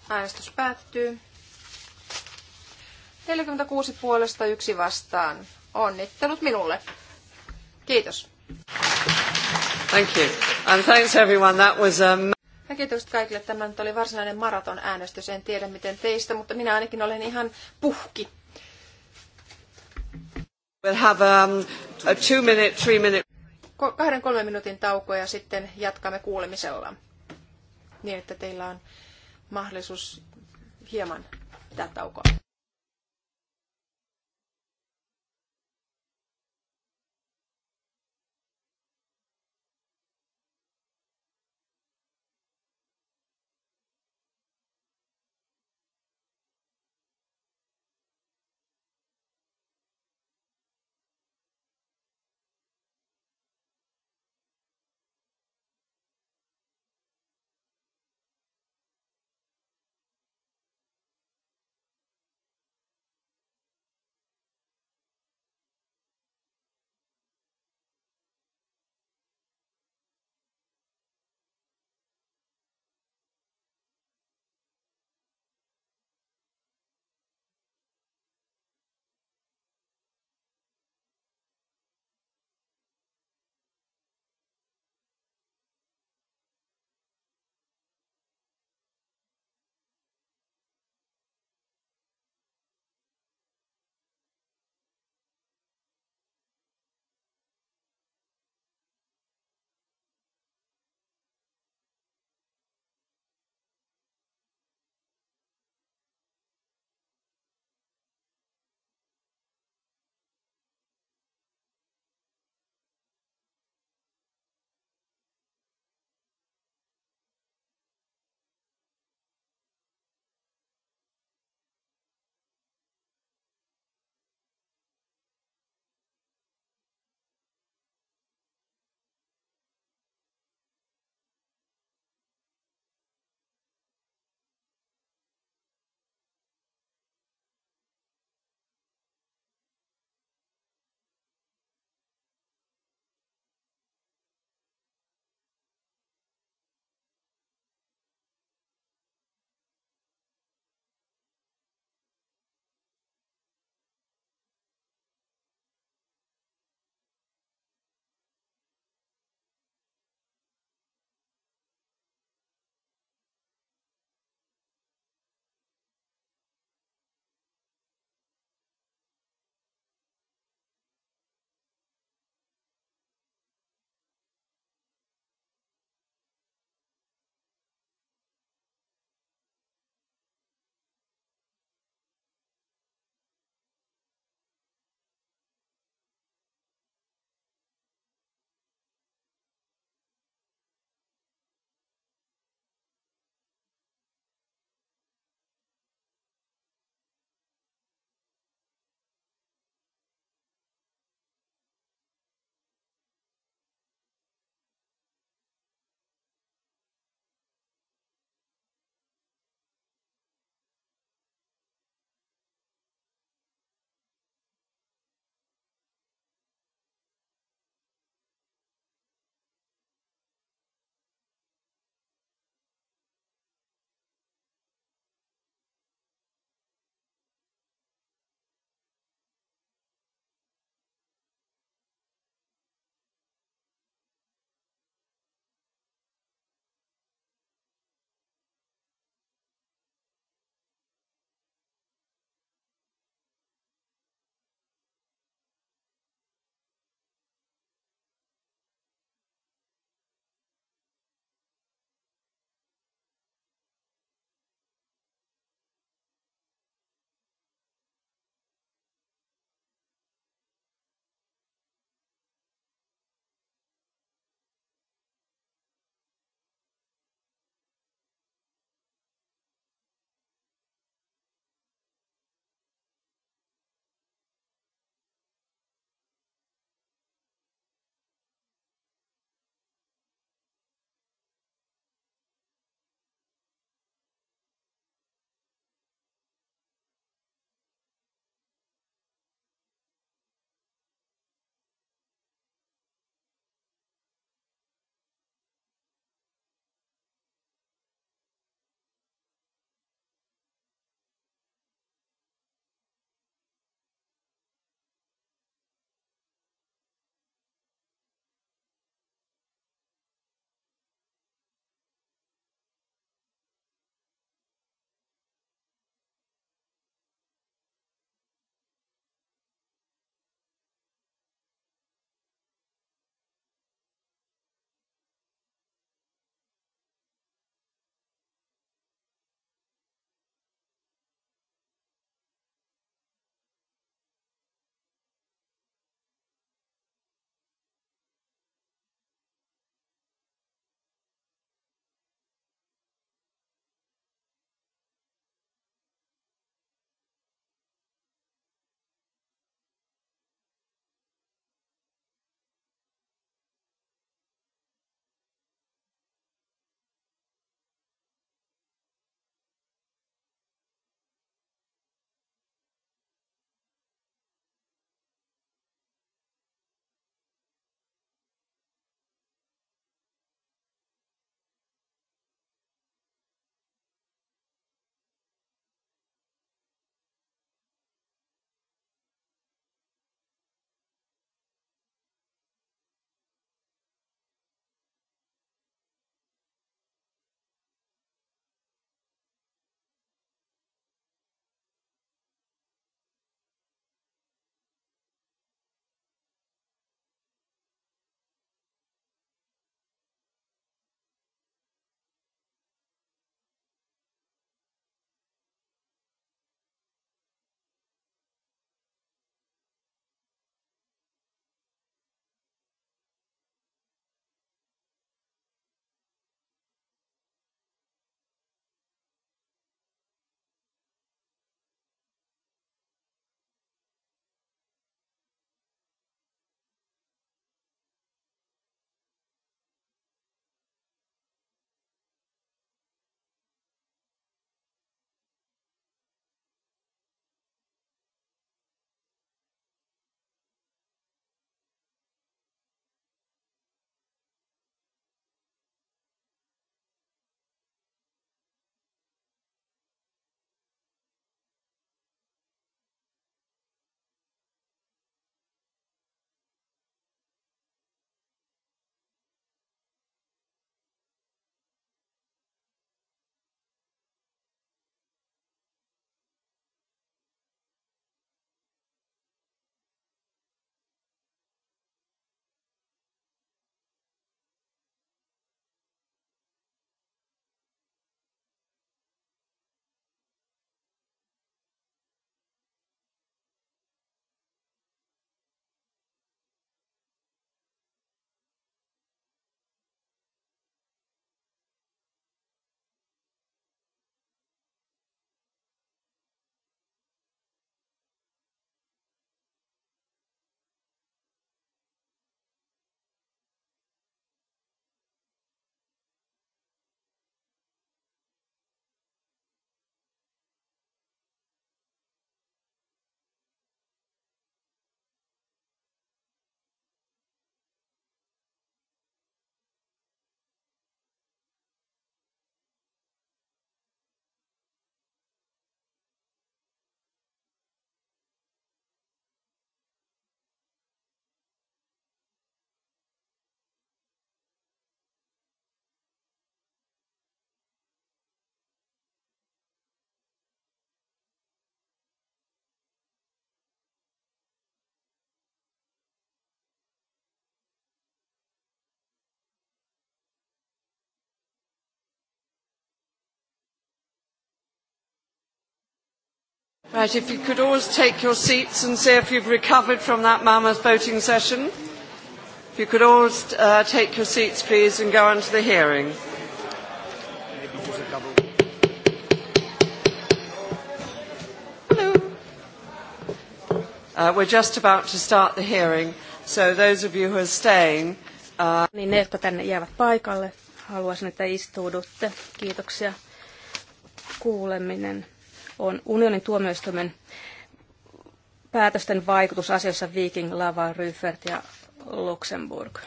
Äänestys päättyy. 46 puolesta yksi vastaan. Onnittelut minulle. Kiitos. Thank you. And thanks everyone. That was a... Um, ja kiitokset kaikille. Tämä nyt oli varsinainen maraton äänestys. En tiedä miten teistä, mutta minä ainakin olen ihan puhki. We'll have a, um, a two minute, three minute... Kahden kolmen minuutin tauko ja sitten jatkamme kuulemisella. Niin, että teillä on mahdollisuus hieman pitää taukoa. Right, if you could always take your seats and see if you've recovered from that mammoth voting session. If you could always uh, take your seats, please, and go on to the hearing. Hello. Uh, we're just about to start the hearing, so those of you who are staying... Uh... Niin ne, jotka tänne jäävät paikalle, haluaisin, että istuudutte. Kiitoksia. Kuuleminen on unionin tuomioistuimen päätösten vaikutus asiassa Viking, Lava, Ryffert ja Luxemburg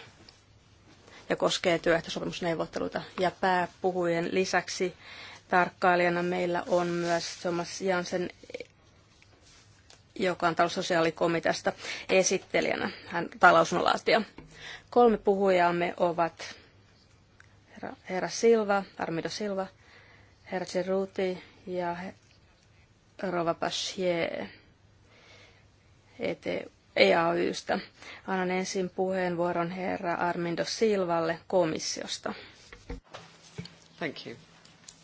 ja koskee työehtosopimusneuvotteluita. Ja pääpuhujen lisäksi tarkkailijana meillä on myös Thomas Jansen, joka on taloussosiaalikomiteasta esittelijänä, hän talousunlaatija. Kolme puhujaamme ovat herra, herra Silva, Armido Silva, herra Ceruti ja Rova Bashir EAYstä. E Annan ensin puheenvuoron herra Armindo Silvalle komissiosta. Thank you.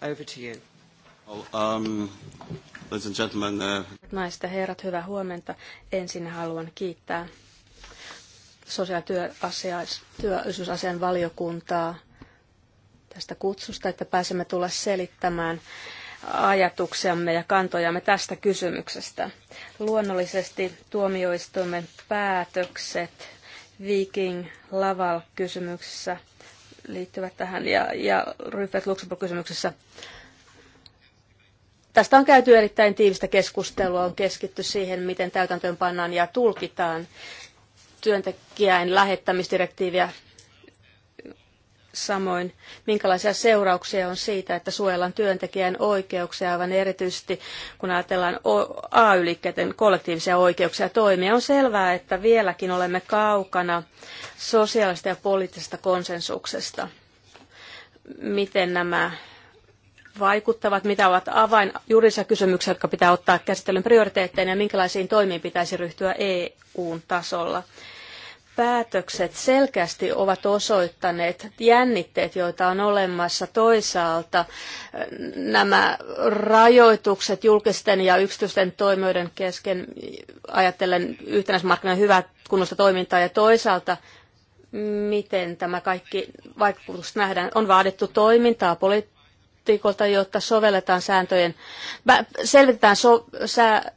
Over to you. Well, um, ladies and gentlemen, uh... Naiset ja herrat, hyvää huomenta. Ensin haluan kiittää sosiaalityöllisyysasian valiokuntaa tästä kutsusta, että pääsemme tulla selittämään ajatuksiamme ja kantojamme tästä kysymyksestä. Luonnollisesti tuomioistuimen päätökset Viking Laval-kysymyksessä liittyvät tähän ja, ja Ryffet Luxemburg-kysymyksessä. Tästä on käyty erittäin tiivistä keskustelua, on keskitty siihen, miten täytäntöön pannaan ja tulkitaan työntekijän lähettämisdirektiiviä Samoin, minkälaisia seurauksia on siitä, että suojellaan työntekijän oikeuksia, aivan erityisesti kun ajatellaan AY-liikkeiden kollektiivisia oikeuksia toimia. On selvää, että vieläkin olemme kaukana sosiaalista ja poliittisesta konsensuksesta. Miten nämä vaikuttavat, mitä ovat avain juridisia kysymyksiä, jotka pitää ottaa käsittelyn prioriteetteina ja minkälaisiin toimiin pitäisi ryhtyä EU-tasolla päätökset selkeästi ovat osoittaneet jännitteet, joita on olemassa toisaalta. Nämä rajoitukset julkisten ja yksityisten toimijoiden kesken, ajatellen yhtenäismarkkinoiden hyvää kunnosta toimintaa ja toisaalta miten tämä kaikki vaikutus nähdään. On vaadittu toimintaa poliitikolta, jotta sovelletaan sääntöjen, selvitetään so,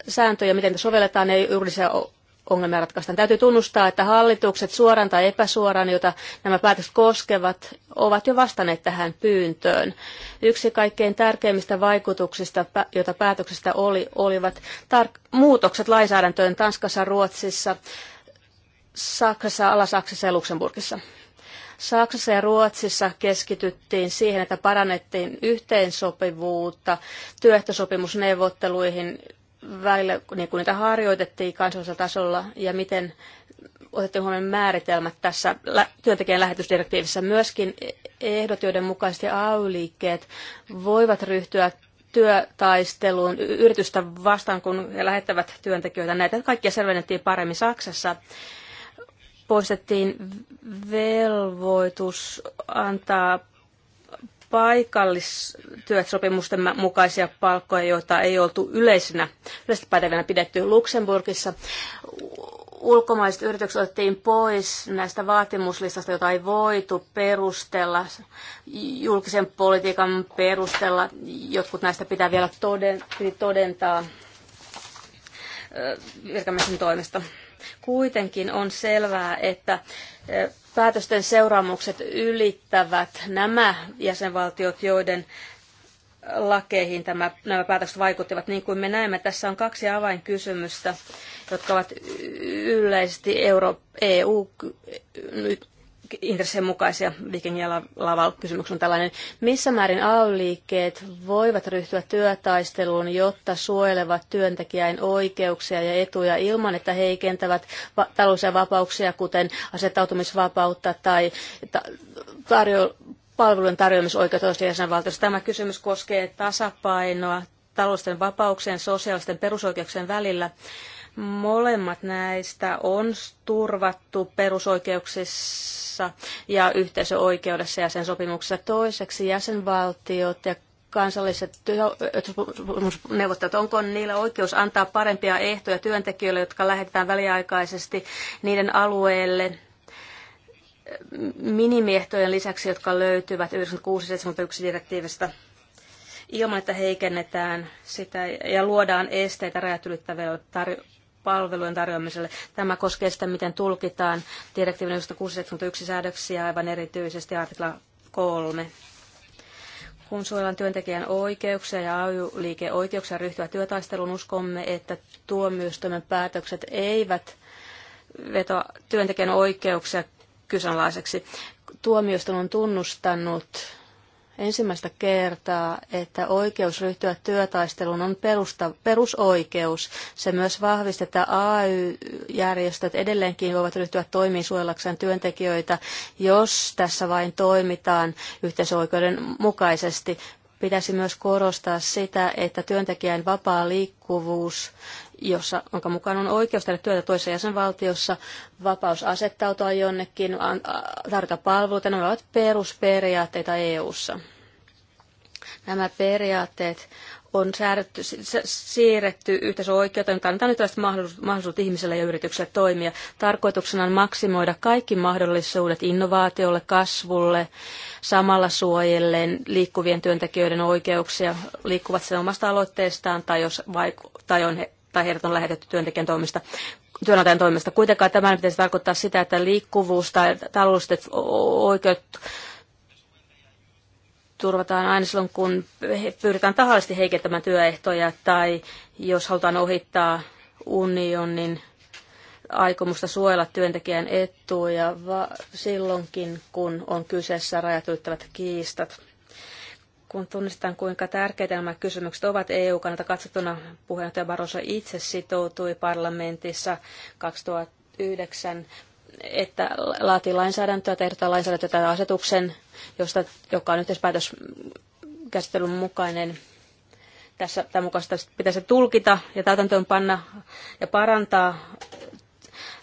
sääntöjä, miten ne sovelletaan, ei juridisia ongelmia ratkaistaan. Täytyy tunnustaa, että hallitukset suoran tai epäsuoran, jota nämä päätökset koskevat, ovat jo vastanneet tähän pyyntöön. Yksi kaikkein tärkeimmistä vaikutuksista, joita päätöksestä oli, olivat muutokset lainsäädäntöön Tanskassa, Ruotsissa, Saksassa, Alasaksassa ja Luxemburgissa. Saksassa ja Ruotsissa keskityttiin siihen, että parannettiin yhteensopivuutta työehtosopimusneuvotteluihin välillä, niin kun niitä harjoitettiin kansallisella tasolla ja miten otettiin huomioon määritelmät tässä työntekijän lähetysdirektiivissä myöskin ehdot, joiden mukaisesti AY-liikkeet voivat ryhtyä työtaisteluun yritystä vastaan, kun he lähettävät työntekijöitä. Näitä kaikkia selvennettiin paremmin Saksassa. Poistettiin velvoitus antaa paikallistyösopimusten mukaisia palkkoja, joita ei oltu yleisinä, yleisesti pätevänä pidetty Luxemburgissa. Ulkomaiset yritykset otettiin pois näistä vaatimuslistasta, jota ei voitu perustella julkisen politiikan perustella. Jotkut näistä pitää vielä todentaa virkamiesten toimesta. Kuitenkin on selvää, että päätösten seuraamukset ylittävät nämä jäsenvaltiot, joiden lakeihin tämä, nämä päätökset vaikuttivat. Niin kuin me näemme, tässä on kaksi avainkysymystä, jotka ovat yleisesti Euro, EU, nyt intressien mukaisia. Viking ja Laval kysymys on tällainen. Missä määrin AY-liikkeet voivat ryhtyä työtaisteluun, jotta suojelevat työntekijän oikeuksia ja etuja ilman, että heikentävät va- taloudellisia vapauksia, kuten asettautumisvapautta tai ta- tarjo- palvelujen tarjoamisoikeutta jäsenvaltiossa. Tämä kysymys koskee tasapainoa taloudellisten vapauksien, sosiaalisten perusoikeuksien välillä Molemmat näistä on turvattu perusoikeuksissa ja yhteisöoikeudessa ja sen sopimuksessa. Toiseksi jäsenvaltiot ja kansalliset neuvottelut, onko niillä oikeus antaa parempia ehtoja työntekijöille, jotka lähetetään väliaikaisesti niiden alueelle minimiehtojen lisäksi, jotka löytyvät 96-71 direktiivistä ilman, että heikennetään sitä ja luodaan esteitä rajat ylittävälle palvelujen tarjoamiselle. Tämä koskee sitä, miten tulkitaan direktiivin 671 säädöksiä aivan erityisesti artikla 3 kun suojellaan työntekijän oikeuksia ja ay liikeoikeuksia oikeuksia ryhtyä työtaisteluun, uskomme, että tuomioistuimen päätökset eivät vetoa työntekijän oikeuksia kyseenalaiseksi. Tuomioistuin on tunnustanut ensimmäistä kertaa, että oikeus ryhtyä työtaisteluun on perusta, perusoikeus. Se myös vahvistetaan AY-järjestöt edelleenkin voivat ryhtyä toimiin suojellakseen työntekijöitä, jos tässä vain toimitaan yhteisöoikeuden mukaisesti. Pitäisi myös korostaa sitä, että työntekijän vapaa liikkuvuus jossa, jonka mukaan on oikeus tehdä työtä toisessa jäsenvaltiossa, vapaus asettautua jonnekin, tarjota palveluita, nämä ovat perusperiaatteita EU-ssa. Nämä periaatteet on säädetty, siirretty yhteisöoikeuteen, joka antaa nyt mahdollisuudet ihmiselle ja yritykselle toimia. Tarkoituksena on maksimoida kaikki mahdollisuudet innovaatiolle, kasvulle, samalla suojellen liikkuvien työntekijöiden oikeuksia, liikkuvat sen omasta aloitteestaan tai, jos vaik- tai on he tai heidät on lähetetty työntekijän toimesta, työnantajan toimesta. Kuitenkaan tämä pitäisi tarkoittaa sitä, että liikkuvuus tai taloudelliset oikeudet turvataan aina silloin, kun pyritään tahallisesti heikentämään työehtoja tai jos halutaan ohittaa unionin aikomusta suojella työntekijän etuja silloinkin, kun on kyseessä rajat ylittävät kiistat kun tunnistetaan, kuinka tärkeitä nämä kysymykset ovat EU-kannalta katsottuna, puheenjohtaja Barroso itse sitoutui parlamentissa 2009 että laatii lainsäädäntöä, tehdään lainsäädäntöä tai asetuksen, josta, joka on yhteispäätöskäsittelyn mukainen. Tässä tämän mukaista pitäisi tulkita ja täytäntöönpanna ja parantaa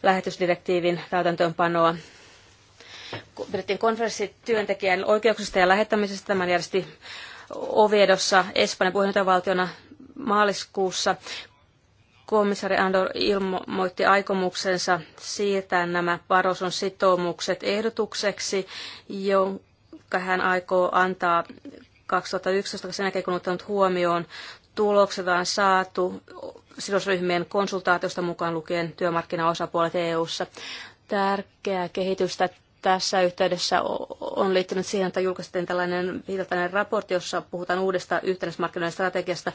lähetysdirektiivin täytäntöönpanoa Britin konferenssi työntekijän oikeuksista ja lähettämisestä. Tämän järjesti Oviedossa Espanjan puheenjohtajavaltiona maaliskuussa. Komissari Andor ilmoitti aikomuksensa siirtää nämä Baroson sitoumukset ehdotukseksi, jonka hän aikoo antaa 2011 sen jälkeen, kun on ottanut huomioon tulokset on saatu sidosryhmien konsultaatiosta mukaan lukien työmarkkinaosapuolet EU-ssa. Tärkeää kehitystä tässä yhteydessä on liittynyt siihen, että julkaistiin tällainen viitattainen raportti, jossa puhutaan uudesta yhteismarkkinoiden strategiasta.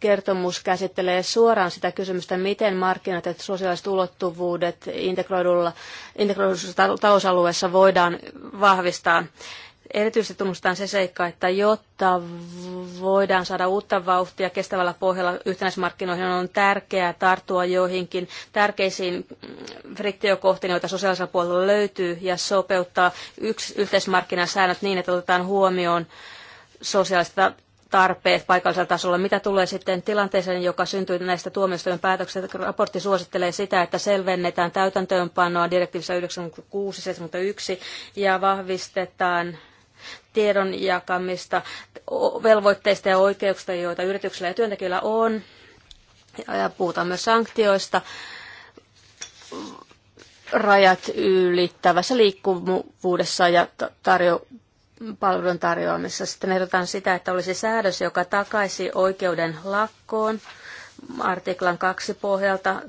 Kertomus käsittelee suoraan sitä kysymystä, miten markkinat ja sosiaaliset ulottuvuudet integroidulla, integroidulla talousalueessa voidaan vahvistaa. Erityisesti tunnustetaan se seikka, että jotta voidaan saada uutta vauhtia kestävällä pohjalla yhtenäismarkkinoihin, on tärkeää tarttua joihinkin tärkeisiin mm, friktiokohtiin, joita sosiaalisella puolella löytyy, ja sopeuttaa yhteismarkkinan yhteismarkkinasäännöt niin, että otetaan huomioon sosiaaliset tarpeet paikallisella tasolla. Mitä tulee sitten tilanteeseen, joka syntyy näistä tuomioistuimen päätöksistä? Raportti suosittelee sitä, että selvennetään täytäntöönpanoa direktiivissä 96-71 ja vahvistetaan tiedon jakamista, velvoitteista ja oikeuksista, joita yrityksillä ja työntekijöillä on. Ja puhutaan myös sanktioista rajat ylittävässä liikkuvuudessa ja tarjo, palvelun tarjoamisessa. Sitten ehdotan sitä, että olisi säädös, joka takaisi oikeuden lakkoon artiklan kaksi pohjalta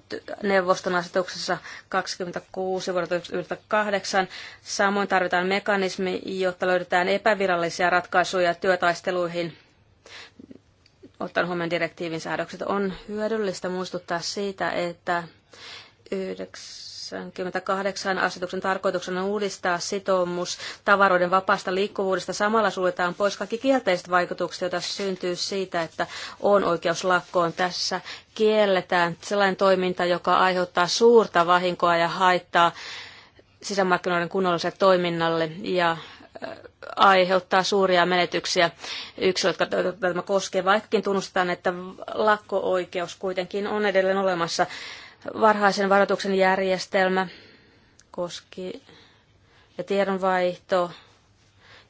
neuvoston asetuksessa 26 vuodelta 1998. Samoin tarvitaan mekanismi, jotta löydetään epävirallisia ratkaisuja työtaisteluihin. Ottaen huomioon direktiivin säädökset on hyödyllistä muistuttaa siitä, että 9 98 asetuksen tarkoituksena on uudistaa sitoumus tavaroiden vapaasta liikkuvuudesta. Samalla suljetaan pois kaikki kielteiset vaikutukset, joita syntyy siitä, että on oikeus lakkoon. Tässä kielletään sellainen toiminta, joka aiheuttaa suurta vahinkoa ja haittaa sisämarkkinoiden kunnolliselle toiminnalle ja aiheuttaa suuria menetyksiä yksilöt, jotka tämä koskee, vaikkakin tunnustetaan, että lakko-oikeus kuitenkin on edelleen olemassa varhaisen varoituksen järjestelmä koski ja tiedonvaihto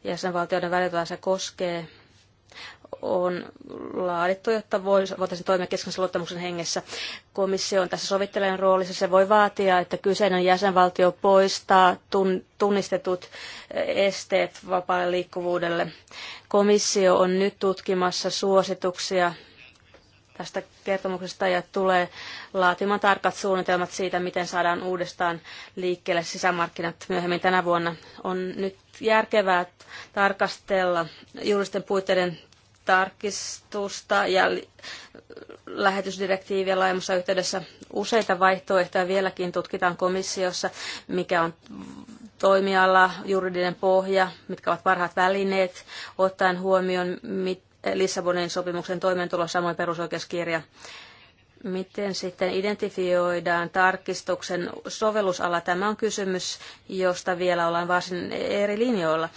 jäsenvaltioiden välillä se koskee on laadittu, jotta voitaisiin toimia keskeisen luottamuksen hengessä. Komissio on tässä sovittelijan roolissa. Se voi vaatia, että kyseinen jäsenvaltio poistaa tunnistetut esteet vapaalle liikkuvuudelle. Komissio on nyt tutkimassa suosituksia tästä kertomuksesta ja tulee laatimaan tarkat suunnitelmat siitä, miten saadaan uudestaan liikkeelle sisämarkkinat myöhemmin tänä vuonna. On nyt järkevää tarkastella julisten puitteiden tarkistusta ja lähetysdirektiiviä laajemmassa yhteydessä useita vaihtoehtoja vieläkin tutkitaan komissiossa, mikä on toimiala, juridinen pohja, mitkä ovat parhaat välineet, ottaen huomioon, mit, Lissabonin sopimuksen toimeentulo, samoin perusoikeuskirja. Miten sitten identifioidaan tarkistuksen sovellusala? Tämä on kysymys, josta vielä ollaan varsin eri linjoilla.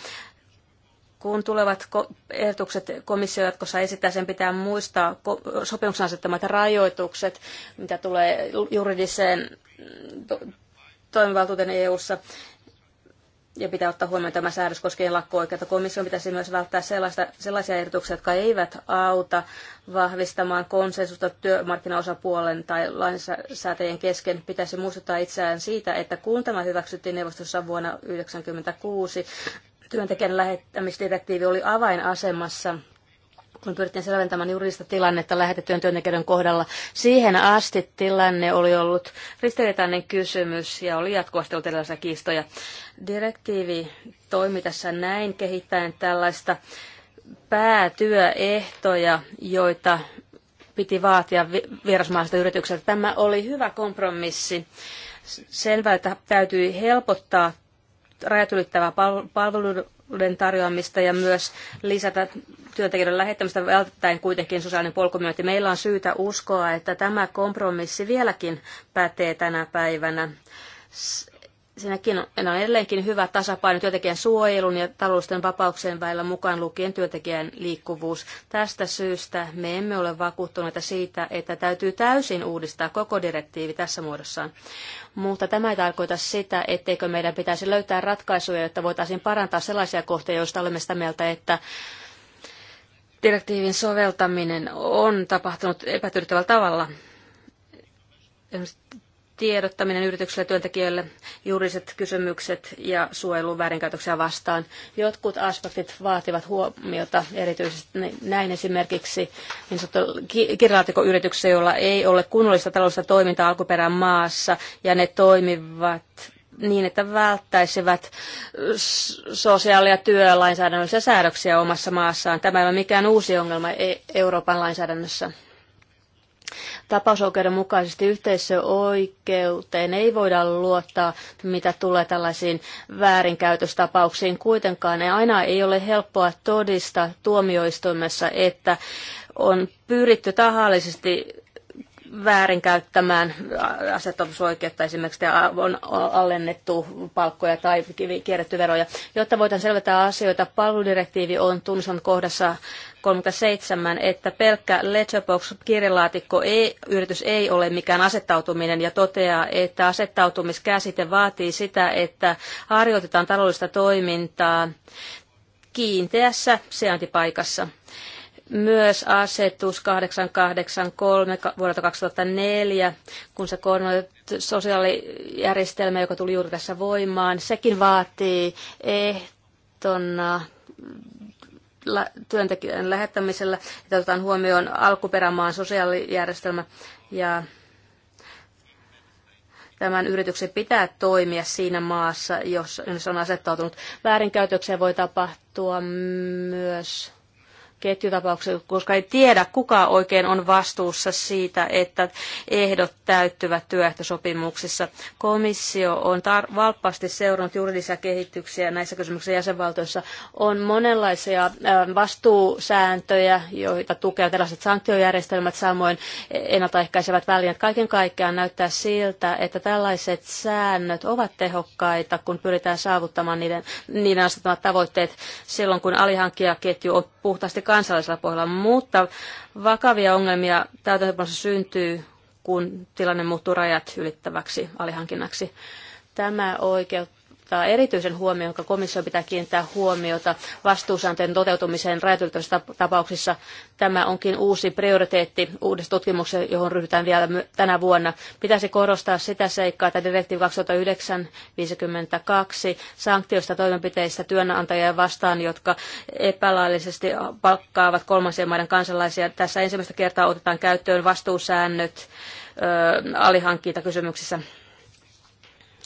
Kun tulevat ehdotukset komissio jatkossa esittää, sen pitää muistaa sopimuksen asettamat rajoitukset, mitä tulee juridiseen toimivaltuuteen EU-ssa ja pitää ottaa huomioon tämä säädös koskien lakko-oikeutta. Komission pitäisi myös välttää sellaista, sellaisia ehdotuksia, jotka eivät auta vahvistamaan konsensusta työmarkkinaosapuolen tai lainsäätäjien kesken. Pitäisi muistuttaa itseään siitä, että kun tämä hyväksyttiin neuvostossa vuonna 1996, työntekijän lähettämisdirektiivi oli avainasemassa kun pyrittiin selventämään juridista tilannetta lähetettyjen työntekijöiden kohdalla. Siihen asti tilanne oli ollut ristiriitainen kysymys ja oli jatkuvasti ollut erilaisia kiistoja. Direktiivi toimi tässä näin kehittäen tällaista päätyöehtoja, joita piti vaatia vierasmaalaisilta yritykseltä. Tämä oli hyvä kompromissi. Selvä, että täytyi helpottaa rajat ylittävää tarjoamista ja myös lisätä työntekijöiden lähettämistä välttäen kuitenkin sosiaalinen polkumyönti. Meillä on syytä uskoa, että tämä kompromissi vieläkin pätee tänä päivänä Siinäkin on edelleenkin hyvä tasapaino työntekijän suojelun ja taloudellisten vapauksien välillä mukaan lukien työntekijän liikkuvuus. Tästä syystä me emme ole vakuuttuneita siitä, että täytyy täysin uudistaa koko direktiivi tässä muodossaan. Mutta tämä ei tarkoita sitä, etteikö meidän pitäisi löytää ratkaisuja, jotta voitaisiin parantaa sellaisia kohtia, joista olemme sitä mieltä, että direktiivin soveltaminen on tapahtunut epätyydyttävällä tavalla tiedottaminen yrityksille ja työntekijöille, juridiset kysymykset ja suojelun väärinkäytöksiä vastaan. Jotkut aspektit vaativat huomiota erityisesti näin esimerkiksi niin yrityksiä joilla ei ole kunnollista taloudellista toimintaa alkuperän maassa ja ne toimivat niin, että välttäisivät sosiaali- ja työlainsäädännöllisiä säädöksiä omassa maassaan. Tämä ei ole mikään uusi ongelma e- Euroopan lainsäädännössä tapausoikeuden mukaisesti yhteisöoikeuteen ei voida luottaa, mitä tulee tällaisiin väärinkäytöstapauksiin. Kuitenkaan ja aina ei ole helppoa todistaa tuomioistuimessa, että on pyritty tahallisesti väärinkäyttämään asettamisoikeutta esimerkiksi ja on alennettu palkkoja tai kierretty veroja. Jotta voidaan selvittää asioita, palveludirektiivi on tunnistanut kohdassa 37, että pelkkä letterbox-kirjelaatikko ei, yritys ei ole mikään asettautuminen ja toteaa, että asettautumiskäsite vaatii sitä, että harjoitetaan taloudellista toimintaa kiinteässä sijaintipaikassa. Myös asetus 883 vuodelta 2004, kun se koordinoi sosiaalijärjestelmä, joka tuli juuri tässä voimaan, sekin vaatii ehtona työntekijöiden lähettämisellä, että otetaan huomioon alkuperämaan sosiaalijärjestelmä ja tämän yrityksen pitää toimia siinä maassa, jos, se on asettautunut. Väärinkäytöksiä voi tapahtua myös ketjutapaukset, koska ei tiedä, kuka oikein on vastuussa siitä, että ehdot täyttyvät työehtosopimuksissa. Komissio on tar- valppaasti seurannut juridisia kehityksiä näissä kysymyksissä jäsenvaltioissa. On monenlaisia ähm, vastuusääntöjä, joita tukevat tällaiset sanktiojärjestelmät, samoin ennaltaehkäisevät välineet. Kaiken kaikkiaan näyttää siltä, että tällaiset säännöt ovat tehokkaita, kun pyritään saavuttamaan niiden, niiden asettamat tavoitteet silloin, kun alihankkijaketju on puhtaasti kansallisella pohjalla, mutta vakavia ongelmia täytäntöönpanossa syntyy, kun tilanne muuttuu rajat ylittäväksi alihankinnaksi. Tämä oikeut, osoittaa erityisen huomion, jonka komissio pitää kiinnittää huomiota vastuusääntöjen toteutumiseen rajatylittävissä tapauksissa. Tämä onkin uusi prioriteetti uudessa tutkimuksessa, johon ryhdytään vielä tänä vuonna. Pitäisi korostaa sitä seikkaa, että direktiivi 2009-52 sanktioista toimenpiteistä työnantajia vastaan, jotka epälaillisesti palkkaavat kolmansien maiden kansalaisia. Tässä ensimmäistä kertaa otetaan käyttöön vastuusäännöt alihankintakysymyksissä. kysymyksissä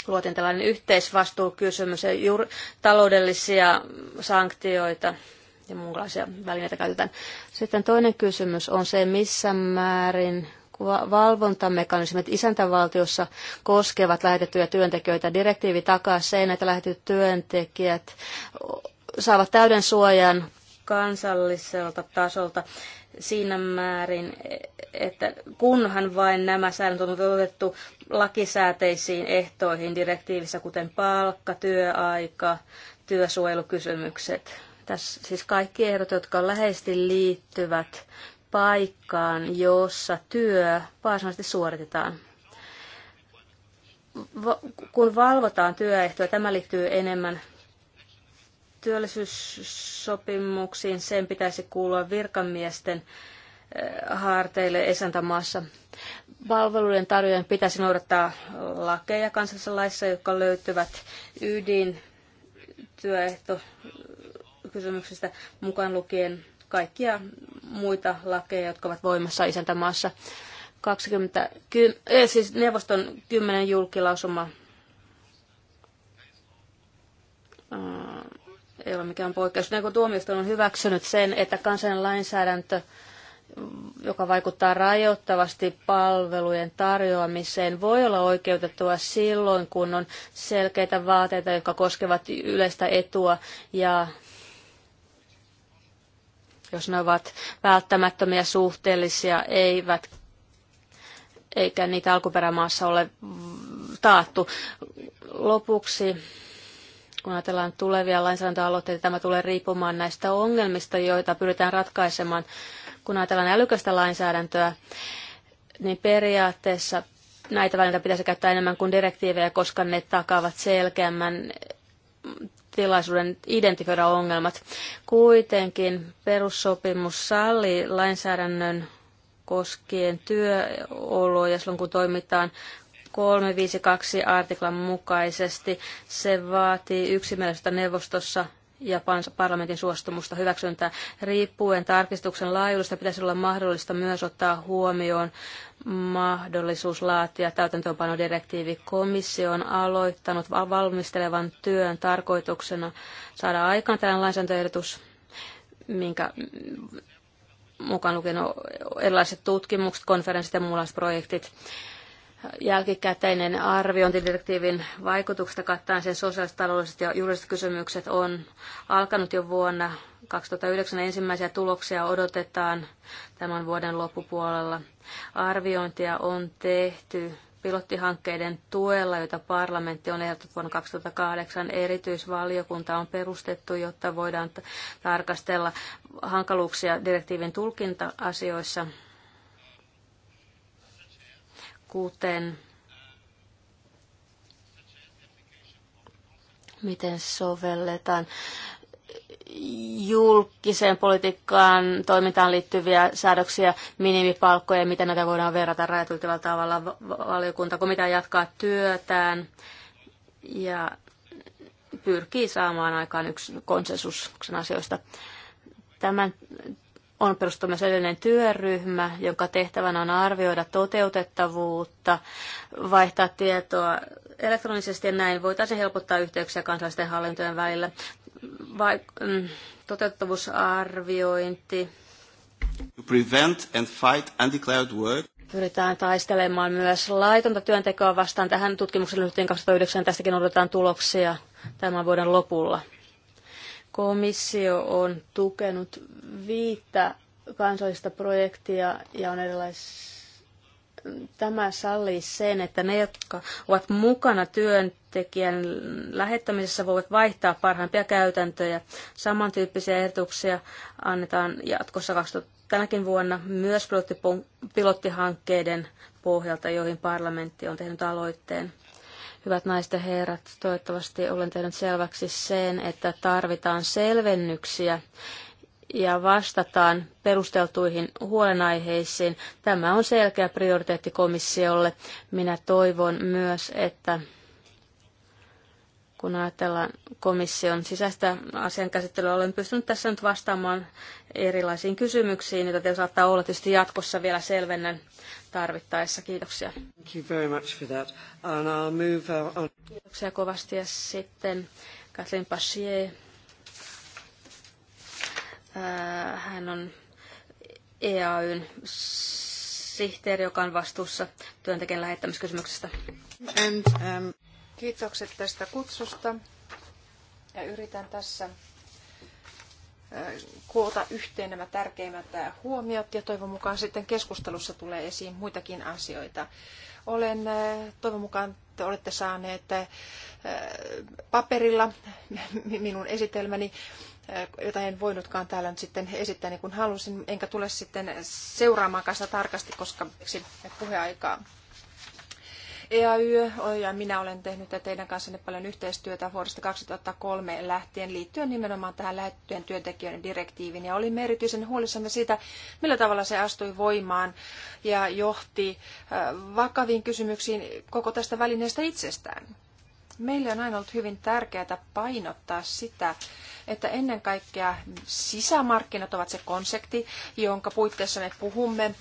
luotiin tällainen yhteisvastuukysymys ja juuri taloudellisia sanktioita ja muunlaisia välineitä käytetään. Sitten toinen kysymys on se, missä määrin valvontamekanismit isäntävaltiossa koskevat lähetettyjä työntekijöitä. Direktiivi takaa sen, että lähetetyt työntekijät saavat täyden suojan kansalliselta tasolta siinä määrin, että kunhan vain nämä säännöt on otettu lakisääteisiin ehtoihin direktiivissä, kuten palkka, työaika, työsuojelukysymykset. Tässä siis kaikki ehdot, jotka läheisesti liittyvät paikkaan, jossa työ varsinaisesti suoritetaan. kun valvotaan työehtoja, tämä liittyy enemmän työllisyyssopimuksiin sen pitäisi kuulua virkamiesten eh, harteille esäntämaassa. Palveluiden tarjoajien pitäisi noudattaa lakeja kansallisessa jotka löytyvät ydin työehtokysymyksistä eh, mukaan lukien kaikkia muita lakeja, jotka ovat voimassa isäntämaassa. 20, ky, eh, siis neuvoston 10 julkilausuma ei ole mikään poikkeus. Näin kun tuomioistuin on hyväksynyt sen, että kansallinen lainsäädäntö, joka vaikuttaa rajoittavasti palvelujen tarjoamiseen, voi olla oikeutettua silloin, kun on selkeitä vaateita, jotka koskevat yleistä etua ja jos ne ovat välttämättömiä, suhteellisia, eivät eikä niitä alkuperämaassa ole taattu. Lopuksi kun ajatellaan tulevia lainsäädäntöaloitteita, tämä tulee riippumaan näistä ongelmista, joita pyritään ratkaisemaan. Kun ajatellaan älykästä lainsäädäntöä, niin periaatteessa näitä välineitä pitäisi käyttää enemmän kuin direktiivejä, koska ne takaavat selkeämmän tilaisuuden identifioida ongelmat. Kuitenkin perussopimus sallii lainsäädännön koskien työoloja silloin, kun toimitaan 352 artiklan mukaisesti. Se vaatii yksimielistä neuvostossa ja parlamentin suostumusta hyväksyntää. Riippuen tarkistuksen laajuudesta pitäisi olla mahdollista myös ottaa huomioon mahdollisuus laatia täytäntöönpanodirektiivi. Komissio on aloittanut valmistelevan työn tarkoituksena saada aikaan tällainen lainsäädäntöehdotus, minkä mukaan lukien erilaiset tutkimukset, konferenssit ja muunlaiset projektit jälkikäteinen arviointidirektiivin vaikutuksesta kattaen sen sosiaaliset, taloudelliset ja juridiset kysymykset on alkanut jo vuonna 2009. Ensimmäisiä tuloksia odotetaan tämän vuoden loppupuolella. Arviointia on tehty pilottihankkeiden tuella, joita parlamentti on ehdottanut vuonna 2008. Erityisvaliokunta on perustettu, jotta voidaan tarkastella hankaluuksia direktiivin tulkinta-asioissa – kuten miten sovelletaan julkiseen politiikkaan toimintaan liittyviä säädöksiä, minimipalkkoja, miten näitä voidaan verrata rajatultavalla tavalla valiokunta, kun mitä jatkaa työtään ja pyrkii saamaan aikaan yksi konsensus asioista. Tämän on perustettu myös edellinen työryhmä, jonka tehtävänä on arvioida toteutettavuutta, vaihtaa tietoa elektronisesti ja näin voitaisiin helpottaa yhteyksiä kansallisten hallintojen välillä. mm, toteuttavuusarviointi. To prevent and fight undeclared work. Pyritään taistelemaan myös laitonta työntekoa vastaan. Tähän tutkimukseen 2009 tästäkin odotetaan tuloksia tämän vuoden lopulla. Komissio on tukenut viittä kansallista projektia ja on erilais... tämä sallii sen, että ne, jotka ovat mukana työntekijän lähettämisessä, voivat vaihtaa parhaimpia käytäntöjä. Samantyyppisiä ehdotuksia annetaan jatkossa 2000, tänäkin vuonna myös pilottihankkeiden pohjalta, joihin parlamentti on tehnyt aloitteen. Hyvät naiset ja herrat, toivottavasti olen tehnyt selväksi sen, että tarvitaan selvennyksiä ja vastataan perusteltuihin huolenaiheisiin. Tämä on selkeä prioriteetti komissiolle. Minä toivon myös, että kun ajatellaan komission sisäistä asian käsittelyä, olen pystynyt tässä nyt vastaamaan erilaisiin kysymyksiin, joita te saattaa olla tietysti jatkossa vielä selvennän tarvittaessa. Kiitoksia. Thank you very much for that. And I'll move uh, on. Kiitoksia kovasti. Ja sitten Kathleen Pachier. Hän on EAYn sihteeri, joka on vastuussa työntekijän lähettämiskysymyksestä. And, um, kiitokset tästä kutsusta. Ja yritän tässä koota yhteen nämä tärkeimmät huomiot ja toivon mukaan sitten keskustelussa tulee esiin muitakin asioita. Olen toivon mukaan te olette saaneet paperilla <laughs> minun esitelmäni, jota en voinutkaan täällä nyt sitten esittää niin kuin halusin, enkä tule sitten seuraamaan kanssa tarkasti, koska puheaikaa. EAY ja minä olen tehnyt teidän kanssanne paljon yhteistyötä vuodesta 2003 lähtien liittyen nimenomaan tähän lähettyjen työntekijöiden direktiiviin. Ja olimme erityisen huolissamme siitä, millä tavalla se astui voimaan ja johti äh, vakaviin kysymyksiin koko tästä välineestä itsestään. Meille on aina ollut hyvin tärkeää painottaa sitä, että ennen kaikkea sisämarkkinat ovat se konsepti, jonka puitteissa me puhumme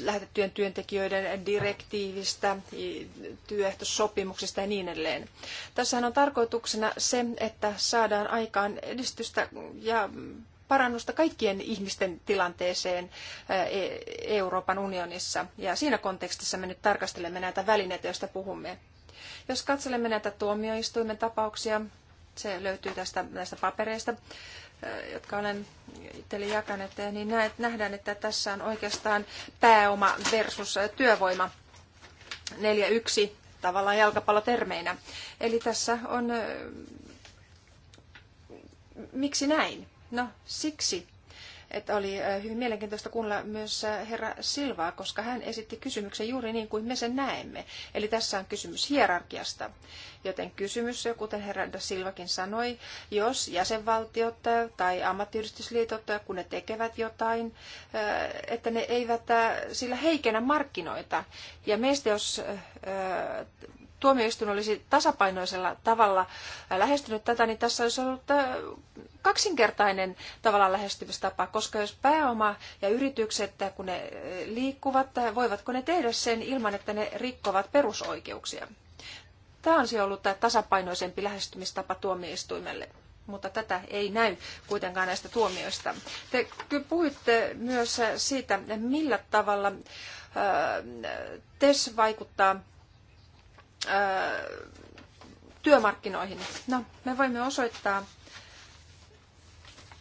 lähetettyjen työntekijöiden direktiivistä, työehtosopimuksista ja niin edelleen. Tässähän on tarkoituksena se, että saadaan aikaan edistystä ja parannusta kaikkien ihmisten tilanteeseen e-, Euroopan unionissa. Ja siinä kontekstissa me nyt tarkastelemme näitä välineitä, joista puhumme. Jos katselemme näitä tuomioistuimen tapauksia, se löytyy tästä, näistä papereista, jotka olen itselle jakanut, niin nähdään, että tässä on oikeastaan pääoma versus työvoima 4-1 tavallaan jalkapallotermeinä. Eli tässä on... Miksi näin? No siksi, että oli äh, hyvin mielenkiintoista kuulla myös äh, herra Silvaa, koska hän esitti kysymyksen juuri niin kuin me sen näemme. Eli tässä on kysymys hierarkiasta. Joten kysymys, kuten herra da Silvakin sanoi, jos jäsenvaltiot äh, tai ammattiyhdistysliitot, kun ne tekevät jotain, että ne eivät sillä heikennä markkinoita. Ja meistä, jos tuomioistuin olisi tasapainoisella tavalla äh, lähestynyt tätä, niin tässä olisi ollut äh, kaksinkertainen tavallaan lähestymistapa, koska jos pääoma ja yritykset, äh, kun ne liikkuvat, voivatko ne tehdä sen ilman, että ne rikkovat perusoikeuksia? Tämä on ollut tasapainoisempi lähestymistapa tuomioistuimelle mutta tätä ei näy kuitenkaan näistä tuomioista. Te puhuitte myös siitä, millä tavalla TES vaikuttaa työmarkkinoihin. No, me voimme osoittaa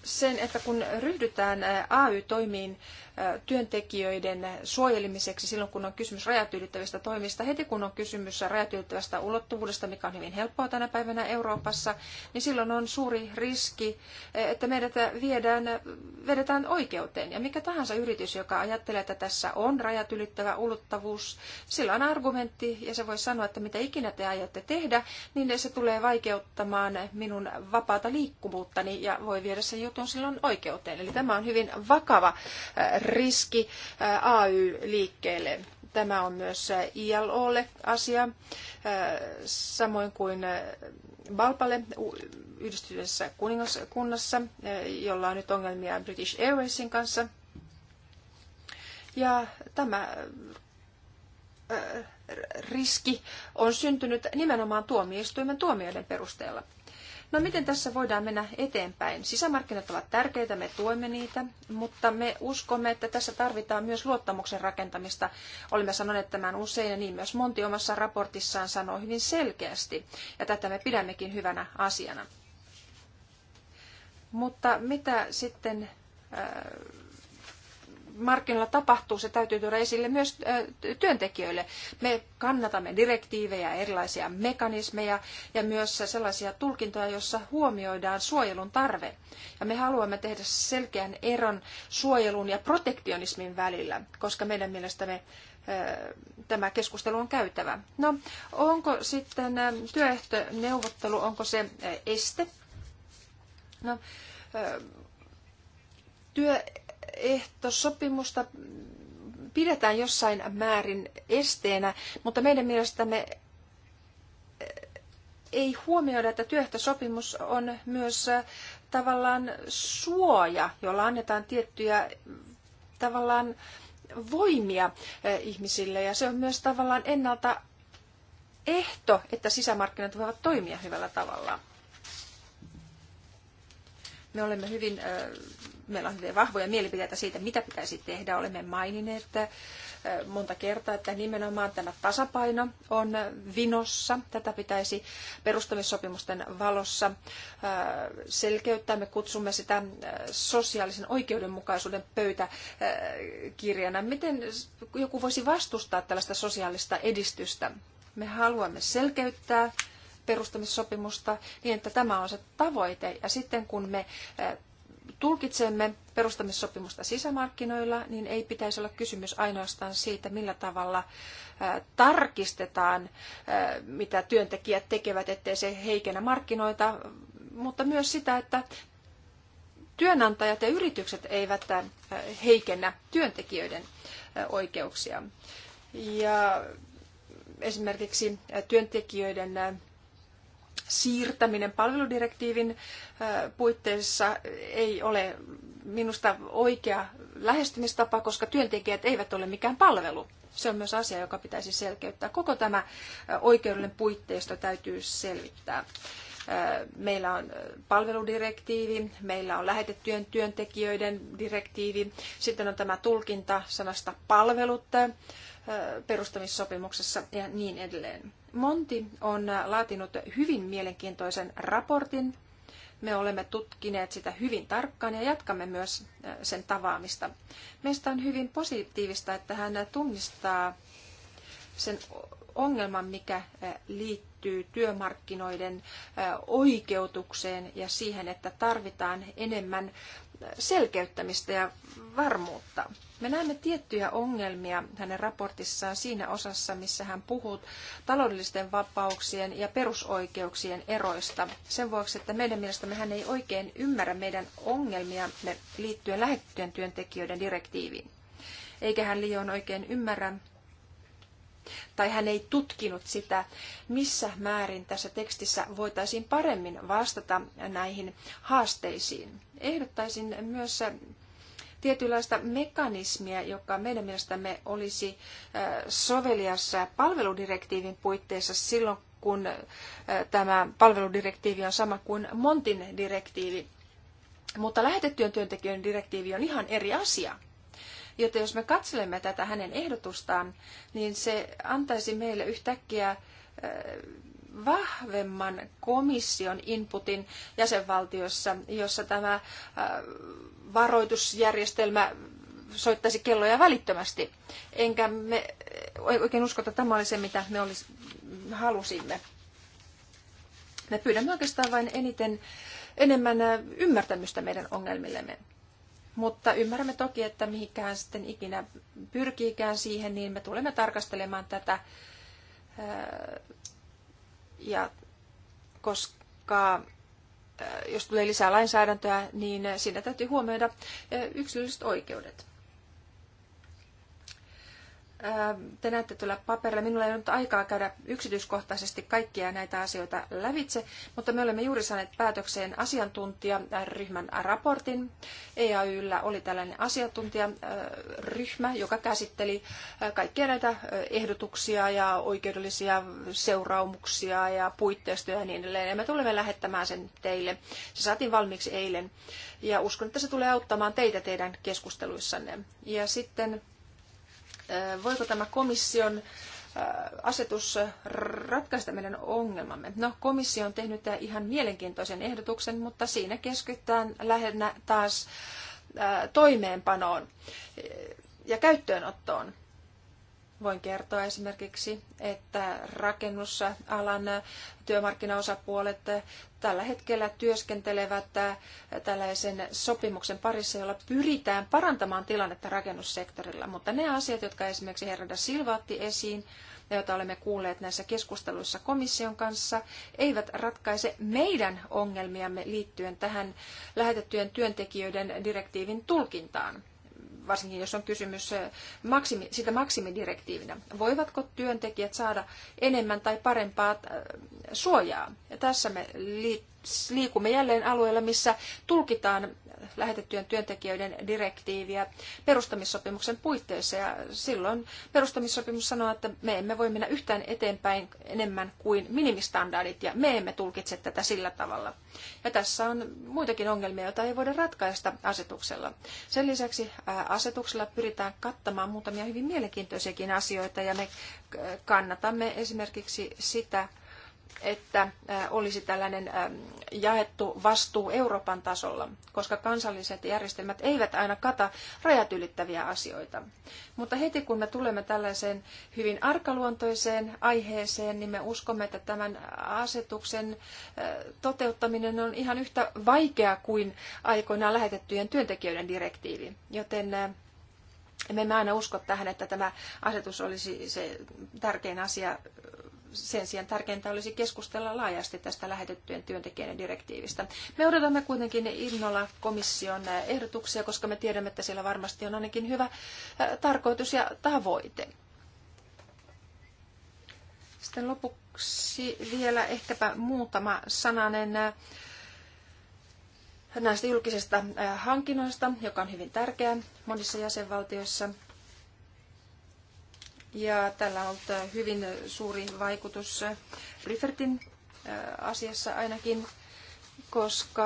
sen, että kun ryhdytään AY-toimiin työntekijöiden suojelemiseksi silloin, kun on kysymys rajat ylittävistä toimista. Heti kun on kysymys rajat ylittävästä ulottuvuudesta, mikä on hyvin helppoa tänä päivänä Euroopassa, niin silloin on suuri riski, että meidät viedään, vedetään oikeuteen. Ja mikä tahansa yritys, joka ajattelee, että tässä on rajat ylittävä ulottuvuus, sillä on argumentti ja se voi sanoa, että mitä ikinä te aiotte tehdä, niin se tulee vaikeuttamaan minun vapaata liikkuvuuttani ja voi viedä sen jutun silloin oikeuteen. Eli tämä on hyvin vakava riski AY-liikkeelle. Tämä on myös ILOlle asia, samoin kuin Balpalle yhdistyneessä kuningaskunnassa, jolla on nyt ongelmia British Airwaysin kanssa. Ja tämä riski on syntynyt nimenomaan tuomioistuimen tuomioiden perusteella. No miten tässä voidaan mennä eteenpäin? Sisämarkkinat ovat tärkeitä, me tuemme niitä, mutta me uskomme, että tässä tarvitaan myös luottamuksen rakentamista. Olemme sanoneet tämän usein ja niin myös Monti omassa raportissaan sanoo hyvin selkeästi, ja tätä me pidämmekin hyvänä asiana. Mutta mitä sitten äh, markkinoilla tapahtuu, se täytyy tuoda esille myös työntekijöille. Me kannatamme direktiivejä, erilaisia mekanismeja ja myös sellaisia tulkintoja, joissa huomioidaan suojelun tarve. Ja me haluamme tehdä selkeän eron suojelun ja protektionismin välillä, koska meidän mielestämme tämä keskustelu on käytävä. No, onko sitten työehtoneuvottelu, onko se este? No, työ ehtosopimusta pidetään jossain määrin esteenä, mutta meidän mielestämme eh, ei huomioida, että työehtosopimus on myös eh, tavallaan suoja, jolla annetaan tiettyjä tavallaan voimia eh, ihmisille ja se on myös tavallaan ennalta ehto, että sisämarkkinat voivat toimia hyvällä tavalla. Me olemme hyvin meillä on hyvin vahvoja mielipiteitä siitä, mitä pitäisi tehdä. Olemme maininneet monta kertaa, että nimenomaan tämä tasapaino on vinossa. Tätä pitäisi perustamissopimusten valossa selkeyttää. Me kutsumme sitä sosiaalisen oikeudenmukaisuuden pöytäkirjana. Miten joku voisi vastustaa tällaista sosiaalista edistystä? Me haluamme selkeyttää perustamissopimusta niin, että tämä on se tavoite. Ja sitten kun me tulkitsemme perustamissopimusta sisämarkkinoilla, niin ei pitäisi olla kysymys ainoastaan siitä, millä tavalla tarkistetaan, mitä työntekijät tekevät, ettei se heikennä markkinoita, mutta myös sitä, että työnantajat ja yritykset eivät heikennä työntekijöiden oikeuksia. Ja esimerkiksi työntekijöiden siirtäminen palveludirektiivin puitteissa ei ole minusta oikea lähestymistapa, koska työntekijät eivät ole mikään palvelu. Se on myös asia, joka pitäisi selkeyttää. Koko tämä oikeudellinen puitteisto täytyy selvittää. Meillä on palveludirektiivi, meillä on lähetettyjen työntekijöiden direktiivi, sitten on tämä tulkinta sanasta palvelut perustamissopimuksessa ja niin edelleen. Monti on laatinut hyvin mielenkiintoisen raportin. Me olemme tutkineet sitä hyvin tarkkaan ja jatkamme myös sen tavaamista. Meistä on hyvin positiivista, että hän tunnistaa sen ongelman, mikä liittyy työmarkkinoiden oikeutukseen ja siihen, että tarvitaan enemmän selkeyttämistä ja varmuutta. Me näemme tiettyjä ongelmia hänen raportissaan siinä osassa, missä hän puhuu taloudellisten vapauksien ja perusoikeuksien eroista. Sen vuoksi, että meidän mielestämme hän ei oikein ymmärrä meidän ongelmiamme liittyen lähetettyjen työntekijöiden direktiiviin. Eikä hän liian oikein ymmärrä, tai hän ei tutkinut sitä, missä määrin tässä tekstissä voitaisiin paremmin vastata näihin haasteisiin ehdottaisin myös äh, tietynlaista mekanismia, joka meidän mielestämme olisi äh, sovelias palveludirektiivin puitteissa silloin, kun äh, tämä palveludirektiivi on sama kuin Montin direktiivi. Mutta lähetettyjen työntekijöiden direktiivi on ihan eri asia. Joten jos me katselemme tätä hänen ehdotustaan, niin se antaisi meille yhtäkkiä vahvemman komission inputin jäsenvaltiossa, jossa tämä äh, varoitusjärjestelmä soittaisi kelloja välittömästi. Enkä me äh, oikein usko, että tämä oli se, mitä me olis, halusimme. Me pyydämme oikeastaan vain eniten, enemmän äh, ymmärtämystä meidän ongelmillemme. Mutta ymmärrämme toki, että mihinkään sitten ikinä pyrkiikään siihen, niin me tulemme tarkastelemaan tätä ja koska äh, jos tulee lisää lainsäädäntöä, niin äh, siinä täytyy huomioida äh, yksilölliset oikeudet. Te näette tuolla paperilla, minulla ei ole nyt aikaa käydä yksityiskohtaisesti kaikkia näitä asioita lävitse, mutta me olemme juuri saaneet päätökseen asiantuntijaryhmän raportin. EAYllä oli tällainen asiantuntijaryhmä, joka käsitteli kaikkia näitä ehdotuksia ja oikeudellisia seuraamuksia ja puitteistoja ja niin edelleen. Ja me tulemme lähettämään sen teille. Se saatiin valmiiksi eilen ja uskon, että se tulee auttamaan teitä teidän keskusteluissanne. Ja sitten voiko tämä komission asetus ratkaista meidän ongelmamme? No, komissio on tehnyt ihan mielenkiintoisen ehdotuksen, mutta siinä keskitytään lähinnä taas toimeenpanoon ja käyttöönottoon. Voin kertoa esimerkiksi, että rakennusalan työmarkkinaosapuolet tällä hetkellä työskentelevät tällaisen sopimuksen parissa, jolla pyritään parantamaan tilannetta rakennussektorilla. Mutta ne asiat, jotka esimerkiksi Herrada Silva otti esiin ja joita olemme kuulleet näissä keskusteluissa komission kanssa, eivät ratkaise meidän ongelmiamme liittyen tähän lähetettyjen työntekijöiden direktiivin tulkintaan varsinkin jos on kysymys eh, maksimi, sitä maksimidirektiivinä. Voivatko työntekijät saada enemmän tai parempaa eh, suojaa? Ja tässä me liittyy liikumme jälleen alueella, missä tulkitaan lähetettyjen työntekijöiden direktiiviä perustamissopimuksen puitteissa. Ja silloin perustamissopimus sanoo, että me emme voi mennä yhtään eteenpäin enemmän kuin minimistandardit, ja me emme tulkitse tätä sillä tavalla. Ja tässä on muitakin ongelmia, joita ei voida ratkaista asetuksella. Sen lisäksi asetuksella pyritään kattamaan muutamia hyvin mielenkiintoisiakin asioita, ja me kannatamme esimerkiksi sitä, että olisi tällainen jaettu vastuu Euroopan tasolla, koska kansalliset järjestelmät eivät aina kata rajat ylittäviä asioita. Mutta heti kun me tulemme tällaiseen hyvin arkaluontoiseen aiheeseen, niin me uskomme, että tämän asetuksen toteuttaminen on ihan yhtä vaikeaa kuin aikoinaan lähetettyjen työntekijöiden direktiivi. Joten me emme aina usko tähän, että tämä asetus olisi se tärkein asia sen sijaan tärkeintä olisi keskustella laajasti tästä lähetettyjen työntekijöiden direktiivistä. Me odotamme kuitenkin innolla komission ehdotuksia, koska me tiedämme, että siellä varmasti on ainakin hyvä äh, tarkoitus ja tavoite. Sitten lopuksi vielä ehkäpä muutama sananen äh, näistä julkisista äh, hankinnoista, joka on hyvin tärkeä monissa jäsenvaltioissa – ja tällä on ollut äh, hyvin suuri vaikutus äh, Riffertin äh, asiassa ainakin, koska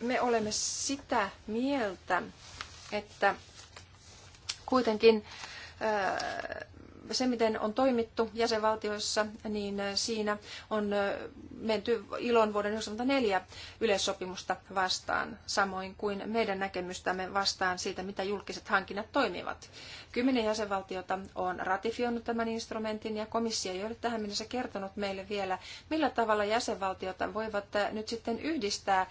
me olemme sitä mieltä, että kuitenkin se, miten on toimittu jäsenvaltioissa, niin siinä on menty ilon vuoden 1994 yleissopimusta vastaan, samoin kuin meidän näkemystämme vastaan siitä, mitä julkiset hankinnat toimivat. Kymmenen jäsenvaltiota on ratifioinut tämän instrumentin ja komissio ei ole tähän mennessä kertonut meille vielä, millä tavalla jäsenvaltiota voivat nyt sitten yhdistää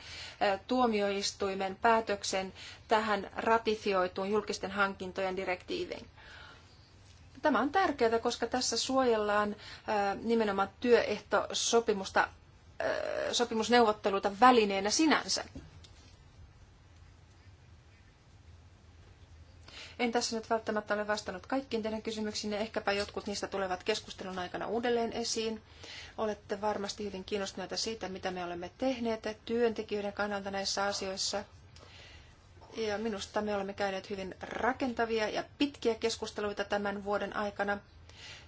tuomioistuimen päätöksen tähän ratifioituun julkisten hankintojen direktiiviin. Tämä on tärkeää, koska tässä suojellaan nimenomaan työehtosopimusta sopimusneuvotteluita välineenä sinänsä. En tässä nyt välttämättä ole vastannut kaikkiin teidän kysymyksiinne. Ehkäpä jotkut niistä tulevat keskustelun aikana uudelleen esiin. Olette varmasti hyvin kiinnostuneita siitä, mitä me olemme tehneet työntekijöiden kannalta näissä asioissa. Ja minusta me olemme käyneet hyvin rakentavia ja pitkiä keskusteluita tämän vuoden aikana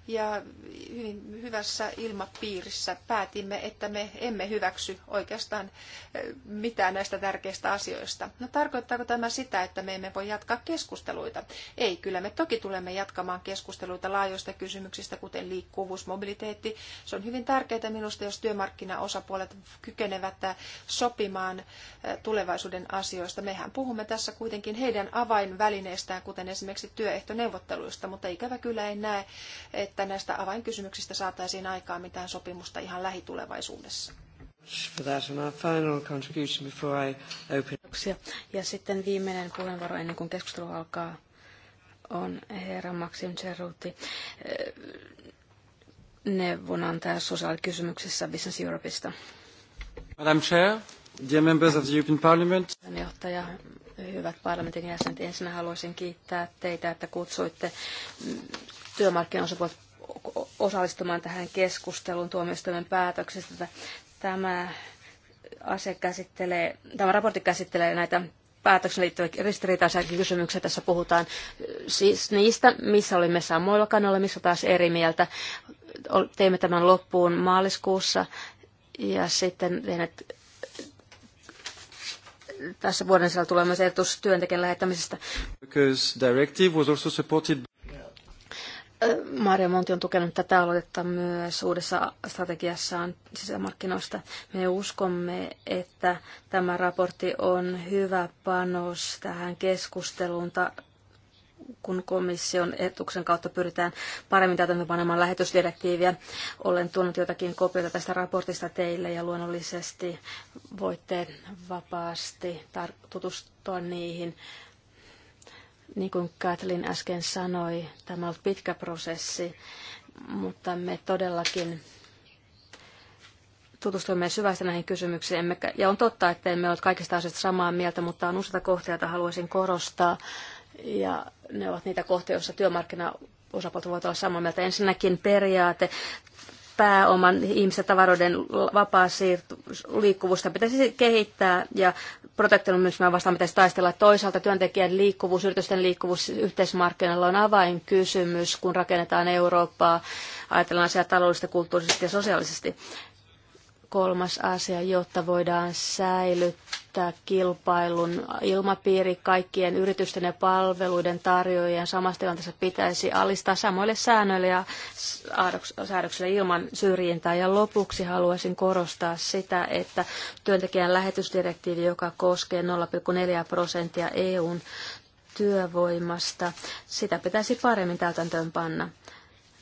ja hyvin hyvässä ilmapiirissä päätimme, että me emme hyväksy oikeastaan eh, mitään näistä tärkeistä asioista. No tarkoittaako tämä sitä, että me emme voi jatkaa keskusteluita? Ei, kyllä me toki tulemme jatkamaan keskusteluita laajoista kysymyksistä, kuten liikkuvuus, mobiliteetti. Se on hyvin tärkeää minusta, jos työmarkkinaosapuolet kykenevät eh, sopimaan eh, tulevaisuuden asioista. Mehän puhumme tässä kuitenkin heidän avainvälineistään, kuten esimerkiksi työehtoneuvotteluista, mutta ikävä kyllä en näe, että että näistä avainkysymyksistä saataisiin aikaan mitään sopimusta ihan lähitulevaisuudessa. Ja sitten viimeinen puheenvuoro ennen kuin keskustelu alkaa on herra Maxim Ceruti, eh, neuvonantaja sosiaalikysymyksissä Business Europeista. Madam Chair, dear members of the European Parliament. Johtaja, hyvät parlamentin jäsenet, ensin haluaisin kiittää teitä, että kutsuitte työmarkkinaosapuolet osallistumaan tähän keskusteluun tuomioistuimen päätöksestä. Tämä, asia käsittelee, tämä raportti käsittelee näitä päätöksen liittyviä ristiriitaisia kysymyksiä. Tässä puhutaan siis niistä, missä olimme samoilla kannalla, missä taas eri mieltä. Teimme tämän loppuun maaliskuussa ja sitten tässä vuoden sisällä tulee myös ehdotus työntekijän lähettämisestä. Because directive was also supported Mario Monti on tukenut tätä aloitetta myös uudessa strategiassaan sisämarkkinoista. Me uskomme, että tämä raportti on hyvä panos tähän keskusteluun, kun komission etuksen kautta pyritään paremmin täytäntöönpanemaan lähetysdirektiiviä. Olen tuonut jotakin kopioita tästä raportista teille ja luonnollisesti voitte vapaasti tutustua niihin niin kuin Kathleen äsken sanoi, tämä on pitkä prosessi, mutta me todellakin tutustuimme syvästi näihin kysymyksiin. ja on totta, että emme ole kaikista asioista samaa mieltä, mutta on useita kohtia, joita haluaisin korostaa. Ja ne ovat niitä kohtia, joissa työmarkkinaosapuolet voivat olla samaa mieltä. Ensinnäkin periaate pääoman ihmisten tavaroiden vapaa liikkuvuutta pitäisi kehittää ja protektionismia vastaan pitäisi taistella. Toisaalta työntekijän liikkuvuus, yritysten liikkuvuus yhteismarkkinoilla on avainkysymys, kun rakennetaan Eurooppaa, ajatellaan asiaa taloudellisesti, kulttuurisesti ja sosiaalisesti kolmas asia, jotta voidaan säilyttää kilpailun ilmapiiri kaikkien yritysten ja palveluiden tarjoajien samassa tilanteessa pitäisi alistaa samoille säännöille ja säädöksille ilman syrjintää. Ja lopuksi haluaisin korostaa sitä, että työntekijän lähetysdirektiivi, joka koskee 0,4 prosenttia EUn työvoimasta, sitä pitäisi paremmin täytäntöön panna.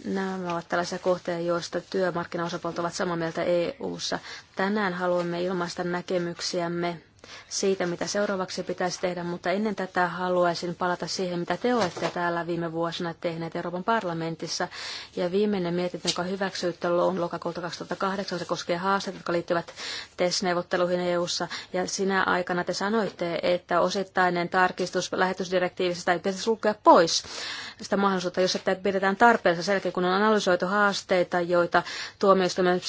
Nämä ovat tällaisia kohteita, joista työmarkkinaosapuolet ovat samaa mieltä EU-ssa. Tänään haluamme ilmaista näkemyksiämme siitä, mitä seuraavaksi pitäisi tehdä, mutta ennen tätä haluaisin palata siihen, mitä te olette täällä viime vuosina tehneet Euroopan parlamentissa. Ja viimeinen mietintö, joka hyväksyitte on lokakuuta 2008, se koskee haasteita, jotka liittyvät TES-neuvotteluihin EU-ssa. Ja sinä aikana te sanoitte, että osittainen tarkistus lähetysdirektiivissä pitäisi lukea pois sitä mahdollisuutta, jos sitä pidetään tarpeellisena sen jälkeen, kun on analysoitu haasteita, joita tuomioistuimen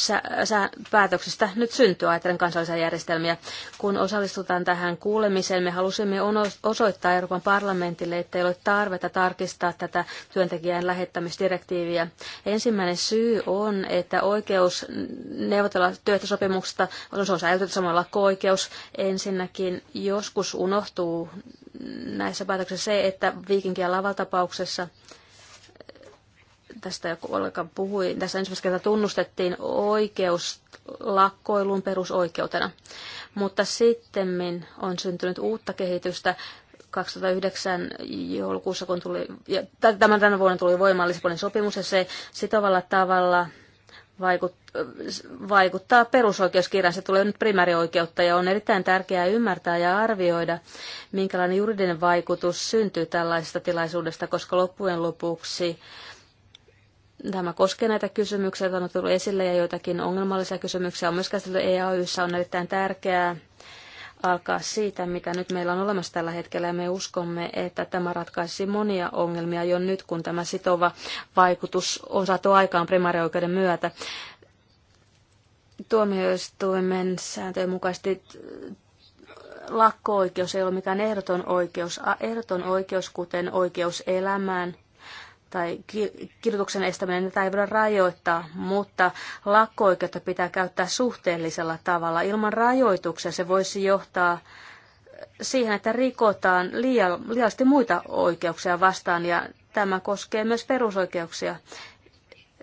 päätöksistä nyt syntyy ajatellen kansallisia järjestelmiä. Kun osallistutaan osallistutaan tähän kuulemiseen. Me halusimme osoittaa Euroopan parlamentille, että ei ole tarvetta tarkistaa tätä työntekijän lähettämisdirektiiviä. Ensimmäinen syy on, että oikeus neuvotella työehtosopimuksesta on säilytetty samalla kuin oikeus. Ensinnäkin joskus unohtuu näissä päätöksissä se, että viikinkien lavaltapauksessa tapauksessa tästä joku ollenkaan puhui, tässä ensimmäistä kertaa tunnustettiin oikeus lakkoiluun perusoikeutena. Mutta sitten on syntynyt uutta kehitystä 2009 joulukuussa, kun tuli, ja tämän tänä vuonna tuli voimaan Lisbonin sopimus, ja se sitovalla tavalla vaikut, vaikuttaa perusoikeuskirjaan. Se tulee nyt primäärioikeutta ja on erittäin tärkeää ymmärtää ja arvioida, minkälainen juridinen vaikutus syntyy tällaisesta tilaisuudesta, koska loppujen lopuksi Tämä koskee näitä kysymyksiä, joita on tullut esille ja joitakin ongelmallisia kysymyksiä on myös käsitelty EAYssä. On erittäin tärkeää alkaa siitä, mitä nyt meillä on olemassa tällä hetkellä, ja me uskomme, että tämä ratkaisi monia ongelmia jo nyt, kun tämä sitova vaikutus on saatu aikaan primaarioikeuden myötä. Tuomioistuimen sääntöjen mukaisesti lakko-oikeus ei ole mikään ehdoton oikeus. Ehdoton oikeus, kuten oikeus elämään, tai kirjoituksen estäminen, tätä ei voida rajoittaa, mutta lakko pitää käyttää suhteellisella tavalla. Ilman rajoituksia se voisi johtaa siihen, että rikotaan liiallisesti muita oikeuksia vastaan ja tämä koskee myös perusoikeuksia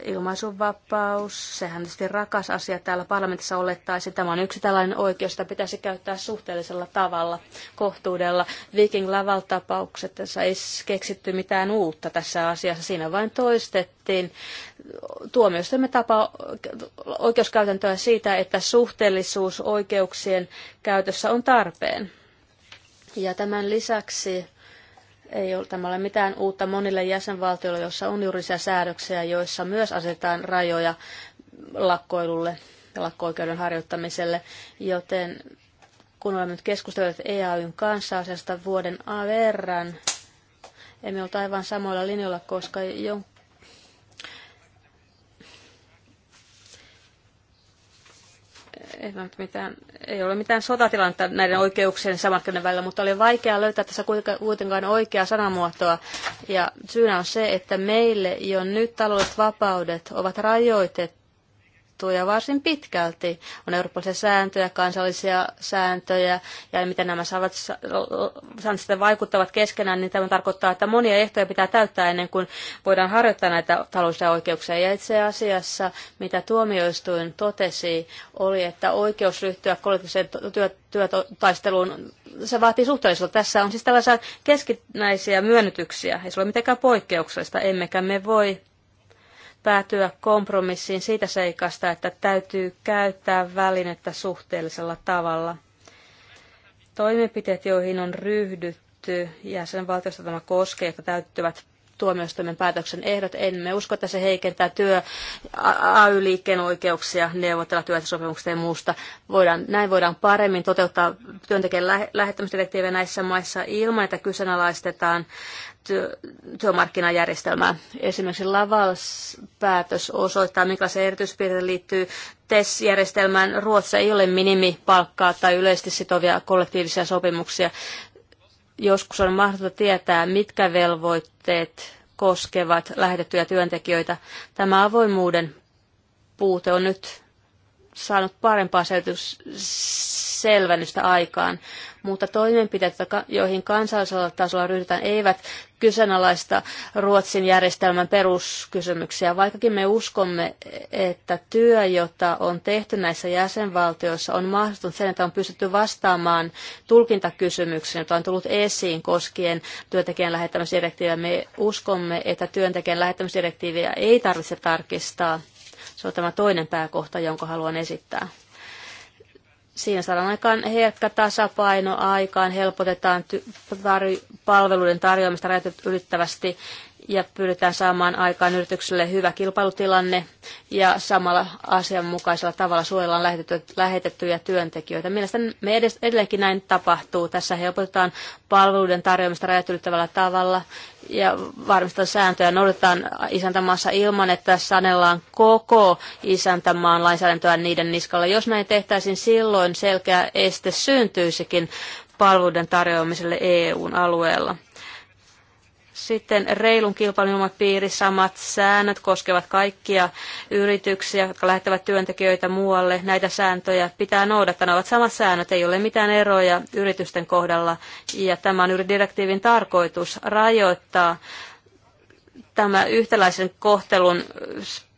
ilmaisunvapaus, sehän tietysti rakas asia täällä parlamentissa olettaisi. Tämä on yksi tällainen oikeus, jota pitäisi käyttää suhteellisella tavalla, kohtuudella. Viking Laval-tapaukset, tässä ei keksitty mitään uutta tässä asiassa, siinä vain toistettiin tuomioistuimme tapa oikeuskäytäntöä siitä, että suhteellisuus oikeuksien käytössä on tarpeen. Ja tämän lisäksi ei ole, tämä ole mitään uutta monille jäsenvaltioille, joissa on juurisia säädöksiä, joissa myös asetetaan rajoja lakkoilulle ja lakko-oikeuden harjoittamiselle, joten kun olemme nyt keskustelleet EAYn kanssa asiasta vuoden verran, emme ole aivan samoilla linjoilla, koska jon- ei ole, mitään, ei ole mitään sotatilannetta näiden oikeuksien samarkkinoiden välillä, mutta oli vaikea löytää tässä kuitenkaan oikeaa sanamuotoa. Ja syynä on se, että meille jo nyt taloudelliset vapaudet ovat rajoitettu ja varsin pitkälti. On eurooppalaisia sääntöjä, kansallisia sääntöjä ja miten nämä saavat, sitten vaikuttavat keskenään, niin tämä tarkoittaa, että monia ehtoja pitää täyttää ennen kuin voidaan harjoittaa näitä taloudellisia oikeuksia. Ja itse asiassa, mitä tuomioistuin totesi, oli, että oikeus ryhtyä kollektiiviseen työtaisteluun, se vaatii suhteellisuutta. Tässä on siis tällaisia keskinäisiä myönnytyksiä. Ei se ole mitenkään poikkeuksellista, emmekä me voi päätyä kompromissiin siitä seikasta, että täytyy käyttää välinettä suhteellisella tavalla. Toimenpiteet, joihin on ryhdytty jäsenvaltiosta tämä koskee, jotka täyttyvät tuomioistuimen päätöksen ehdot. Emme usko, että se heikentää työ AY-liikkeen oikeuksia neuvotella työehtosopimuksista ja muusta. Voidaan, näin voidaan paremmin toteuttaa työntekijän lähettämisdirektiivejä näissä maissa ilman, että kyseenalaistetaan työ, työmarkkinajärjestelmää. Esimerkiksi Lavals-päätös osoittaa, se erityispiirteitä liittyy TES-järjestelmään. Ruotsissa ei ole minimipalkkaa tai yleisesti sitovia kollektiivisia sopimuksia. Joskus on mahdotonta tietää, mitkä velvoitteet koskevat lähetettyjä työntekijöitä. Tämä avoimuuden puute on nyt saanut parempaa selvennystä aikaan, mutta toimenpiteet, joihin kansallisella tasolla ryhdytään, eivät kyseenalaista Ruotsin järjestelmän peruskysymyksiä, vaikkakin me uskomme, että työ, jota on tehty näissä jäsenvaltioissa, on mahdollistunut sen, että on pystytty vastaamaan tulkintakysymyksiin, joita on tullut esiin koskien työntekijän lähettämisdirektiiviä. Me uskomme, että työntekijän lähettämisdirektiiviä ei tarvitse tarkistaa se on tämä toinen pääkohta, jonka haluan esittää. Siinä saadaan aikaan herkkä tasapaino aikaan, helpotetaan ty- tar- palveluiden tarjoamista rajat ylittävästi ja pyritään saamaan aikaan yritykselle hyvä kilpailutilanne ja samalla asianmukaisella tavalla suojellaan lähetettyjä työntekijöitä. Mielestäni me edes, edelleenkin näin tapahtuu. Tässä helpotetaan palveluiden tarjoamista rajat ylittävällä tavalla ja varmistetaan sääntöjä noudatetaan isäntämaassa ilman, että sanellaan koko isäntämaan lainsäädäntöä niiden niskalla. Jos näin tehtäisiin, silloin selkeä este syntyisikin palveluiden tarjoamiselle EUn alueella. Sitten reilun kilpailun ilmapiiri, samat säännöt koskevat kaikkia yrityksiä, jotka lähettävät työntekijöitä muualle. Näitä sääntöjä pitää noudattaa. Ne ovat samat säännöt, ei ole mitään eroja yritysten kohdalla. Ja tämä on direktiivin tarkoitus rajoittaa tämä yhtäläisen kohtelun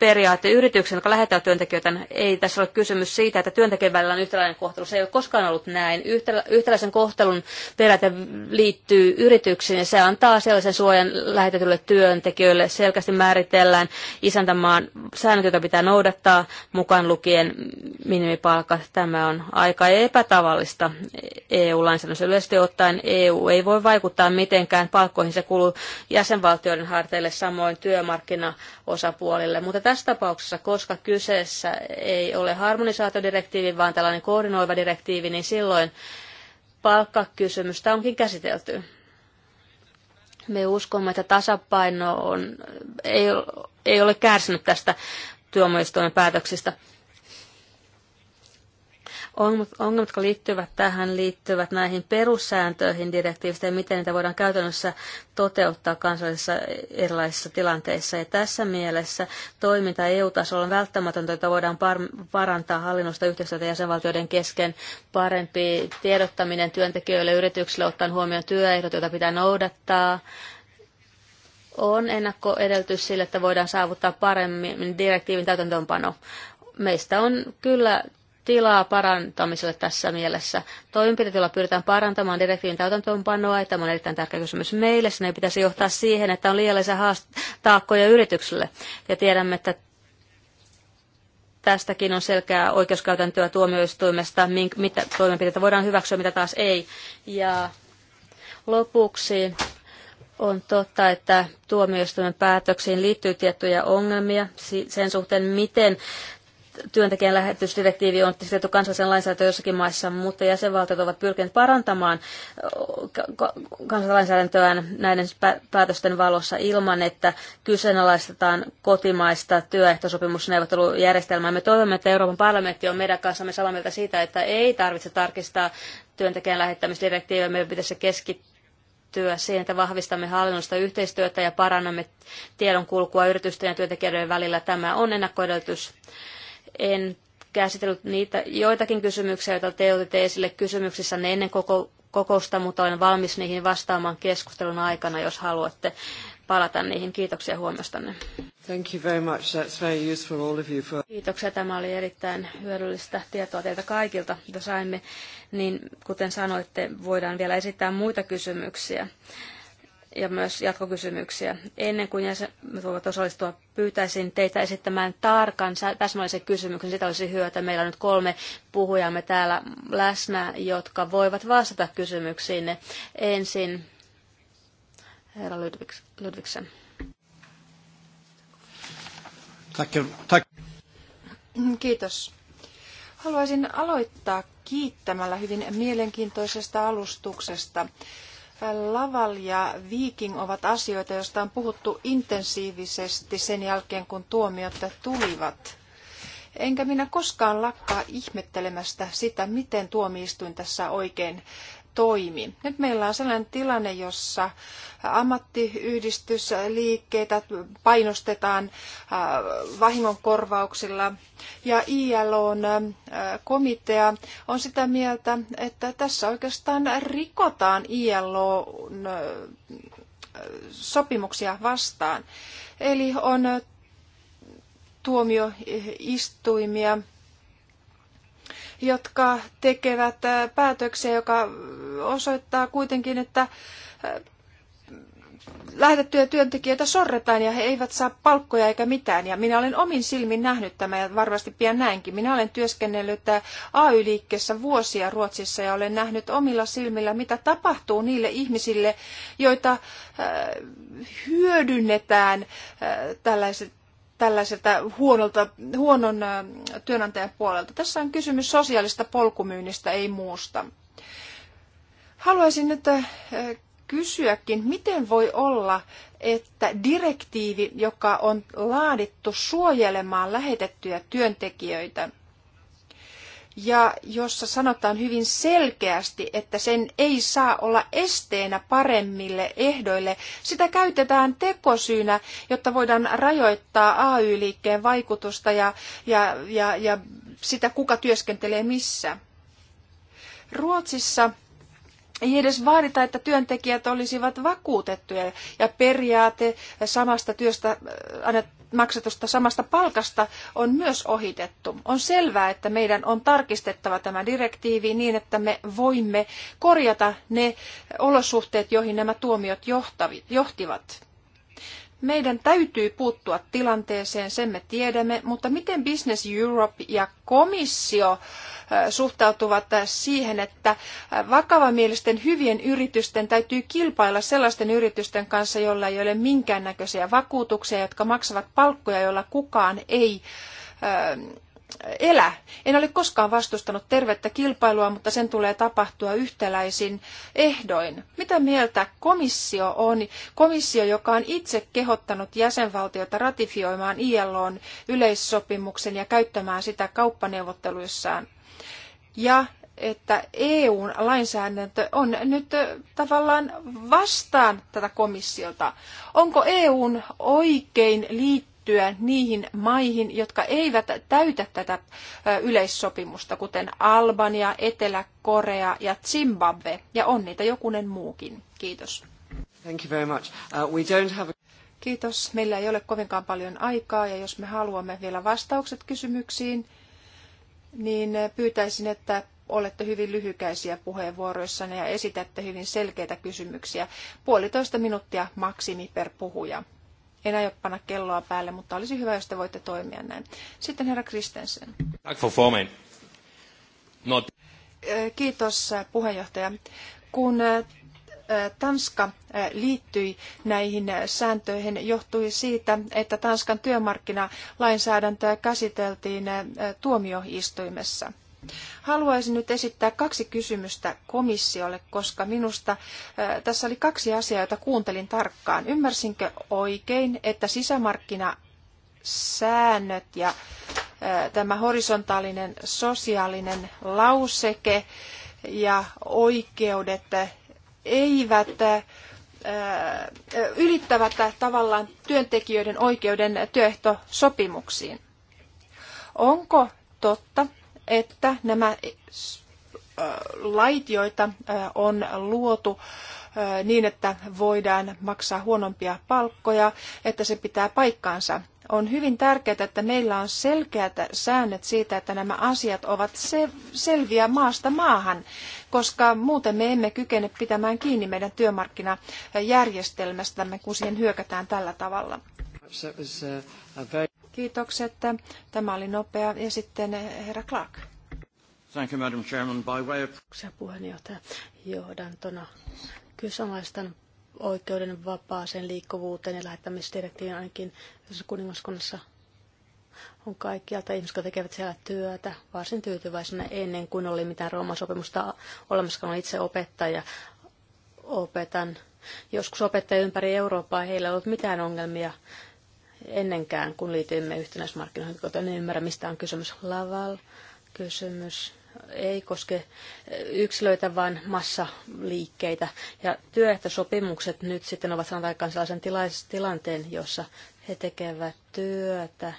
periaate yrityksen, joka lähettää työntekijöitä, ei tässä ole kysymys siitä, että työntekijän välillä on yhtäläinen kohtelu. Se ei ole koskaan ollut näin. yhtäläisen kohtelun periaate liittyy yrityksiin ja se antaa sellaisen suojan lähetetylle työntekijöille. Selkeästi määritellään isäntämaan säännöt, joita pitää noudattaa, mukaan lukien minimipalkka. Tämä on aika epätavallista EU-lainsäädännössä. Yleisesti ottaen EU ei voi vaikuttaa mitenkään palkkoihin. Se kuuluu jäsenvaltioiden harteille samoin työmarkkinaosapuolille. Mutta tässä tapauksessa, koska kyseessä ei ole harmonisaatiodirektiivi, vaan tällainen koordinoiva direktiivi, niin silloin palkkakysymystä onkin käsitelty. Me uskomme, että tasapaino on, ei, ei ole kärsinyt tästä tuomioistuimen päätöksistä. Ongelmat, jotka liittyvät tähän, liittyvät näihin perussääntöihin direktiivistä ja miten niitä voidaan käytännössä toteuttaa kansallisissa erilaisissa tilanteissa. Ja tässä mielessä toiminta EU-tasolla on välttämätöntä, että voidaan parantaa hallinnosta yhteistyötä jäsenvaltioiden kesken parempi tiedottaminen työntekijöille ja yrityksille ottaen huomioon työehdot, joita pitää noudattaa, on ennakkoedellytys sille, että voidaan saavuttaa paremmin direktiivin täytäntöönpano. Meistä on kyllä tilaa parantamiselle tässä mielessä. Toimenpiteet, joilla pyritään parantamaan direktiivin täytäntöönpanoa, tämä on erittäin tärkeä kysymys meille. Sen ei pitäisi johtaa siihen, että on liiallisia haast- taakkoja yrityksille. Ja tiedämme, että tästäkin on selkeää oikeuskäytäntöä tuomioistuimesta, mitä toimenpiteitä voidaan hyväksyä, mitä taas ei. Ja lopuksi on totta, että tuomioistuimen päätöksiin liittyy tiettyjä ongelmia sen suhteen, miten työntekijän lähetysdirektiivi on tietysti kansallisen lainsäädäntöön jossakin maissa, mutta jäsenvaltiot ovat pyrkineet parantamaan kansanlainsäädäntöään näiden päätösten valossa ilman, että kyseenalaistetaan kotimaista työehtosopimusneuvottelujärjestelmää. Me toivomme, että Euroopan parlamentti on meidän kanssamme samaa mieltä siitä, että ei tarvitse tarkistaa työntekijän lähettämisdirektiiviä, meidän pitäisi keskittyä työ siihen, että vahvistamme hallinnollista yhteistyötä ja parannamme tiedonkulkua yritysten ja työntekijöiden välillä. Tämä on ennakkoedellytys en käsitellyt niitä joitakin kysymyksiä, joita te otitte esille kysymyksissänne ennen koko, kokousta, mutta olen valmis niihin vastaamaan keskustelun aikana, jos haluatte palata niihin. Kiitoksia huomiostanne. Thank you very much. That's very useful all of you for... Kiitoksia. Tämä oli erittäin hyödyllistä tietoa teiltä kaikilta, mitä saimme. Niin kuten sanoitte, voidaan vielä esittää muita kysymyksiä ja myös jatkokysymyksiä. Ennen kuin jäsenet voivat osallistua, pyytäisin teitä esittämään tarkan täsmällisen kysymyksen. Sitä olisi hyötyä. Meillä on nyt kolme puhujamme täällä läsnä, jotka voivat vastata kysymyksiinne. Ensin herra Ludvigsen. Kiitos. Haluaisin aloittaa kiittämällä hyvin mielenkiintoisesta alustuksesta. Laval ja Viking ovat asioita, joista on puhuttu intensiivisesti sen jälkeen, kun tuomiot tulivat. Enkä minä koskaan lakkaa ihmettelemästä sitä, miten tuomioistuin tässä oikein toimi. Nyt meillä on sellainen tilanne, jossa ammattiyhdistysliikkeitä painostetaan vahingonkorvauksilla ja ILOn komitea on sitä mieltä, että tässä oikeastaan rikotaan ILOn sopimuksia vastaan. Eli on tuomioistuimia, jotka tekevät äh, päätöksiä, joka osoittaa kuitenkin, että äh, lähetettyjä työntekijöitä sorretaan ja he eivät saa palkkoja eikä mitään. Ja minä olen omin silmin nähnyt tämän ja varmasti pian näinkin. Minä olen työskennellyt äh, AY-liikkeessä vuosia Ruotsissa ja olen nähnyt omilla silmillä, mitä tapahtuu niille ihmisille, joita hyödynnetään tällaiset tällaiselta huonolta, huonon työnantajan puolelta. Tässä on kysymys sosiaalista polkumyynnistä, ei muusta. Haluaisin nyt kysyäkin, miten voi olla, että direktiivi, joka on laadittu suojelemaan lähetettyjä työntekijöitä – ja jossa sanotaan hyvin selkeästi, että sen ei saa olla esteenä paremmille ehdoille. Sitä käytetään tekosyynä, jotta voidaan rajoittaa AY-liikkeen vaikutusta ja, ja, ja, ja sitä, kuka työskentelee missä. Ruotsissa ei edes vaadita, että työntekijät olisivat vakuutettuja ja periaate samasta työstä äh, maksetusta samasta palkasta on myös ohitettu. On selvää, että meidän on tarkistettava tämä direktiivi niin, että me voimme korjata ne olosuhteet, joihin nämä tuomiot johtivat meidän täytyy puuttua tilanteeseen, sen me tiedämme, mutta miten Business Europe ja komissio suhtautuvat siihen, että vakavamielisten hyvien yritysten täytyy kilpailla sellaisten yritysten kanssa, joilla ei ole minkäännäköisiä vakuutuksia, jotka maksavat palkkoja, joilla kukaan ei elä. En ole koskaan vastustanut tervettä kilpailua, mutta sen tulee tapahtua yhtäläisin ehdoin. Mitä mieltä komissio on? Komissio, joka on itse kehottanut jäsenvaltioita ratifioimaan ILOn yleissopimuksen ja käyttämään sitä kauppaneuvotteluissaan. Ja että EUn lainsäädäntö on nyt tavallaan vastaan tätä komissiota. Onko EUn oikein liittyä keskittyä niihin maihin, jotka eivät täytä tätä yleissopimusta, kuten Albania, Etelä-Korea ja Zimbabwe, ja on niitä jokunen muukin. Kiitos. Thank you very much. Uh, we don't have a... Kiitos. Meillä ei ole kovinkaan paljon aikaa, ja jos me haluamme vielä vastaukset kysymyksiin, niin pyytäisin, että olette hyvin lyhykäisiä puheenvuoroissanne ja esitätte hyvin selkeitä kysymyksiä. Puolitoista minuuttia maksimi per puhuja. En aio panna kelloa päälle, mutta olisi hyvä, jos te voitte toimia näin. Sitten herra Kristensen. Not... Kiitos puheenjohtaja. Kun Tanska liittyi näihin sääntöihin johtui siitä, että Tanskan työmarkkinalainsäädäntöä käsiteltiin tuomioistuimessa. Haluaisin nyt esittää kaksi kysymystä komissiolle, koska minusta äh, tässä oli kaksi asiaa, joita kuuntelin tarkkaan. Ymmärsinkö oikein, että sisämarkkinasäännöt ja äh, tämä horisontaalinen sosiaalinen lauseke ja oikeudet eivät äh, ylittävät tavallaan työntekijöiden oikeuden työehtosopimuksiin. Onko totta, että nämä äh, lait, joita äh, on luotu äh, niin, että voidaan maksaa huonompia palkkoja, että se pitää paikkaansa. On hyvin tärkeää, että meillä on selkeät säännöt siitä, että nämä asiat ovat selviä maasta maahan, koska muuten me emme kykene pitämään kiinni meidän työmarkkinajärjestelmästämme, kun siihen hyökätään tällä tavalla. Uh, Kiitokset. Tämä oli nopea. Ja sitten herra Clark. Thank you, Madam Chairman. By way of... puheenjohtaja johdantona. Kyseenalaistan oikeuden vapaaseen liikkuvuuteen ja lähettämisdirektiivin ainakin kuningaskunnassa on kaikkialta ihmiset, jotka tekevät siellä työtä varsin tyytyväisenä ennen kuin oli mitään Rooman sopimusta olemassa, olen itse opettaja. Opetan joskus opettajia ympäri Eurooppaa, heillä ei ollut mitään ongelmia ennenkään, kun liitimme yhtenäismarkkinoihin, kun en ymmärrä, mistä on kysymys. Laval, kysymys ei koske yksilöitä, vaan massaliikkeitä. Ja työehtosopimukset nyt sitten ovat saaneet aikaan sellaisen tilanteen, jossa he tekevät työtä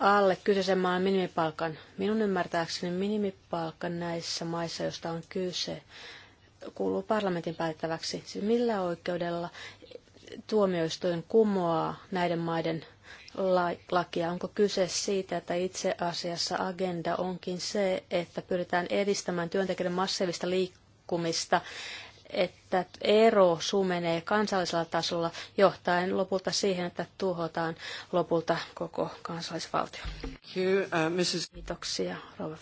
alle kyseisen maan minimipalkan. Minun ymmärtääkseni minimipalkka näissä maissa, joista on kyse, kuuluu parlamentin päättäväksi. Siis millä oikeudella tuomioistuin kumoaa näiden maiden lakia? Onko kyse siitä, että itse asiassa agenda onkin se, että pyritään edistämään työntekijöiden massiivista liikkumista, että ero sumenee kansallisella tasolla johtaen lopulta siihen, että tuhotaan lopulta koko kansallisvaltio. Uh, Kiitoksia, Rova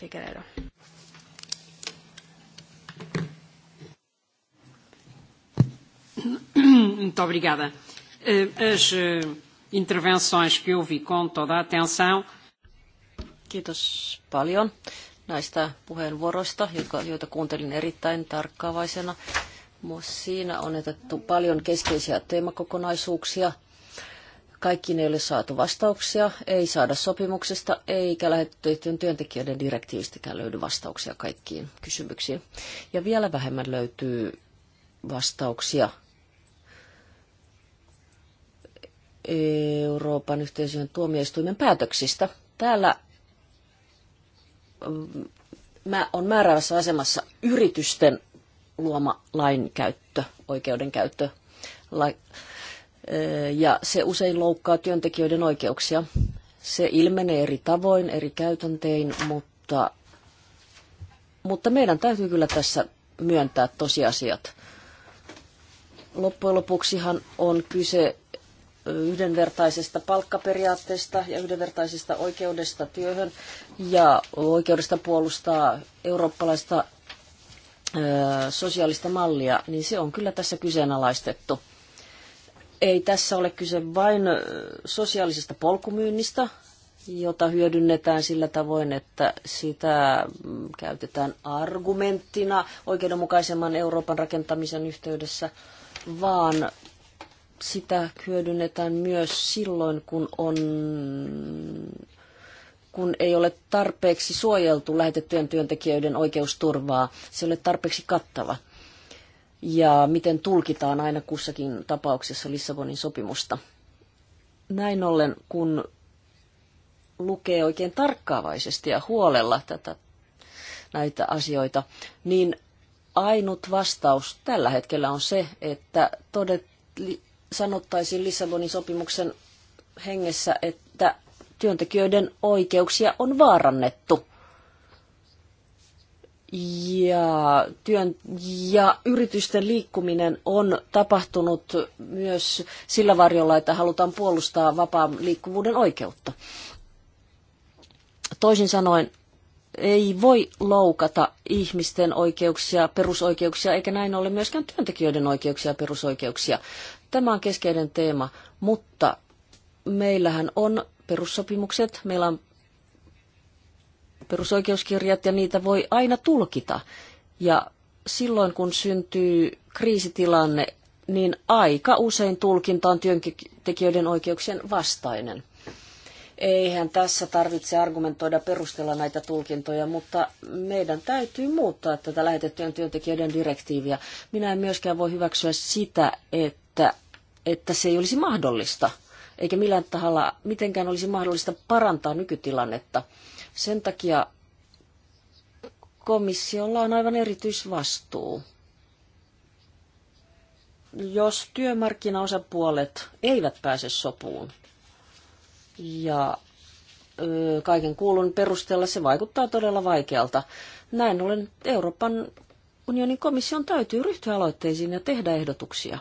<coughs> Muito obrigada. Eh, as eh, intervenções que ouvi com toda a atenção. Kiitos paljon näistä puheenvuoroista, joita kuuntelin erittäin tarkkaavaisena. Siinä on otettu paljon keskeisiä teemakokonaisuuksia. Kaikkiin ei ole saatu vastauksia, ei saada sopimuksesta, eikä lähetettyjen työntekijöiden direktiivistäkään löydy vastauksia kaikkiin kysymyksiin. Ja vielä vähemmän löytyy vastauksia Euroopan yhteisön tuomioistuimen päätöksistä. Täällä mm, mä on määräävässä asemassa yritysten luoma lainkäyttö, oikeudenkäyttö. Eh, ja se usein loukkaa työntekijöiden oikeuksia. Se ilmenee eri tavoin, eri käytäntein, mutta, mutta meidän täytyy kyllä tässä myöntää tosiasiat. Loppujen lopuksihan on kyse yhdenvertaisesta palkkaperiaatteesta ja yhdenvertaisesta oikeudesta työhön ja oikeudesta puolustaa eurooppalaista sosiaalista mallia, niin se on kyllä tässä kyseenalaistettu. Ei tässä ole kyse vain sosiaalisesta polkumyynnistä, jota hyödynnetään sillä tavoin, että sitä mm, käytetään argumenttina oikeudenmukaisemman Euroopan rakentamisen yhteydessä, vaan sitä hyödynnetään myös silloin, kun, on, kun ei ole tarpeeksi suojeltu lähetettyjen työntekijöiden oikeusturvaa. Se ei ole tarpeeksi kattava. Ja miten tulkitaan aina kussakin tapauksessa Lissabonin sopimusta. Näin ollen, kun lukee oikein tarkkaavaisesti ja huolella tätä, näitä asioita, niin ainut vastaus tällä hetkellä on se, että todet, sanottaisiin Lissabonin sopimuksen hengessä, että työntekijöiden oikeuksia on vaarannettu. Ja, työn, ja yritysten liikkuminen on tapahtunut myös sillä varjolla, että halutaan puolustaa vapaan liikkuvuuden oikeutta. Toisin sanoen, ei voi loukata ihmisten oikeuksia, perusoikeuksia, eikä näin ole myöskään työntekijöiden oikeuksia perusoikeuksia. Tämä on keskeinen teema, mutta meillähän on perussopimukset, meillä on perusoikeuskirjat ja niitä voi aina tulkita. Ja silloin kun syntyy kriisitilanne, niin aika usein tulkinta on työntekijöiden oikeuksien vastainen. Eihän tässä tarvitse argumentoida perustella näitä tulkintoja, mutta meidän täytyy muuttaa tätä lähetettyjen työntekijöiden direktiiviä. Minä en myöskään voi hyväksyä sitä, että että, että se ei olisi mahdollista, eikä millään tahalla mitenkään olisi mahdollista parantaa nykytilannetta. Sen takia komissiolla on aivan erityisvastuu. Jos työmarkkinaosapuolet eivät pääse sopuun ja kaiken kuulun perusteella se vaikuttaa todella vaikealta. Näin ollen Euroopan unionin komission täytyy ryhtyä aloitteisiin ja tehdä ehdotuksia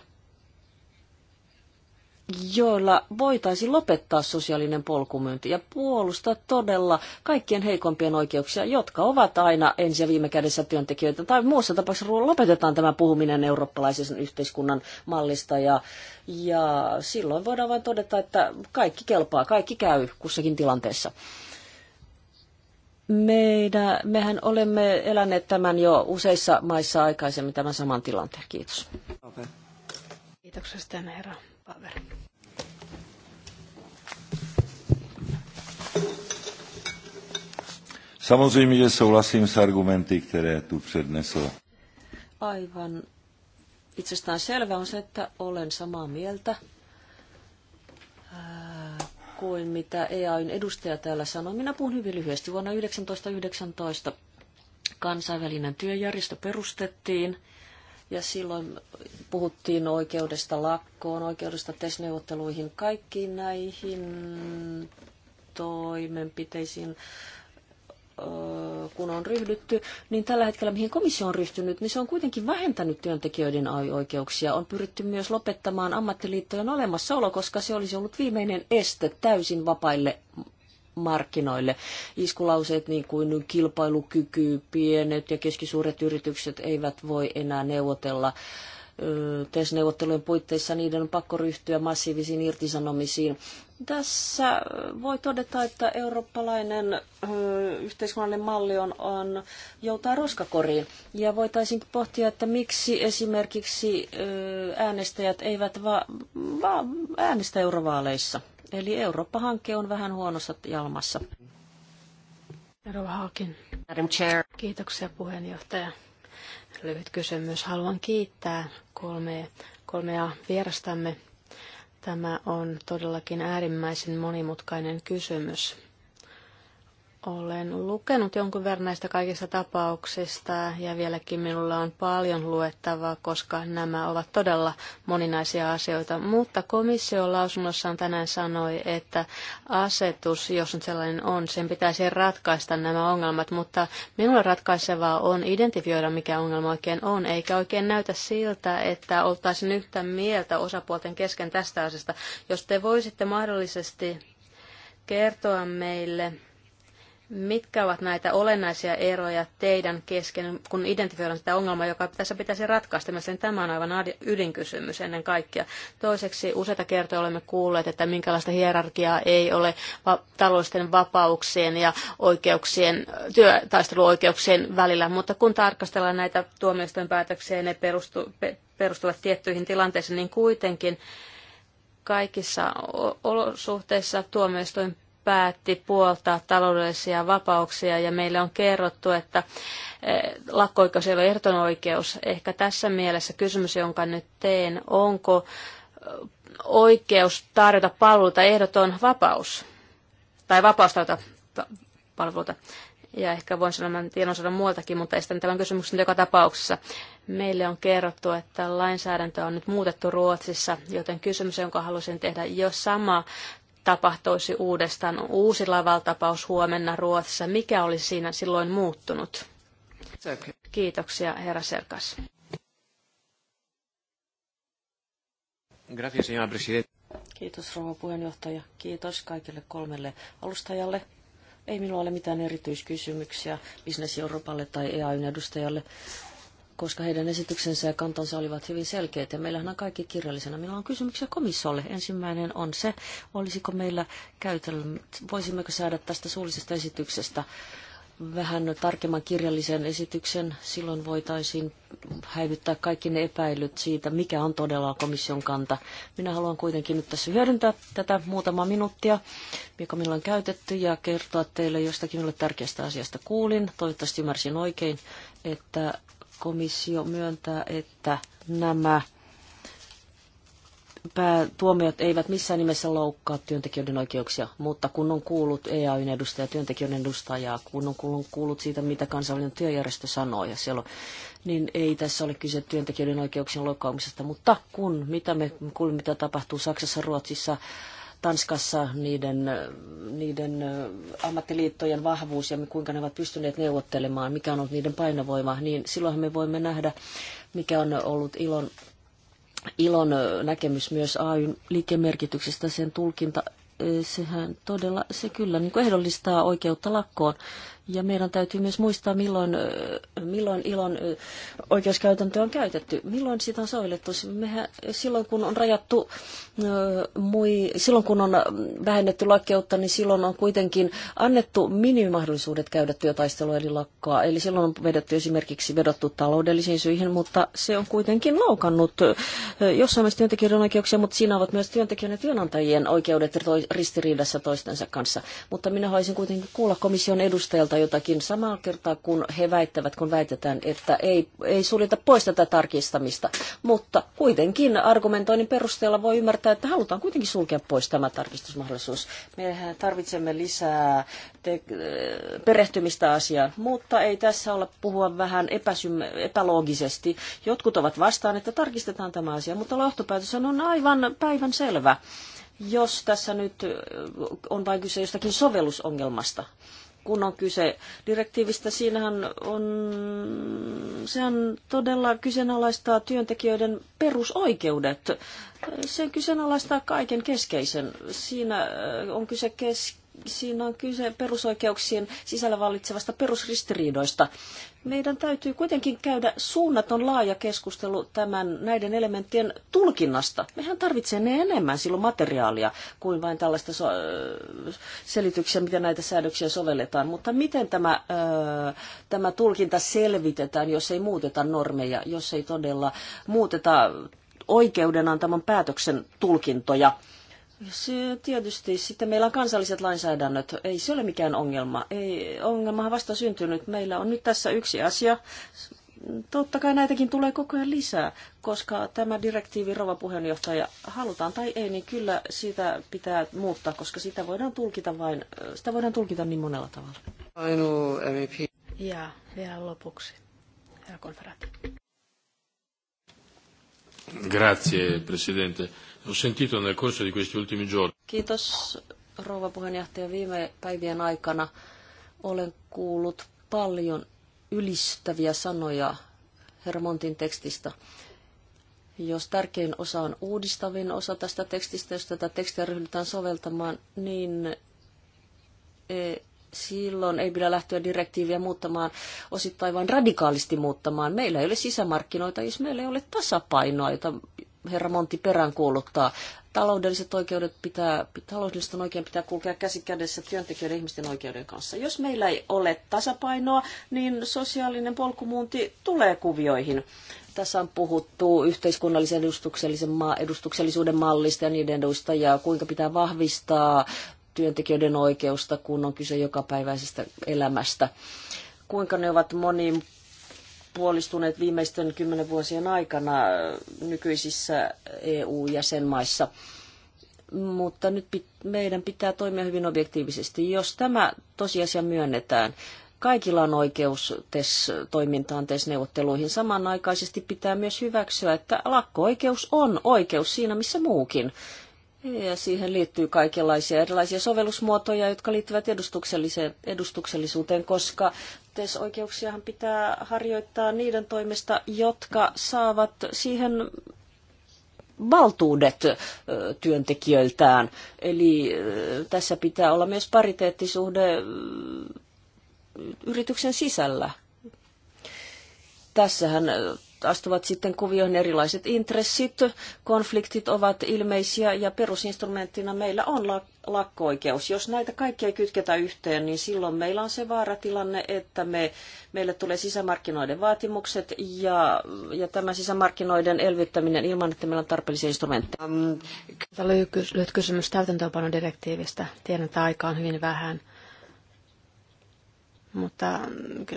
joilla voitaisiin lopettaa sosiaalinen polkumyynti ja puolustaa todella kaikkien heikompien oikeuksia, jotka ovat aina ensi ja viime kädessä työntekijöitä. Tai muussa tapauksessa lopetetaan tämä puhuminen eurooppalaisen yhteiskunnan mallista ja, ja silloin voidaan vain todeta, että kaikki kelpaa, kaikki käy kussakin tilanteessa. Meidän, mehän olemme eläneet tämän jo useissa maissa aikaisemmin tämän saman tilanteen. Kiitos. Okay. Kiitoksesta, herra Paver. Samozřejmě, že souhlasím s argumenty, které tu přednesl. Aivan itsestään selvä on se, että olen samaa mieltä äh, kuin mitä EAYn edustaja täällä sanoi. Minä puhun hyvin lyhyesti. Vuonna 1919 kansainvälinen työjärjestö perustettiin – ja silloin puhuttiin oikeudesta lakkoon, oikeudesta tesneuvotteluihin, kaikkiin näihin toimenpiteisiin kun on ryhdytty, niin tällä hetkellä mihin komissio on ryhtynyt, niin se on kuitenkin vähentänyt työntekijöiden oikeuksia. On pyritty myös lopettamaan ammattiliittojen olemassaolo, koska se olisi ollut viimeinen este täysin vapaille markkinoille. Iskulauseet niin kuin kilpailukyky, pienet ja keskisuuret yritykset eivät voi enää neuvotella TES-neuvottelujen puitteissa niiden on pakko ryhtyä massiivisiin irtisanomisiin tässä voi todeta, että eurooppalainen yhteiskunnallinen malli on, on joutaa roskakoriin. Ja voitaisiin pohtia, että miksi esimerkiksi äänestäjät eivät vaan va, äänestä eurovaaleissa. Eli Eurooppa-hanke on vähän huonossa jalmassa. Madam Chair. Kiitoksia puheenjohtaja. Lyhyt kysymys. Haluan kiittää kolmea, kolmea vierastamme Tämä on todellakin äärimmäisen monimutkainen kysymys. Olen lukenut jonkun verran näistä kaikista tapauksista ja vieläkin minulla on paljon luettavaa, koska nämä ovat todella moninaisia asioita. Mutta komissio lausunnossaan tänään sanoi, että asetus, jos nyt sellainen on, sen pitäisi ratkaista nämä ongelmat, mutta minulle ratkaisevaa on identifioida, mikä ongelma oikein on, eikä oikein näytä siltä, että oltaisiin yhtä mieltä osapuolten kesken tästä asiasta. Jos te voisitte mahdollisesti kertoa meille, Mitkä ovat näitä olennaisia eroja teidän kesken, kun identifioidaan sitä ongelmaa, joka tässä pitäisi ratkaista? Sen tämä on aivan ydinkysymys ennen kaikkea. Toiseksi useita kertoja olemme kuulleet, että minkälaista hierarkiaa ei ole va- taloudellisten vapauksien ja oikeuksien, työtaisteluoikeuksien välillä, mutta kun tarkastellaan näitä tuomioistuin päätöksiä, ne perustu, pe- perustuvat tiettyihin tilanteisiin, niin kuitenkin kaikissa olosuhteissa tuomioistuin päätti puoltaa taloudellisia vapauksia ja meille on kerrottu, että eh, lakko-oikeus ei ole ehdoton oikeus. Ehkä tässä mielessä kysymys, jonka nyt teen, onko eh, oikeus tarjota palveluita ehdoton vapaus? Tai vapaus tarjota palveluita? Ja ehkä voin sanoa, että tiedon saada muualtakin, mutta estän tämän kysymyksen joka tapauksessa. Meille on kerrottu, että lainsäädäntö on nyt muutettu Ruotsissa, joten kysymys, jonka halusin tehdä, jos sama tapahtuisi uudestaan uusi lavaltapaus huomenna Ruotsissa, mikä olisi siinä silloin muuttunut? Kiitoksia, herra Serkas. Kiitos rouva puheenjohtaja. Kiitos kaikille kolmelle alustajalle. Ei minulla ole mitään erityiskysymyksiä Business Euroopalle tai EAYn edustajalle koska heidän esityksensä ja kantansa olivat hyvin selkeät ja meillähän on kaikki kirjallisena. Minulla on kysymyksiä komissolle. Ensimmäinen on se, olisiko meillä käytännön, voisimmeko saada tästä suullisesta esityksestä vähän tarkemman kirjallisen esityksen. Silloin voitaisiin häivyttää kaikki ne epäilyt siitä, mikä on todella komission kanta. Minä haluan kuitenkin nyt tässä hyödyntää tätä muutama minuuttia, mikä minulla on käytetty, ja kertoa teille jostakin minulle tärkeästä asiasta kuulin. Toivottavasti ymmärsin oikein, että komissio myöntää, että nämä tuomiot eivät missään nimessä loukkaa työntekijöiden oikeuksia, mutta kun on kuullut EAYn edustajaa, työntekijöiden edustajaa, kun on kuullut siitä, mitä kansainvälinen työjärjestö sanoo, ja siellä on, niin ei tässä ole kyse työntekijöiden oikeuksien loukkaamisesta, mutta kun, mitä me kuulimme, mitä tapahtuu Saksassa, Ruotsissa, Tanskassa niiden, niiden ammattiliittojen vahvuus ja kuinka ne ovat pystyneet neuvottelemaan, mikä on ollut niiden painovoima, niin silloin me voimme nähdä, mikä on ollut ilon, ilon näkemys myös AYn liikemerkityksestä, sen tulkinta sehän todella, se kyllä niin ehdollistaa oikeutta lakkoon. Ja meidän täytyy myös muistaa, milloin, äh, milloin ilon äh, oikeuskäytäntö on käytetty, milloin sitä on sovellettu. Mehän, silloin kun on rajattu, äh, mui, silloin kun on vähennetty lakkeutta, niin silloin on kuitenkin annettu minimimahdollisuudet käydä työtaistelua eli lakkoa. Eli silloin on vedetty esimerkiksi vedottu taloudellisiin syihin, mutta se on kuitenkin loukannut jossain mielessä työntekijöiden oikeuksia, mutta siinä ovat myös työntekijöiden ja työnantajien oikeudet ristiriidassa toistensa kanssa. Mutta minä haluaisin kuitenkin kuulla komission edustajalta, tarkoittaa jotakin samalla kertaa, kun he väittävät, kun väitetään, että ei, ei suljeta pois tätä tarkistamista. Mutta kuitenkin argumentoinnin perusteella voi ymmärtää, että halutaan kuitenkin sulkea pois tämä tarkistusmahdollisuus. Mehän tarvitsemme lisää te- perehtymistä asiaan, mutta ei tässä olla puhua vähän epäsym- epäloogisesti. Jotkut ovat vastaan, että tarkistetaan tämä asia, mutta lohtopäätös on aivan päivän selvä jos tässä nyt on vain kyse jostakin sovellusongelmasta, kun on kyse direktiivistä, siinähän on, sehän todella kyseenalaistaa työntekijöiden perusoikeudet. Se kyseenalaistaa kaiken keskeisen. Siinä äh, on kyse kes, siinä on kyse perusoikeuksien sisällä vallitsevasta perusristiriidoista. Meidän täytyy kuitenkin käydä suunnaton laaja keskustelu tämän, näiden elementtien tulkinnasta. Mehän tarvitsemme enemmän silloin materiaalia kuin vain tällaista so- selityksiä, miten näitä säädöksiä sovelletaan. Mutta miten tämä, ö, tämä tulkinta selvitetään, jos ei muuteta normeja, jos ei todella muuteta oikeuden antaman päätöksen tulkintoja – se eh, tietysti. Sitten meillä on kansalliset lainsäädännöt. Ei se ole mikään ongelma. Ei, ongelmahan vasta syntynyt. Meillä on nyt tässä yksi asia. Totta kai näitäkin tulee koko ajan lisää, koska tämä direktiivi, rova puheenjohtaja, halutaan tai ei, niin kyllä sitä pitää muuttaa, koska sitä voidaan tulkita, vain, sitä voidaan tulkita niin monella tavalla. Ainoa MEP. Ja vielä lopuksi, herra Grazie, presidente. Ho sentito nel corso di questi ultimi giorni. Kiitos rouva puheenjohtaja. Viime päivien aikana olen kuullut paljon ylistäviä sanoja Hermontin tekstistä. Jos tärkein osa on uudistavin osa tästä tekstistä, jos tätä tekstiä ryhdytään soveltamaan, niin e, silloin ei pidä lähteä direktiiviä muuttamaan osittain vain radikaalisti muuttamaan. Meillä ei ole sisämarkkinoita, jos meillä ei ole tasapainoa, jota herra Monti peräänkuuluttaa. Taloudelliset oikeudet pitää, taloudelliset on oikein pitää kulkea käsi kädessä työntekijöiden ihmisten oikeuden kanssa. Jos meillä ei ole tasapainoa, niin sosiaalinen polkumuunti tulee kuvioihin. Tässä on puhuttu yhteiskunnallisen edustuksellisen ma- edustuksellisuuden mallista ja niiden eduista ja kuinka pitää vahvistaa työntekijöiden oikeusta, kun on kyse jokapäiväisestä elämästä. Kuinka ne ovat moni puolistuneet viimeisten kymmenen vuosien aikana nykyisissä EU-jäsenmaissa. Mutta nyt meidän pitää toimia hyvin objektiivisesti. Jos tämä tosiasia myönnetään, kaikilla on oikeus TES toimintaan TES-neuvotteluihin. Samanaikaisesti pitää myös hyväksyä, että lakko-oikeus on oikeus siinä missä muukin. Ja siihen liittyy kaikenlaisia erilaisia sovellusmuotoja, jotka liittyvät edustuksellisuuteen, koska ihmisoikeuksiahan pitää harjoittaa niiden toimesta, jotka saavat siihen valtuudet työntekijöiltään. Eli tässä pitää olla myös pariteettisuhde yrityksen sisällä. Tässähän astuvat sitten kuvioihin erilaiset intressit. Konfliktit ovat ilmeisiä ja perusinstrumenttina meillä on lak- lakko-oikeus. Jos näitä kaikkia ei kytketä yhteen, niin silloin meillä on se vaaratilanne, että me, meille tulee sisämarkkinoiden vaatimukset ja, ja tämä sisämarkkinoiden elvyttäminen ilman, että meillä on tarpeellisia instrumentteja. Tämä oli lyhyt kysymys täytäntöönpanodirektiivistä. Tiedän, että aika on hyvin vähän mutta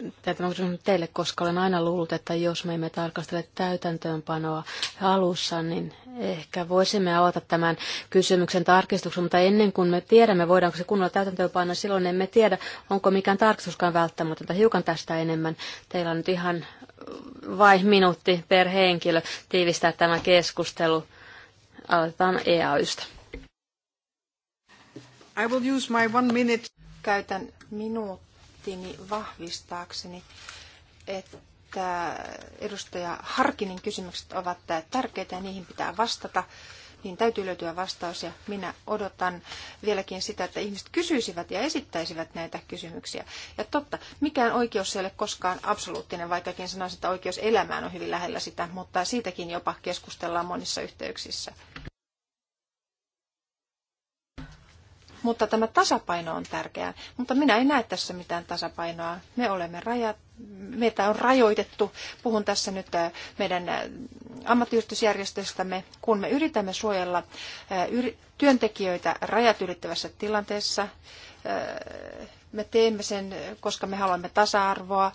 mm, tämä on teille, koska olen aina luullut, että jos me emme tarkastele täytäntöönpanoa alussa, niin ehkä voisimme avata tämän kysymyksen tarkistuksen, mutta ennen kuin me tiedämme, voidaanko se kunnolla täytäntöönpanoa, silloin emme tiedä, onko mikään tarkistuskaan välttämätöntä. Hiukan tästä enemmän. Teillä on nyt ihan vai minuutti per henkilö tiivistää tämä keskustelu. Aloitetaan EAYstä. I will use my one minute. Käytän minuutti listini vahvistaakseni, että edustaja Harkinin kysymykset ovat tärkeitä ja niihin pitää vastata. Niin täytyy löytyä vastaus ja minä odotan vieläkin sitä, että ihmiset kysyisivät ja esittäisivät näitä kysymyksiä. Ja totta, mikään oikeus ei ole koskaan absoluuttinen, vaikkakin sanoisin, että oikeus elämään on hyvin lähellä sitä, mutta siitäkin jopa keskustellaan monissa yhteyksissä. mutta tämä tasapaino on tärkeää. Mutta minä en näe tässä mitään tasapainoa. Me olemme rajat, meitä on rajoitettu. Puhun tässä nyt äh, meidän äh, ammattiyhdistysjärjestöstämme, kun me yritämme suojella äh, työntekijöitä rajat ylittävässä tilanteessa me teemme sen, koska me haluamme tasa-arvoa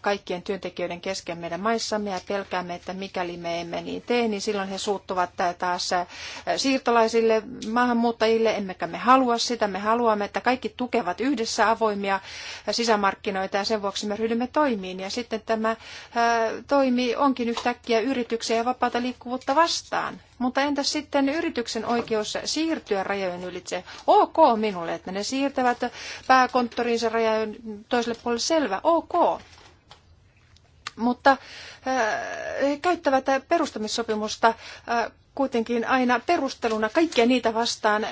kaikkien työntekijöiden kesken meidän maissamme ja pelkäämme, että mikäli me emme niin tee, niin silloin he suuttuvat taas siirtolaisille, maahanmuuttajille, emmekä me halua sitä. Me haluamme, että kaikki tukevat yhdessä avoimia sisämarkkinoita ja sen vuoksi me ryhdymme toimiin. Ja sitten tämä toimi onkin yhtäkkiä yrityksiä ja vapaata liikkuvuutta vastaan. Mutta entäs sitten yrityksen oikeus siirtyä rajojen ylitse? Ok minulle, että ne siirtävät pääkonttoria konttoriinsa rajan toiselle puolelle selvä, ok. Mutta äh, he käyttävät perustamissopimusta äh, kuitenkin aina perusteluna kaikkia niitä vastaan,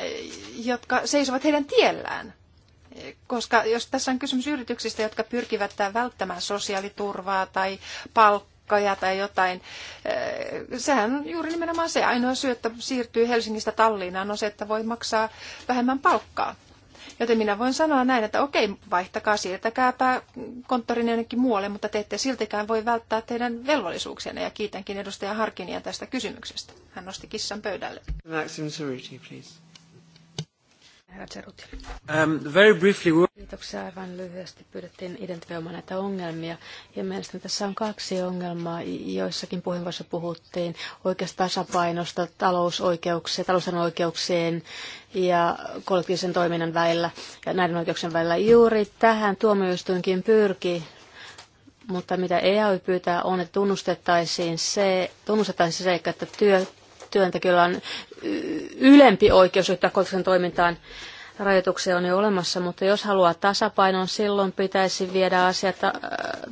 jotka seisovat heidän tiellään. Koska jos tässä on kysymys yrityksistä, jotka pyrkivät välttämään sosiaaliturvaa tai palkkoja tai jotain, äh, sehän on juuri nimenomaan se ainoa syy, että siirtyy Helsingistä Tallinnaan, on se, että voi maksaa vähemmän palkkaa. Joten minä voin sanoa näin, että okei, vaihtakaa, siirtäkääpä konttorin jonnekin muualle, mutta te ette siltikään voi välttää teidän velvollisuuksienne. Ja kiitänkin edustaja Harkinia tästä kysymyksestä. Hän nosti kissan pöydälle. Maxim Saruti, please. Herra Um, very briefly... Kiitoksia aivan lyhyesti. Pyydettiin identifioimaan näitä ongelmia. Ja mielestäni tässä on kaksi ongelmaa. Joissakin puheenvuoroissa puhuttiin oikeasta tasapainosta talousoikeuksien, talousten oikeuksien ja kollektiivisen toiminnan välillä ja näiden oikeuksien välillä. Juuri tähän tuomioistuinkin pyrki mutta mitä EAY pyytää on, että tunnustettaisiin se, tunnustettaisiin se seikka, että työ, työntekijöillä on ylempi oikeus yhtä koulutuksen toimintaan rajoituksia on jo olemassa, mutta jos haluaa tasapainon, silloin pitäisi viedä asiat äh,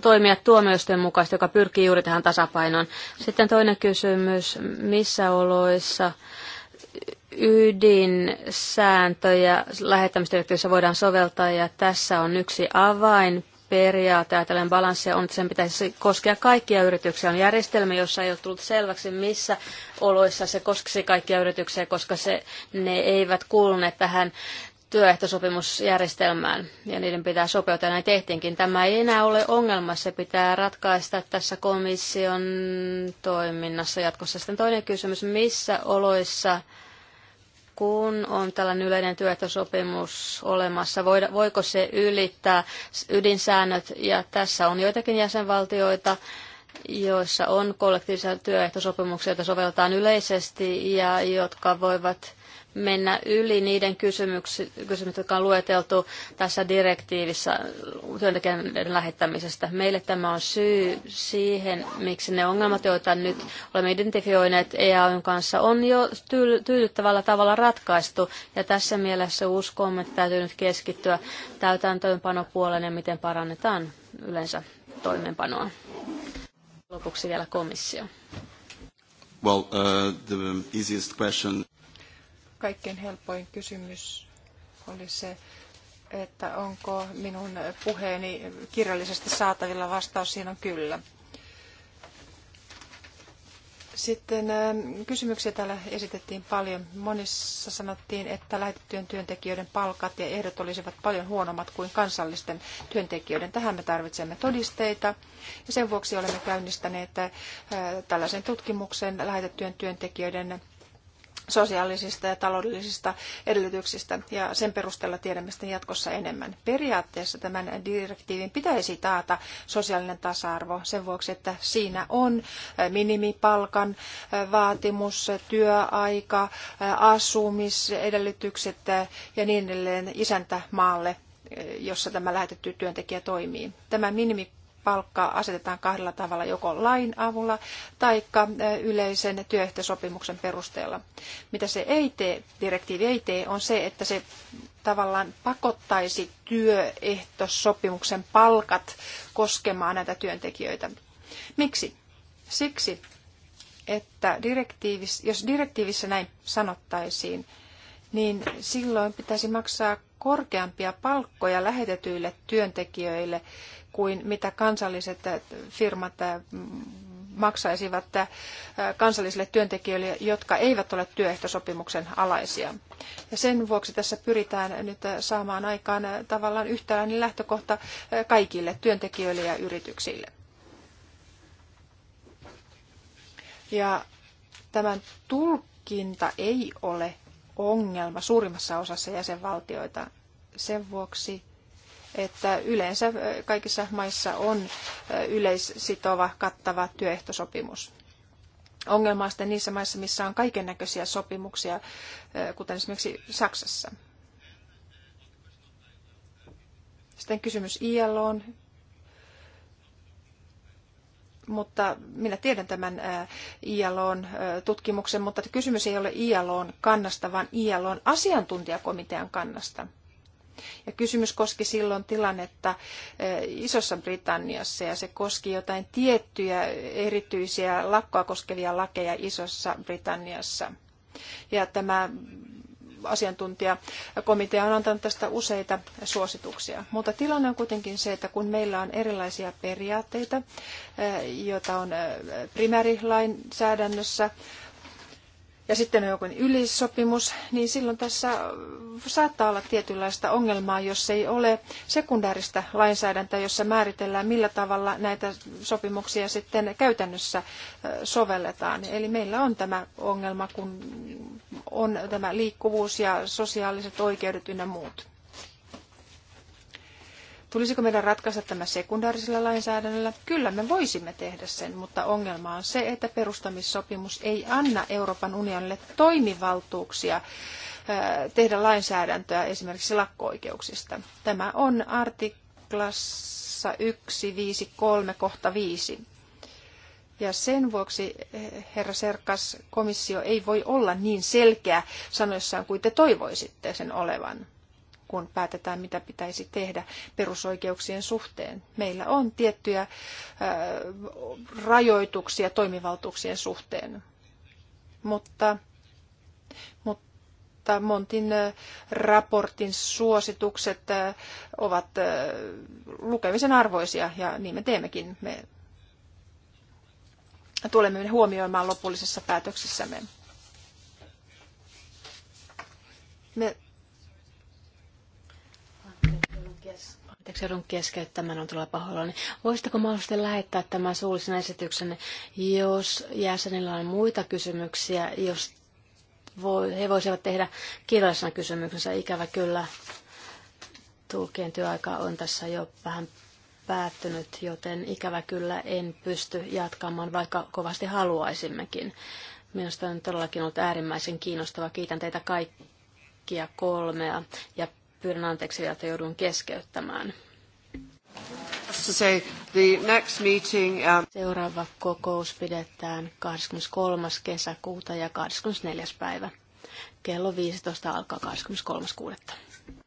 toimia tuomioistuimen mukaisesti, joka pyrkii juuri tähän tasapainoon. Sitten toinen kysymys, missä oloissa ydinsääntöjä lähettämisdirektiivissä voidaan soveltaa, ja tässä on yksi avain periaate, ajatellen balanssia, on, että sen pitäisi koskea kaikkia yrityksiä. On järjestelmä, jossa ei ole tullut selväksi, missä oloissa se koskisi kaikkia yrityksiä, koska se, ne eivät kuuluneet tähän työehtosopimusjärjestelmään ja niiden pitää sopeutua. Näin tehtiinkin. Tämä ei enää ole ongelma. Se pitää ratkaista tässä komission toiminnassa jatkossa. Sitten toinen kysymys, missä oloissa kun on tällainen yleinen työehtosopimus olemassa, voiko se ylittää ydinsäännöt? Ja tässä on joitakin jäsenvaltioita, joissa on kollektiivisia työehtosopimuksia, joita sovelletaan yleisesti ja jotka voivat mennä yli niiden kysymyksiä, jotka on lueteltu tässä direktiivissä työntekijöiden lähettämisestä. Meille tämä on syy siihen, miksi ne ongelmat, joita nyt olemme identifioineet EAYn kanssa, on jo tyydyttävällä tavalla ratkaistu. Ja tässä mielessä uskomme, että täytyy nyt keskittyä täytäntöönpanopuoleen ja miten parannetaan yleensä toimeenpanoa. Lopuksi vielä komissio. Well, uh, the easiest question kaikkein helpoin kysymys oli se, että onko minun puheeni kirjallisesti saatavilla. Vastaus siinä on kyllä. Sitten kysymyksiä täällä esitettiin paljon. Monissa sanottiin, että lähetettyjen työntekijöiden palkat ja ehdot olisivat paljon huonommat kuin kansallisten työntekijöiden. Tähän me tarvitsemme todisteita ja sen vuoksi olemme käynnistäneet tällaisen tutkimuksen lähetettyjen työntekijöiden sosiaalisista ja taloudellisista edellytyksistä ja sen perusteella tiedämme sitten jatkossa enemmän. Periaatteessa tämän direktiivin pitäisi taata sosiaalinen tasa-arvo sen vuoksi, että siinä on eh, minimipalkan eh, vaatimus, työaika, eh, asumisedellytykset ja niin edelleen isäntämaalle jossa tämä lähetetty työntekijä toimii. Tämä minimi Palkka asetetaan kahdella tavalla, joko lain avulla tai yleisen työehtosopimuksen perusteella. Mitä se ei tee, direktiivi ei tee, on se, että se tavallaan pakottaisi työehtosopimuksen palkat koskemaan näitä työntekijöitä. Miksi? Siksi, että direktiivissä, jos direktiivissä näin sanottaisiin, niin silloin pitäisi maksaa korkeampia palkkoja lähetetyille työntekijöille kuin mitä kansalliset äh, firmat äh, maksaisivat äh, kansallisille työntekijöille, jotka eivät ole työehtosopimuksen alaisia. Ja sen vuoksi tässä pyritään nyt saamaan aikaan tavallaan yhtäläinen lähtökohta kaikille työntekijöille ja yrityksille. Ja tämän tulkinta ei ole ongelma suurimmassa osassa jäsenvaltioita. Sen vuoksi että yleensä kaikissa maissa on yleissitova kattava työehtosopimus. Ongelma on sitten niissä maissa, missä on kaiken näköisiä sopimuksia, kuten esimerkiksi Saksassa. Sitten kysymys ILOon. Mutta minä tiedän tämän ILOn tutkimuksen, mutta kysymys ei ole ILOn kannasta, vaan ILOn asiantuntijakomitean kannasta – ja kysymys koski silloin tilannetta eh, Isossa Britanniassa ja se koski jotain tiettyjä erityisiä lakkoa koskevia lakeja Isossa Britanniassa. Ja tämä asiantuntijakomitea on antanut tästä useita suosituksia. Mutta tilanne on kuitenkin se, että kun meillä on erilaisia periaatteita, eh, joita on eh, primäärilainsäädännössä, ja sitten on joku ylisopimus, niin silloin tässä saattaa olla tietynlaista ongelmaa, jos ei ole sekundaarista lainsäädäntöä, jossa määritellään, millä tavalla näitä sopimuksia sitten käytännössä sovelletaan. Eli meillä on tämä ongelma, kun on tämä liikkuvuus ja sosiaaliset oikeudet ynnä muut. Tulisiko meidän ratkaista tämä sekundaarisella lainsäädännöllä? Kyllä me voisimme tehdä sen, mutta ongelma on se, että perustamissopimus ei anna Euroopan unionille toimivaltuuksia tehdä lainsäädäntöä esimerkiksi lakko-oikeuksista. Tämä on artiklassa 153 kohta 5. Ja sen vuoksi, eh, herra Serkas, komissio ei voi olla niin selkeä sanoissaan kuin te toivoisitte sen olevan kun päätetään, mitä pitäisi tehdä perusoikeuksien suhteen. Meillä on tiettyjä rajoituksia toimivaltuuksien suhteen, mutta, mutta Montin raportin suositukset ovat lukemisen arvoisia ja niin me teemmekin. Me tulemme ne huomioimaan lopullisessa päätöksessämme. Me Yes. Anteeksi, joudun keskeyttämään, on tulla pahoillani. Voisitteko mahdollisesti lähettää tämän suullisen esityksen, jos jäsenillä on muita kysymyksiä, jos voi, he voisivat tehdä kirjallisena kysymyksensä. Ikävä kyllä tulkien työaika on tässä jo vähän päättynyt, joten ikävä kyllä en pysty jatkamaan, vaikka kovasti haluaisimmekin. Minusta on todellakin ollut äärimmäisen kiinnostava. Kiitän teitä kaikkia kolmea ja Pyydän anteeksi, että joudun keskeyttämään. Um, Seuraava kokous pidetään 23. kesäkuuta ja 24. päivä. Kello 15 alkaa 23.6.